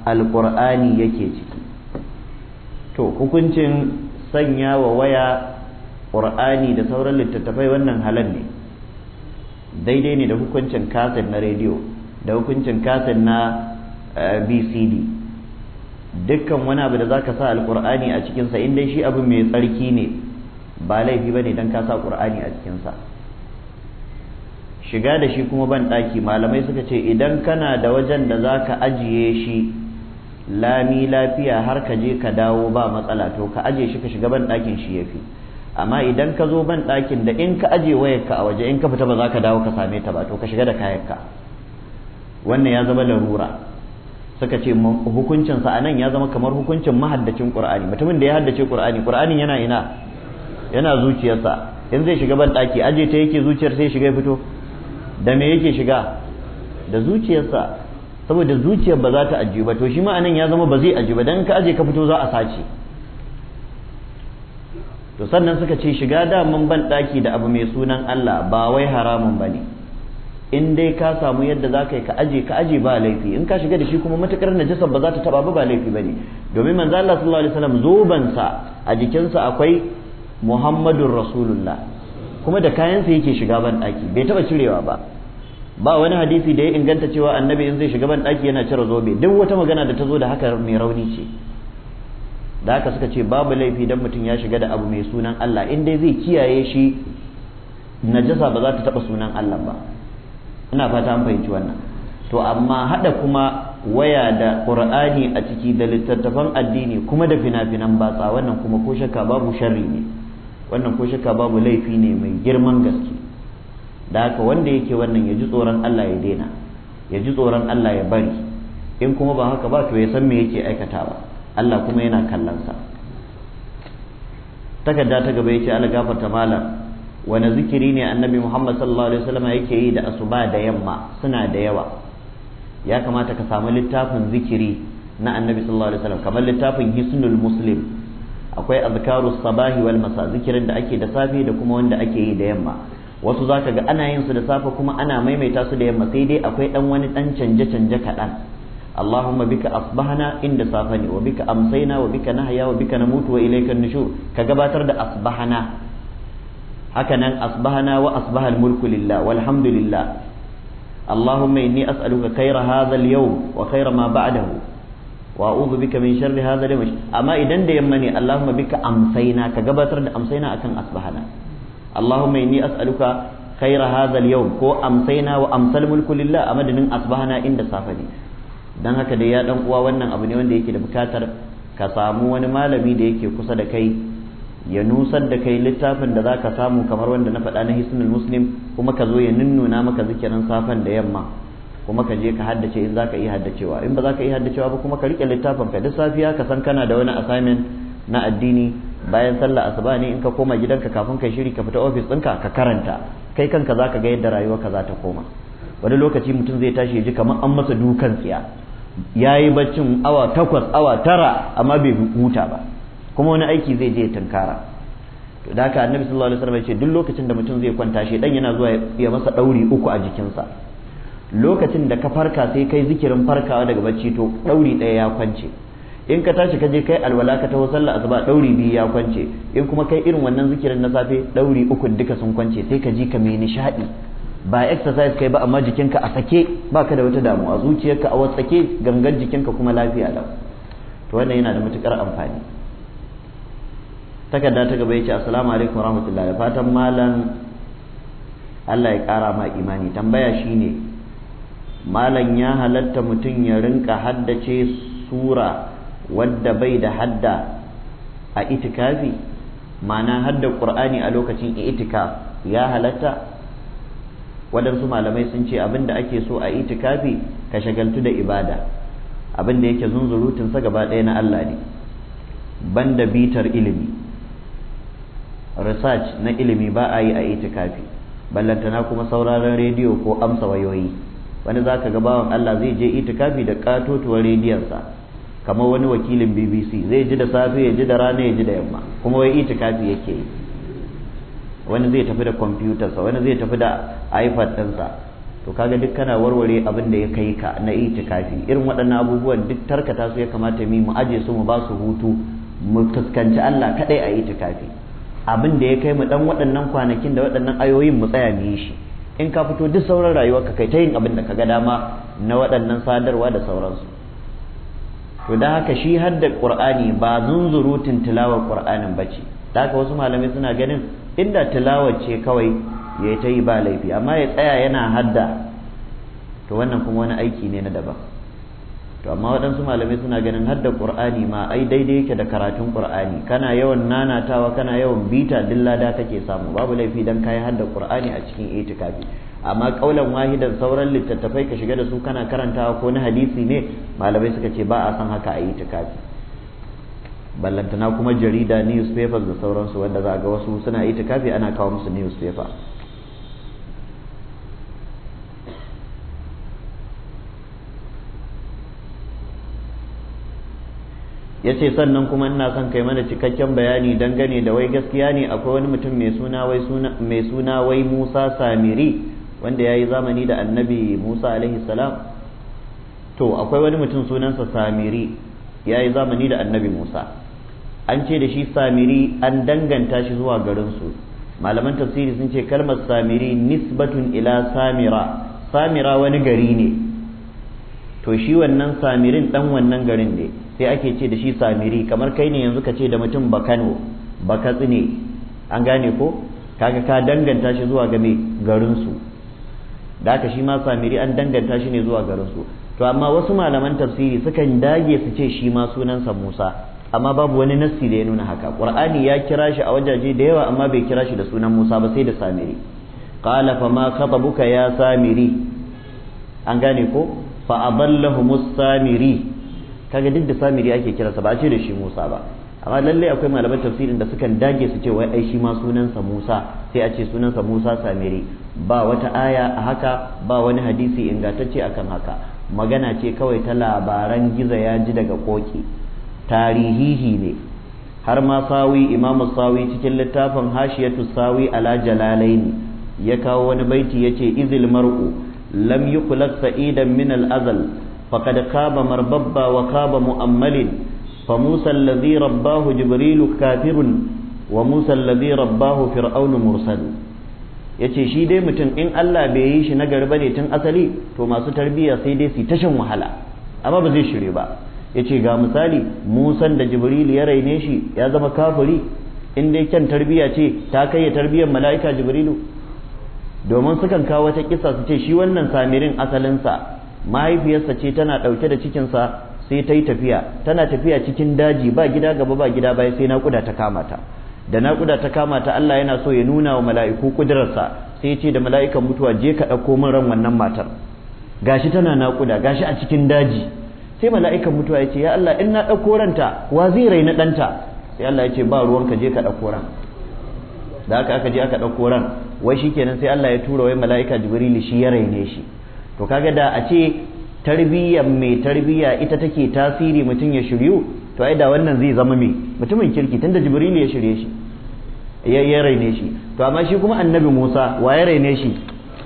alkur'ani yake ciki to hukuncin sanya wa waya ƙur'ani da sauran littattafai wannan halar ne daidai ne da hukuncin kaset na rediyo da hukuncin kaset na eh, bcd dukkan wani abu da za ka sa Alƙur'ani a cikinsa in dai shi abu mai tsarki ne ba laifi ba ne dan ka sa ƙur'ani a cikinsa shiga da shi kuma ban ɗaki malamai suka ce idan kana da wajen da za ka ajiye shi lami lafiya har ka je ka dawo ba matsala to ka ajiye shi ka shiga ban ɗakin shi fi amma idan ka zo ban ɗakin da in ka ajiye wayarka a waje in ka fita ba za ka dawo ka same ta ba to ka shiga da kayanka wannan ya zama larura suka ce hukuncinsa a nan ya zama kamar hukuncin mahaddacin qur'ani mutumin da ya haddace qur'ani qur'anin yana ina yana zuciyarsa in zai shiga ban daki aje ta yake zuciyar sai shiga fito da me yake shiga da zuciyarsa saboda zuciyar ba za ta ajiyu ba to shi ma anan ya zama ba zai ajiyu ba dan ka aje ka fito za a sace to sannan suka ce shiga daman ban daki da abu mai sunan Allah ba wai haramun bane in dai ka samu yadda za ka yi ka aje ka aje ba laifi in ka shiga da shi kuma matukar najasa ba za ta taba ba ba laifi ne domin manzo Allah sallallahu alaihi wasallam sa a jikinsa akwai Muhammadur Rasulullah kuma da kayansa yake shiga ban daki bai taba cirewa ba ba wani hadisi da ya inganta cewa annabi in zai shiga ban daki yana cire zobe duk wata magana da ta zo da haka mai rauni ce da haka suka ce babu laifi dan mutum ya shiga da abu mai sunan Allah in dai zai kiyaye shi najasa ba za ta taba sunan Allah ba ina fata an fahimci wannan to amma hada kuma waya da qur'ani a ciki da littattafan addini kuma da fina-finan batsa wannan kuma ko shakka babu sharri ne wannan ko shakka babu laifi ne mai girman gaske da haka wanda yake wannan ya ji tsoron Allah ya daina ya ji tsoron Allah ya bari in kuma ba haka ba to ya san me yake aikatawa Allah kuma yana kallon sa takarda ta gaba yace Allah gafarta malam wani zikiri ne annabi muhammad sallallahu alaihi wasallam yake yi da asuba da yamma suna da yawa ya kamata ka samu littafin zikiri na annabi sallallahu alaihi wasallam kamar littafin hisnul muslim akwai azkaru sabahi wal masa zikirin da ake da safe da kuma wanda ake yi da yamma wasu zaka ga ana yin su da safe kuma ana maimaita su da yamma sai dai akwai dan wani dan canje canje kaɗan اللهم بك أصبحنا إن صافني وبك أمسينا وبك نهيا وبك نموت وإليك ka gabatar da أصبحنا haka nan asbahana wa asbahal mulku lillah walhamdulillah اللهم إني أسألك خير هذا اليوم وخير ما بعده وأعوذ بك من شر هذا اليوم أما إذن دي يمني اللهم بك أمسينا كقبتر أمسينا أكن أصبحنا اللهم إني أسألك خير هذا اليوم كو أمسينا وأمسى الملك لله أما دنن أصبحنا إن دسافني dan haka da ya dan uwa wannan abu ne wanda yake da bukatar ka samu wani malami da yake kusa da kai ya nusar da kai littafin da zaka samu kamar wanda na faɗa na hisnul muslim kuma ka zo ya nunnuna maka zikirin safan da yamma kuma ka je ka haddace in zaka iya haddacewa in ba zaka iya haddacewa ba kuma ka rike littafin ka duk safiya ka san kana da wani assignment na addini bayan sallah asuba ne in ka koma gidanka kafin kai shiri ka fita office ɗinka ka karanta kai kanka zaka ga yadda rayuwarka za ta koma wani lokaci mutum zai tashi ya ji kamar an masa dukan tsiya ya yi baccin awa takwas awa tara amma bai huta ba kuma wani aiki zai je tunkara to da haka annabi sallallahu alaihi wasallam ya ce duk lokacin da mutum zai kwanta shi dan yana zuwa ya masa dauri uku a jikinsa lokacin da ka farka sai kai zikirin farkawa daga bacci to dauri daya ya kwance in ka tashi ka je kai alwala ka taho sallah asuba dauri biyu ya kwance in kuma kai irin wannan zikirin na safe dauri uku duka sun kwance sai ka ji ka mai nishadi ba exercise kai ba amma jikinka a sake baka da wata damuwa zuciyarka a watsake gangan jikinka kuma lafiya lau to wannan yana da matukar amfani takarda ta gaba yace assalamu alaikum warahmatullahi da fatan malam Allah ya kara ma imani tambaya shine malam ya halatta mutum ya rinka haddace sura wadda bai da hadda a itikafi ma'ana hadda qur'ani a lokacin itikaf ya halatta waɗansu malamai sun ce abin da ake so a itikafi ka shagaltu da ibada abin da yake zunzurutinsa gaba ɗaya na Allah ne banda bitar ilimi research na ilimi ba a yi a itikafi ballantana kuma sauraron rediyo ko amsa wayoyi wani za ka ga bawan Allah zai je itikafi da katotuwar rediyonsa kamar wani wakilin bbc zai ji da safe ya ji da rana ya ji da yamma kuma wai itikafi yake yi wani zai tafi da kwamfutarsa wani zai tafi da ipad ɗinsa to kaga duk kana warware abin da ya kai ka na itikafi irin waɗannan abubuwan duk tarkata su ya kamata mu mu aje su mu ba su hutu mu fuskanci Allah kadai a itikafi abin da ya kai mu dan waɗannan kwanakin da waɗannan ayoyin mu tsaya mu yi shi in ka fito duk sauran rayuwar ka kai ta yin abin da ka ga dama na waɗannan sadarwa da sauransu to dan haka shi har da qur'ani ba zunzurutun tilawar qur'anin bace da haka wasu malamai suna ganin inda tilawar ce kawai ya ta yi ba laifi amma ya tsaya yana hadda to wannan kuma wani aiki ne na daban to amma waɗansu malamai suna ganin har da ma ai daidai yake da karatun ƙur'ani kana yawan nanatawa kana yawan bita lada kake samu babu laifi dan kayi har da a cikin itikafi amma kaulan wahidan sauran littattafai ka shiga da su kana karantawa ko na hadisi ne malamai suka ce ba a san haka a itikafi ballantana kuma jarida newspapers da sauransu wanda za ga wasu suna itikafi ana kawo musu newspaper ya ce sannan kuma ina son kai mana cikakken bayani dangane da wai gaskiya ne akwai wani mutum mai suna wai musa samiri wanda ya yi zamani da annabi musa alaihi salam to akwai wani mutum sunansa samiri ya yi zamani da annabi musa an ce da shi samiri an danganta shi zuwa garinsu malaman tafsiri sun ce kalmar samiri nisbatun ila samira samira wani gari ne to shi wannan samirin dan wannan garin ne sai ake ce da shi samiri kamar kai ne yanzu ka ce da mutum ba kano ba an gane ko kaga ka danganta shi zuwa ga mai garinsu da ka shi ma samiri an danganta shi ne zuwa garinsu to amma wasu malaman tafsiri sukan dage su ce shi ma sunansa musa amma babu wani nassi da ya nuna haka qur'ani ya kira shi a wajaje da yawa amma bai kira shi da sunan musa ba sai da samiri qala fa ma khatabuka ya samiri an gane ko fa aballahu musamiri kaga duk da samiri ake kiransa ba a ce da shi Musa ba amma lallai akwai malaman tafsirin da sukan dage su ce wai ai shi ma sunansa Musa sai a ce sunansa Musa samiri ba wata aya a haka ba wani hadisi ingantacce akan haka magana ce kawai ta labaran giza ya ji daga koki tarihihi ne har ma sawi imamu sawi cikin littafin hashiyatu sawi ala jalalaini ya kawo wani baiti yace izil mar'u lam yukhlaq sa'idan min al-azal فقد كاب مربب وكاب مؤمل فموسى الذي رباه جبريل كافر وموسى الذي رباه فرعون مرسل yace shi dai mutum in Allah bai yi shi nagari bane tun asali to masu tarbiyya sai dai su tashin wahala amma ba zai shirya ba yace ga misali Musan da Jibril ya raine shi ya zama kafiri in dai kyan tarbiyya ce ta kai tarbiyyar mala'ika Jibrilu domin sukan kawo wata kisa su ce shi wannan samirin asalinsa mahaifiyarsa ce tana ɗauke da cikinsa sai ta yi tafiya tana tafiya cikin daji ba gida gaba ba gida baya sai naƙuda ta kama ta da naƙuda ta kama ta Allah yana so ya nuna wa mala'iku ƙudurarsa sai ce da mala'ikan mutuwa je ka ɗauko min ran wannan matar gashi tana naƙuda gashi a cikin daji sai mala'ikan mutuwa ya ce ya Allah in na ɗauko ranta wa zai raina ɗanta sai Allah ya ce ba ruwanka je ka ɗauko ran da haka aka je aka ɗauko ran wai shikenan sai Allah ya tura wai mala'ika jibrilu shi ya raine shi to kaga da a ce tarbiyyar mai tarbiyya ita take tasiri mutum ya shiryu to ai da wannan zai zama mai mutumin kirki tunda jibrilu ya shirye shi ya raine shi to amma shi kuma annabi musa wa ya raine shi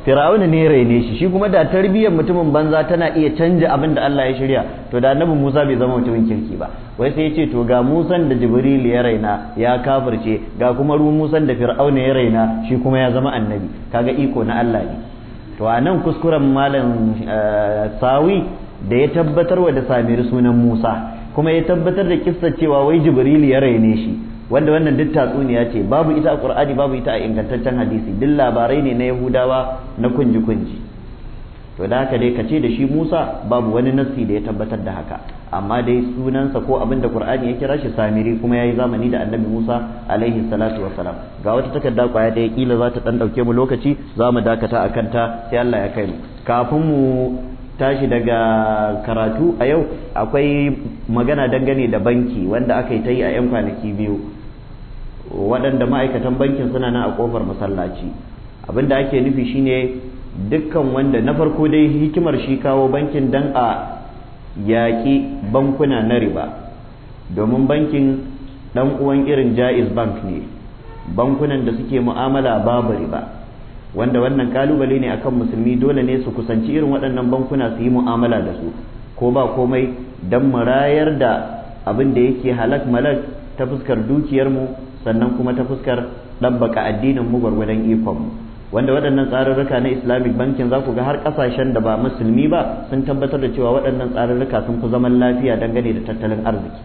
fir'auna ne ya raine shi shi kuma da tarbiyyar mutumin banza tana iya canja abin da Allah ya shirya to da annabi Musa bai zama mutumin kirki ba wai sai ya ce to ga Musan da Jibril ya raina ya kafirce ga kuma ruwan Musan da fir'auna ya raina shi kuma ya zama annabi kaga iko na Allah ne to a nan kuskuren malam eh, sawi da ya tabbatar wa da samiri sunan musa kuma ya tabbatar da kissa cewa wai jibril ya raine shi wanda wannan duk tatsuniya ce babu ita a qur'ani babu ita a ingantaccen hadisi duk labarai ne na yahudawa na kunji kunji to da haka dai ka ce da shi Musa babu wani nassi da ya tabbatar da haka amma dai sunansa ko abin da Qur'ani ya kira shi Samiri kuma ya yi zamani da Annabi Musa alaihi salatu wassalam ga wata takarda kwaya da kila za ta dan dauke mu lokaci za mu dakata akan ta sai Allah ya kai mu kafin mu tashi daga karatu a yau akwai magana dangane da banki wanda aka yi ta yi a 'yan kwanaki biyu waɗanda ma'aikatan bankin suna nan a kofar masallaci abinda ake nufi shine dukkan wanda na farko dai hikimar shi kawo bankin dan a yaƙi bankuna na riba domin bankin dan uwan irin jaiz bank ne bankunan da suke mu'amala babu riba wanda wannan kalubale ne akan musulmi dole ne su kusanci irin waɗannan bankuna su yi mu'amala da su ko ba komai don murayar da abin da yake halak malak ta fuskar dukiyarmu sannan kuma ta fuskar ɗabbaka addinin mu gwargwadon ikonmu wanda waɗannan tsarurruka na islamic banking za ku ga har ƙasashen da ba musulmi ba sun tabbatar da cewa waɗannan tsarurruka sun fi zaman lafiya dangane da tattalin arziki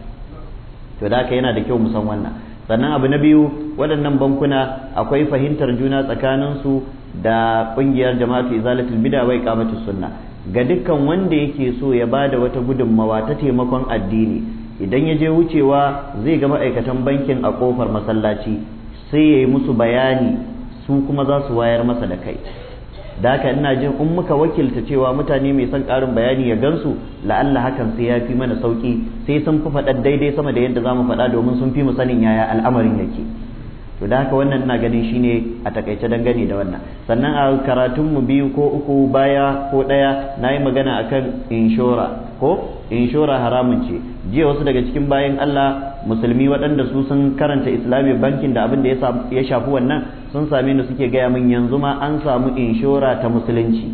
to da haka yana da kyau mu san wannan sannan abu na biyu waɗannan bankuna akwai fahimtar juna tsakanin su da ƙungiyar jama'atu izalatul bid'a wa iqamatus sunna ga dukkan wanda yake so ya ba da wata gudunmawa ta taimakon addini idan ya je wucewa zai ga ma'aikatan bankin a kofar masallaci sai ya yi musu bayani su kuma za su wayar masa da kai da haka ina jin in muka wakilta cewa mutane mai son ƙarin bayani ya gansu la'alla hakan sai ya fi mana sauki sai sun fi faɗa daidai sama da yadda za mu faɗa domin sun fi mu sanin yaya al'amarin yake to da haka wannan ina ganin shi ne a takaice dangane da wannan sannan a karatun mu biyu ko uku baya ko ɗaya na yi magana akan inshora ko inshora haramun ce jiya wasu daga cikin bayan Allah musulmi waɗanda su sun karanta islamic bankin da abin da ya shafi wannan sun same ni suke gaya min yanzu ma an samu inshora ta musulunci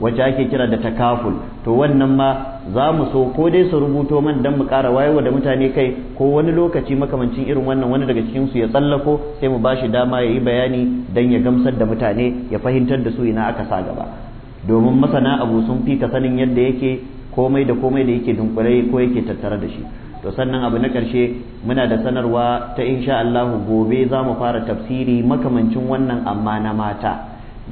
wacce ake kira da takaful to wannan ma za mu so ko dai su rubuto man dan mu ƙara wayewa da mutane kai ko wani lokaci makamancin irin wannan wani daga cikin su ya tsallako sai mu bashi dama ya yi bayani dan ya gamsar da mutane ya fahimtar da su ina aka sa gaba domin masana abu sun fi ka sanin yadda yake komai da komai da yake dunkure ko yake tattare da shi to sannan abu na karshe muna da sanarwa ta insha Allahu gobe za mu fara tafsiri makamancin wannan amma na mata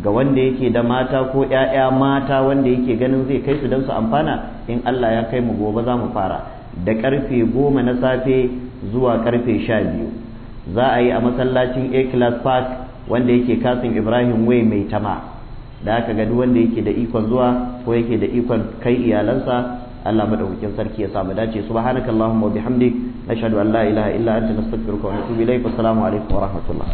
ga wanda yake da mata ko ‘ya'ya mata wanda yake ganin zai kai su don su amfana in Allah ya kai mu gobe za mu fara da karfe goma na safe zuwa karfe sha biyu za a yi a masallacin a class park wanda yake kasin ibrahim way mai tama da aka ga duk wanda yake da ikon zuwa ko yake da ikon kai iyalansa Allah madaukakin sarki ya samu dace subhanakallahumma wa bihamdik ashhadu an la ilaha illa anta astaghfiruka wa atubu ilaik assalamu alaikum wa rahmatullah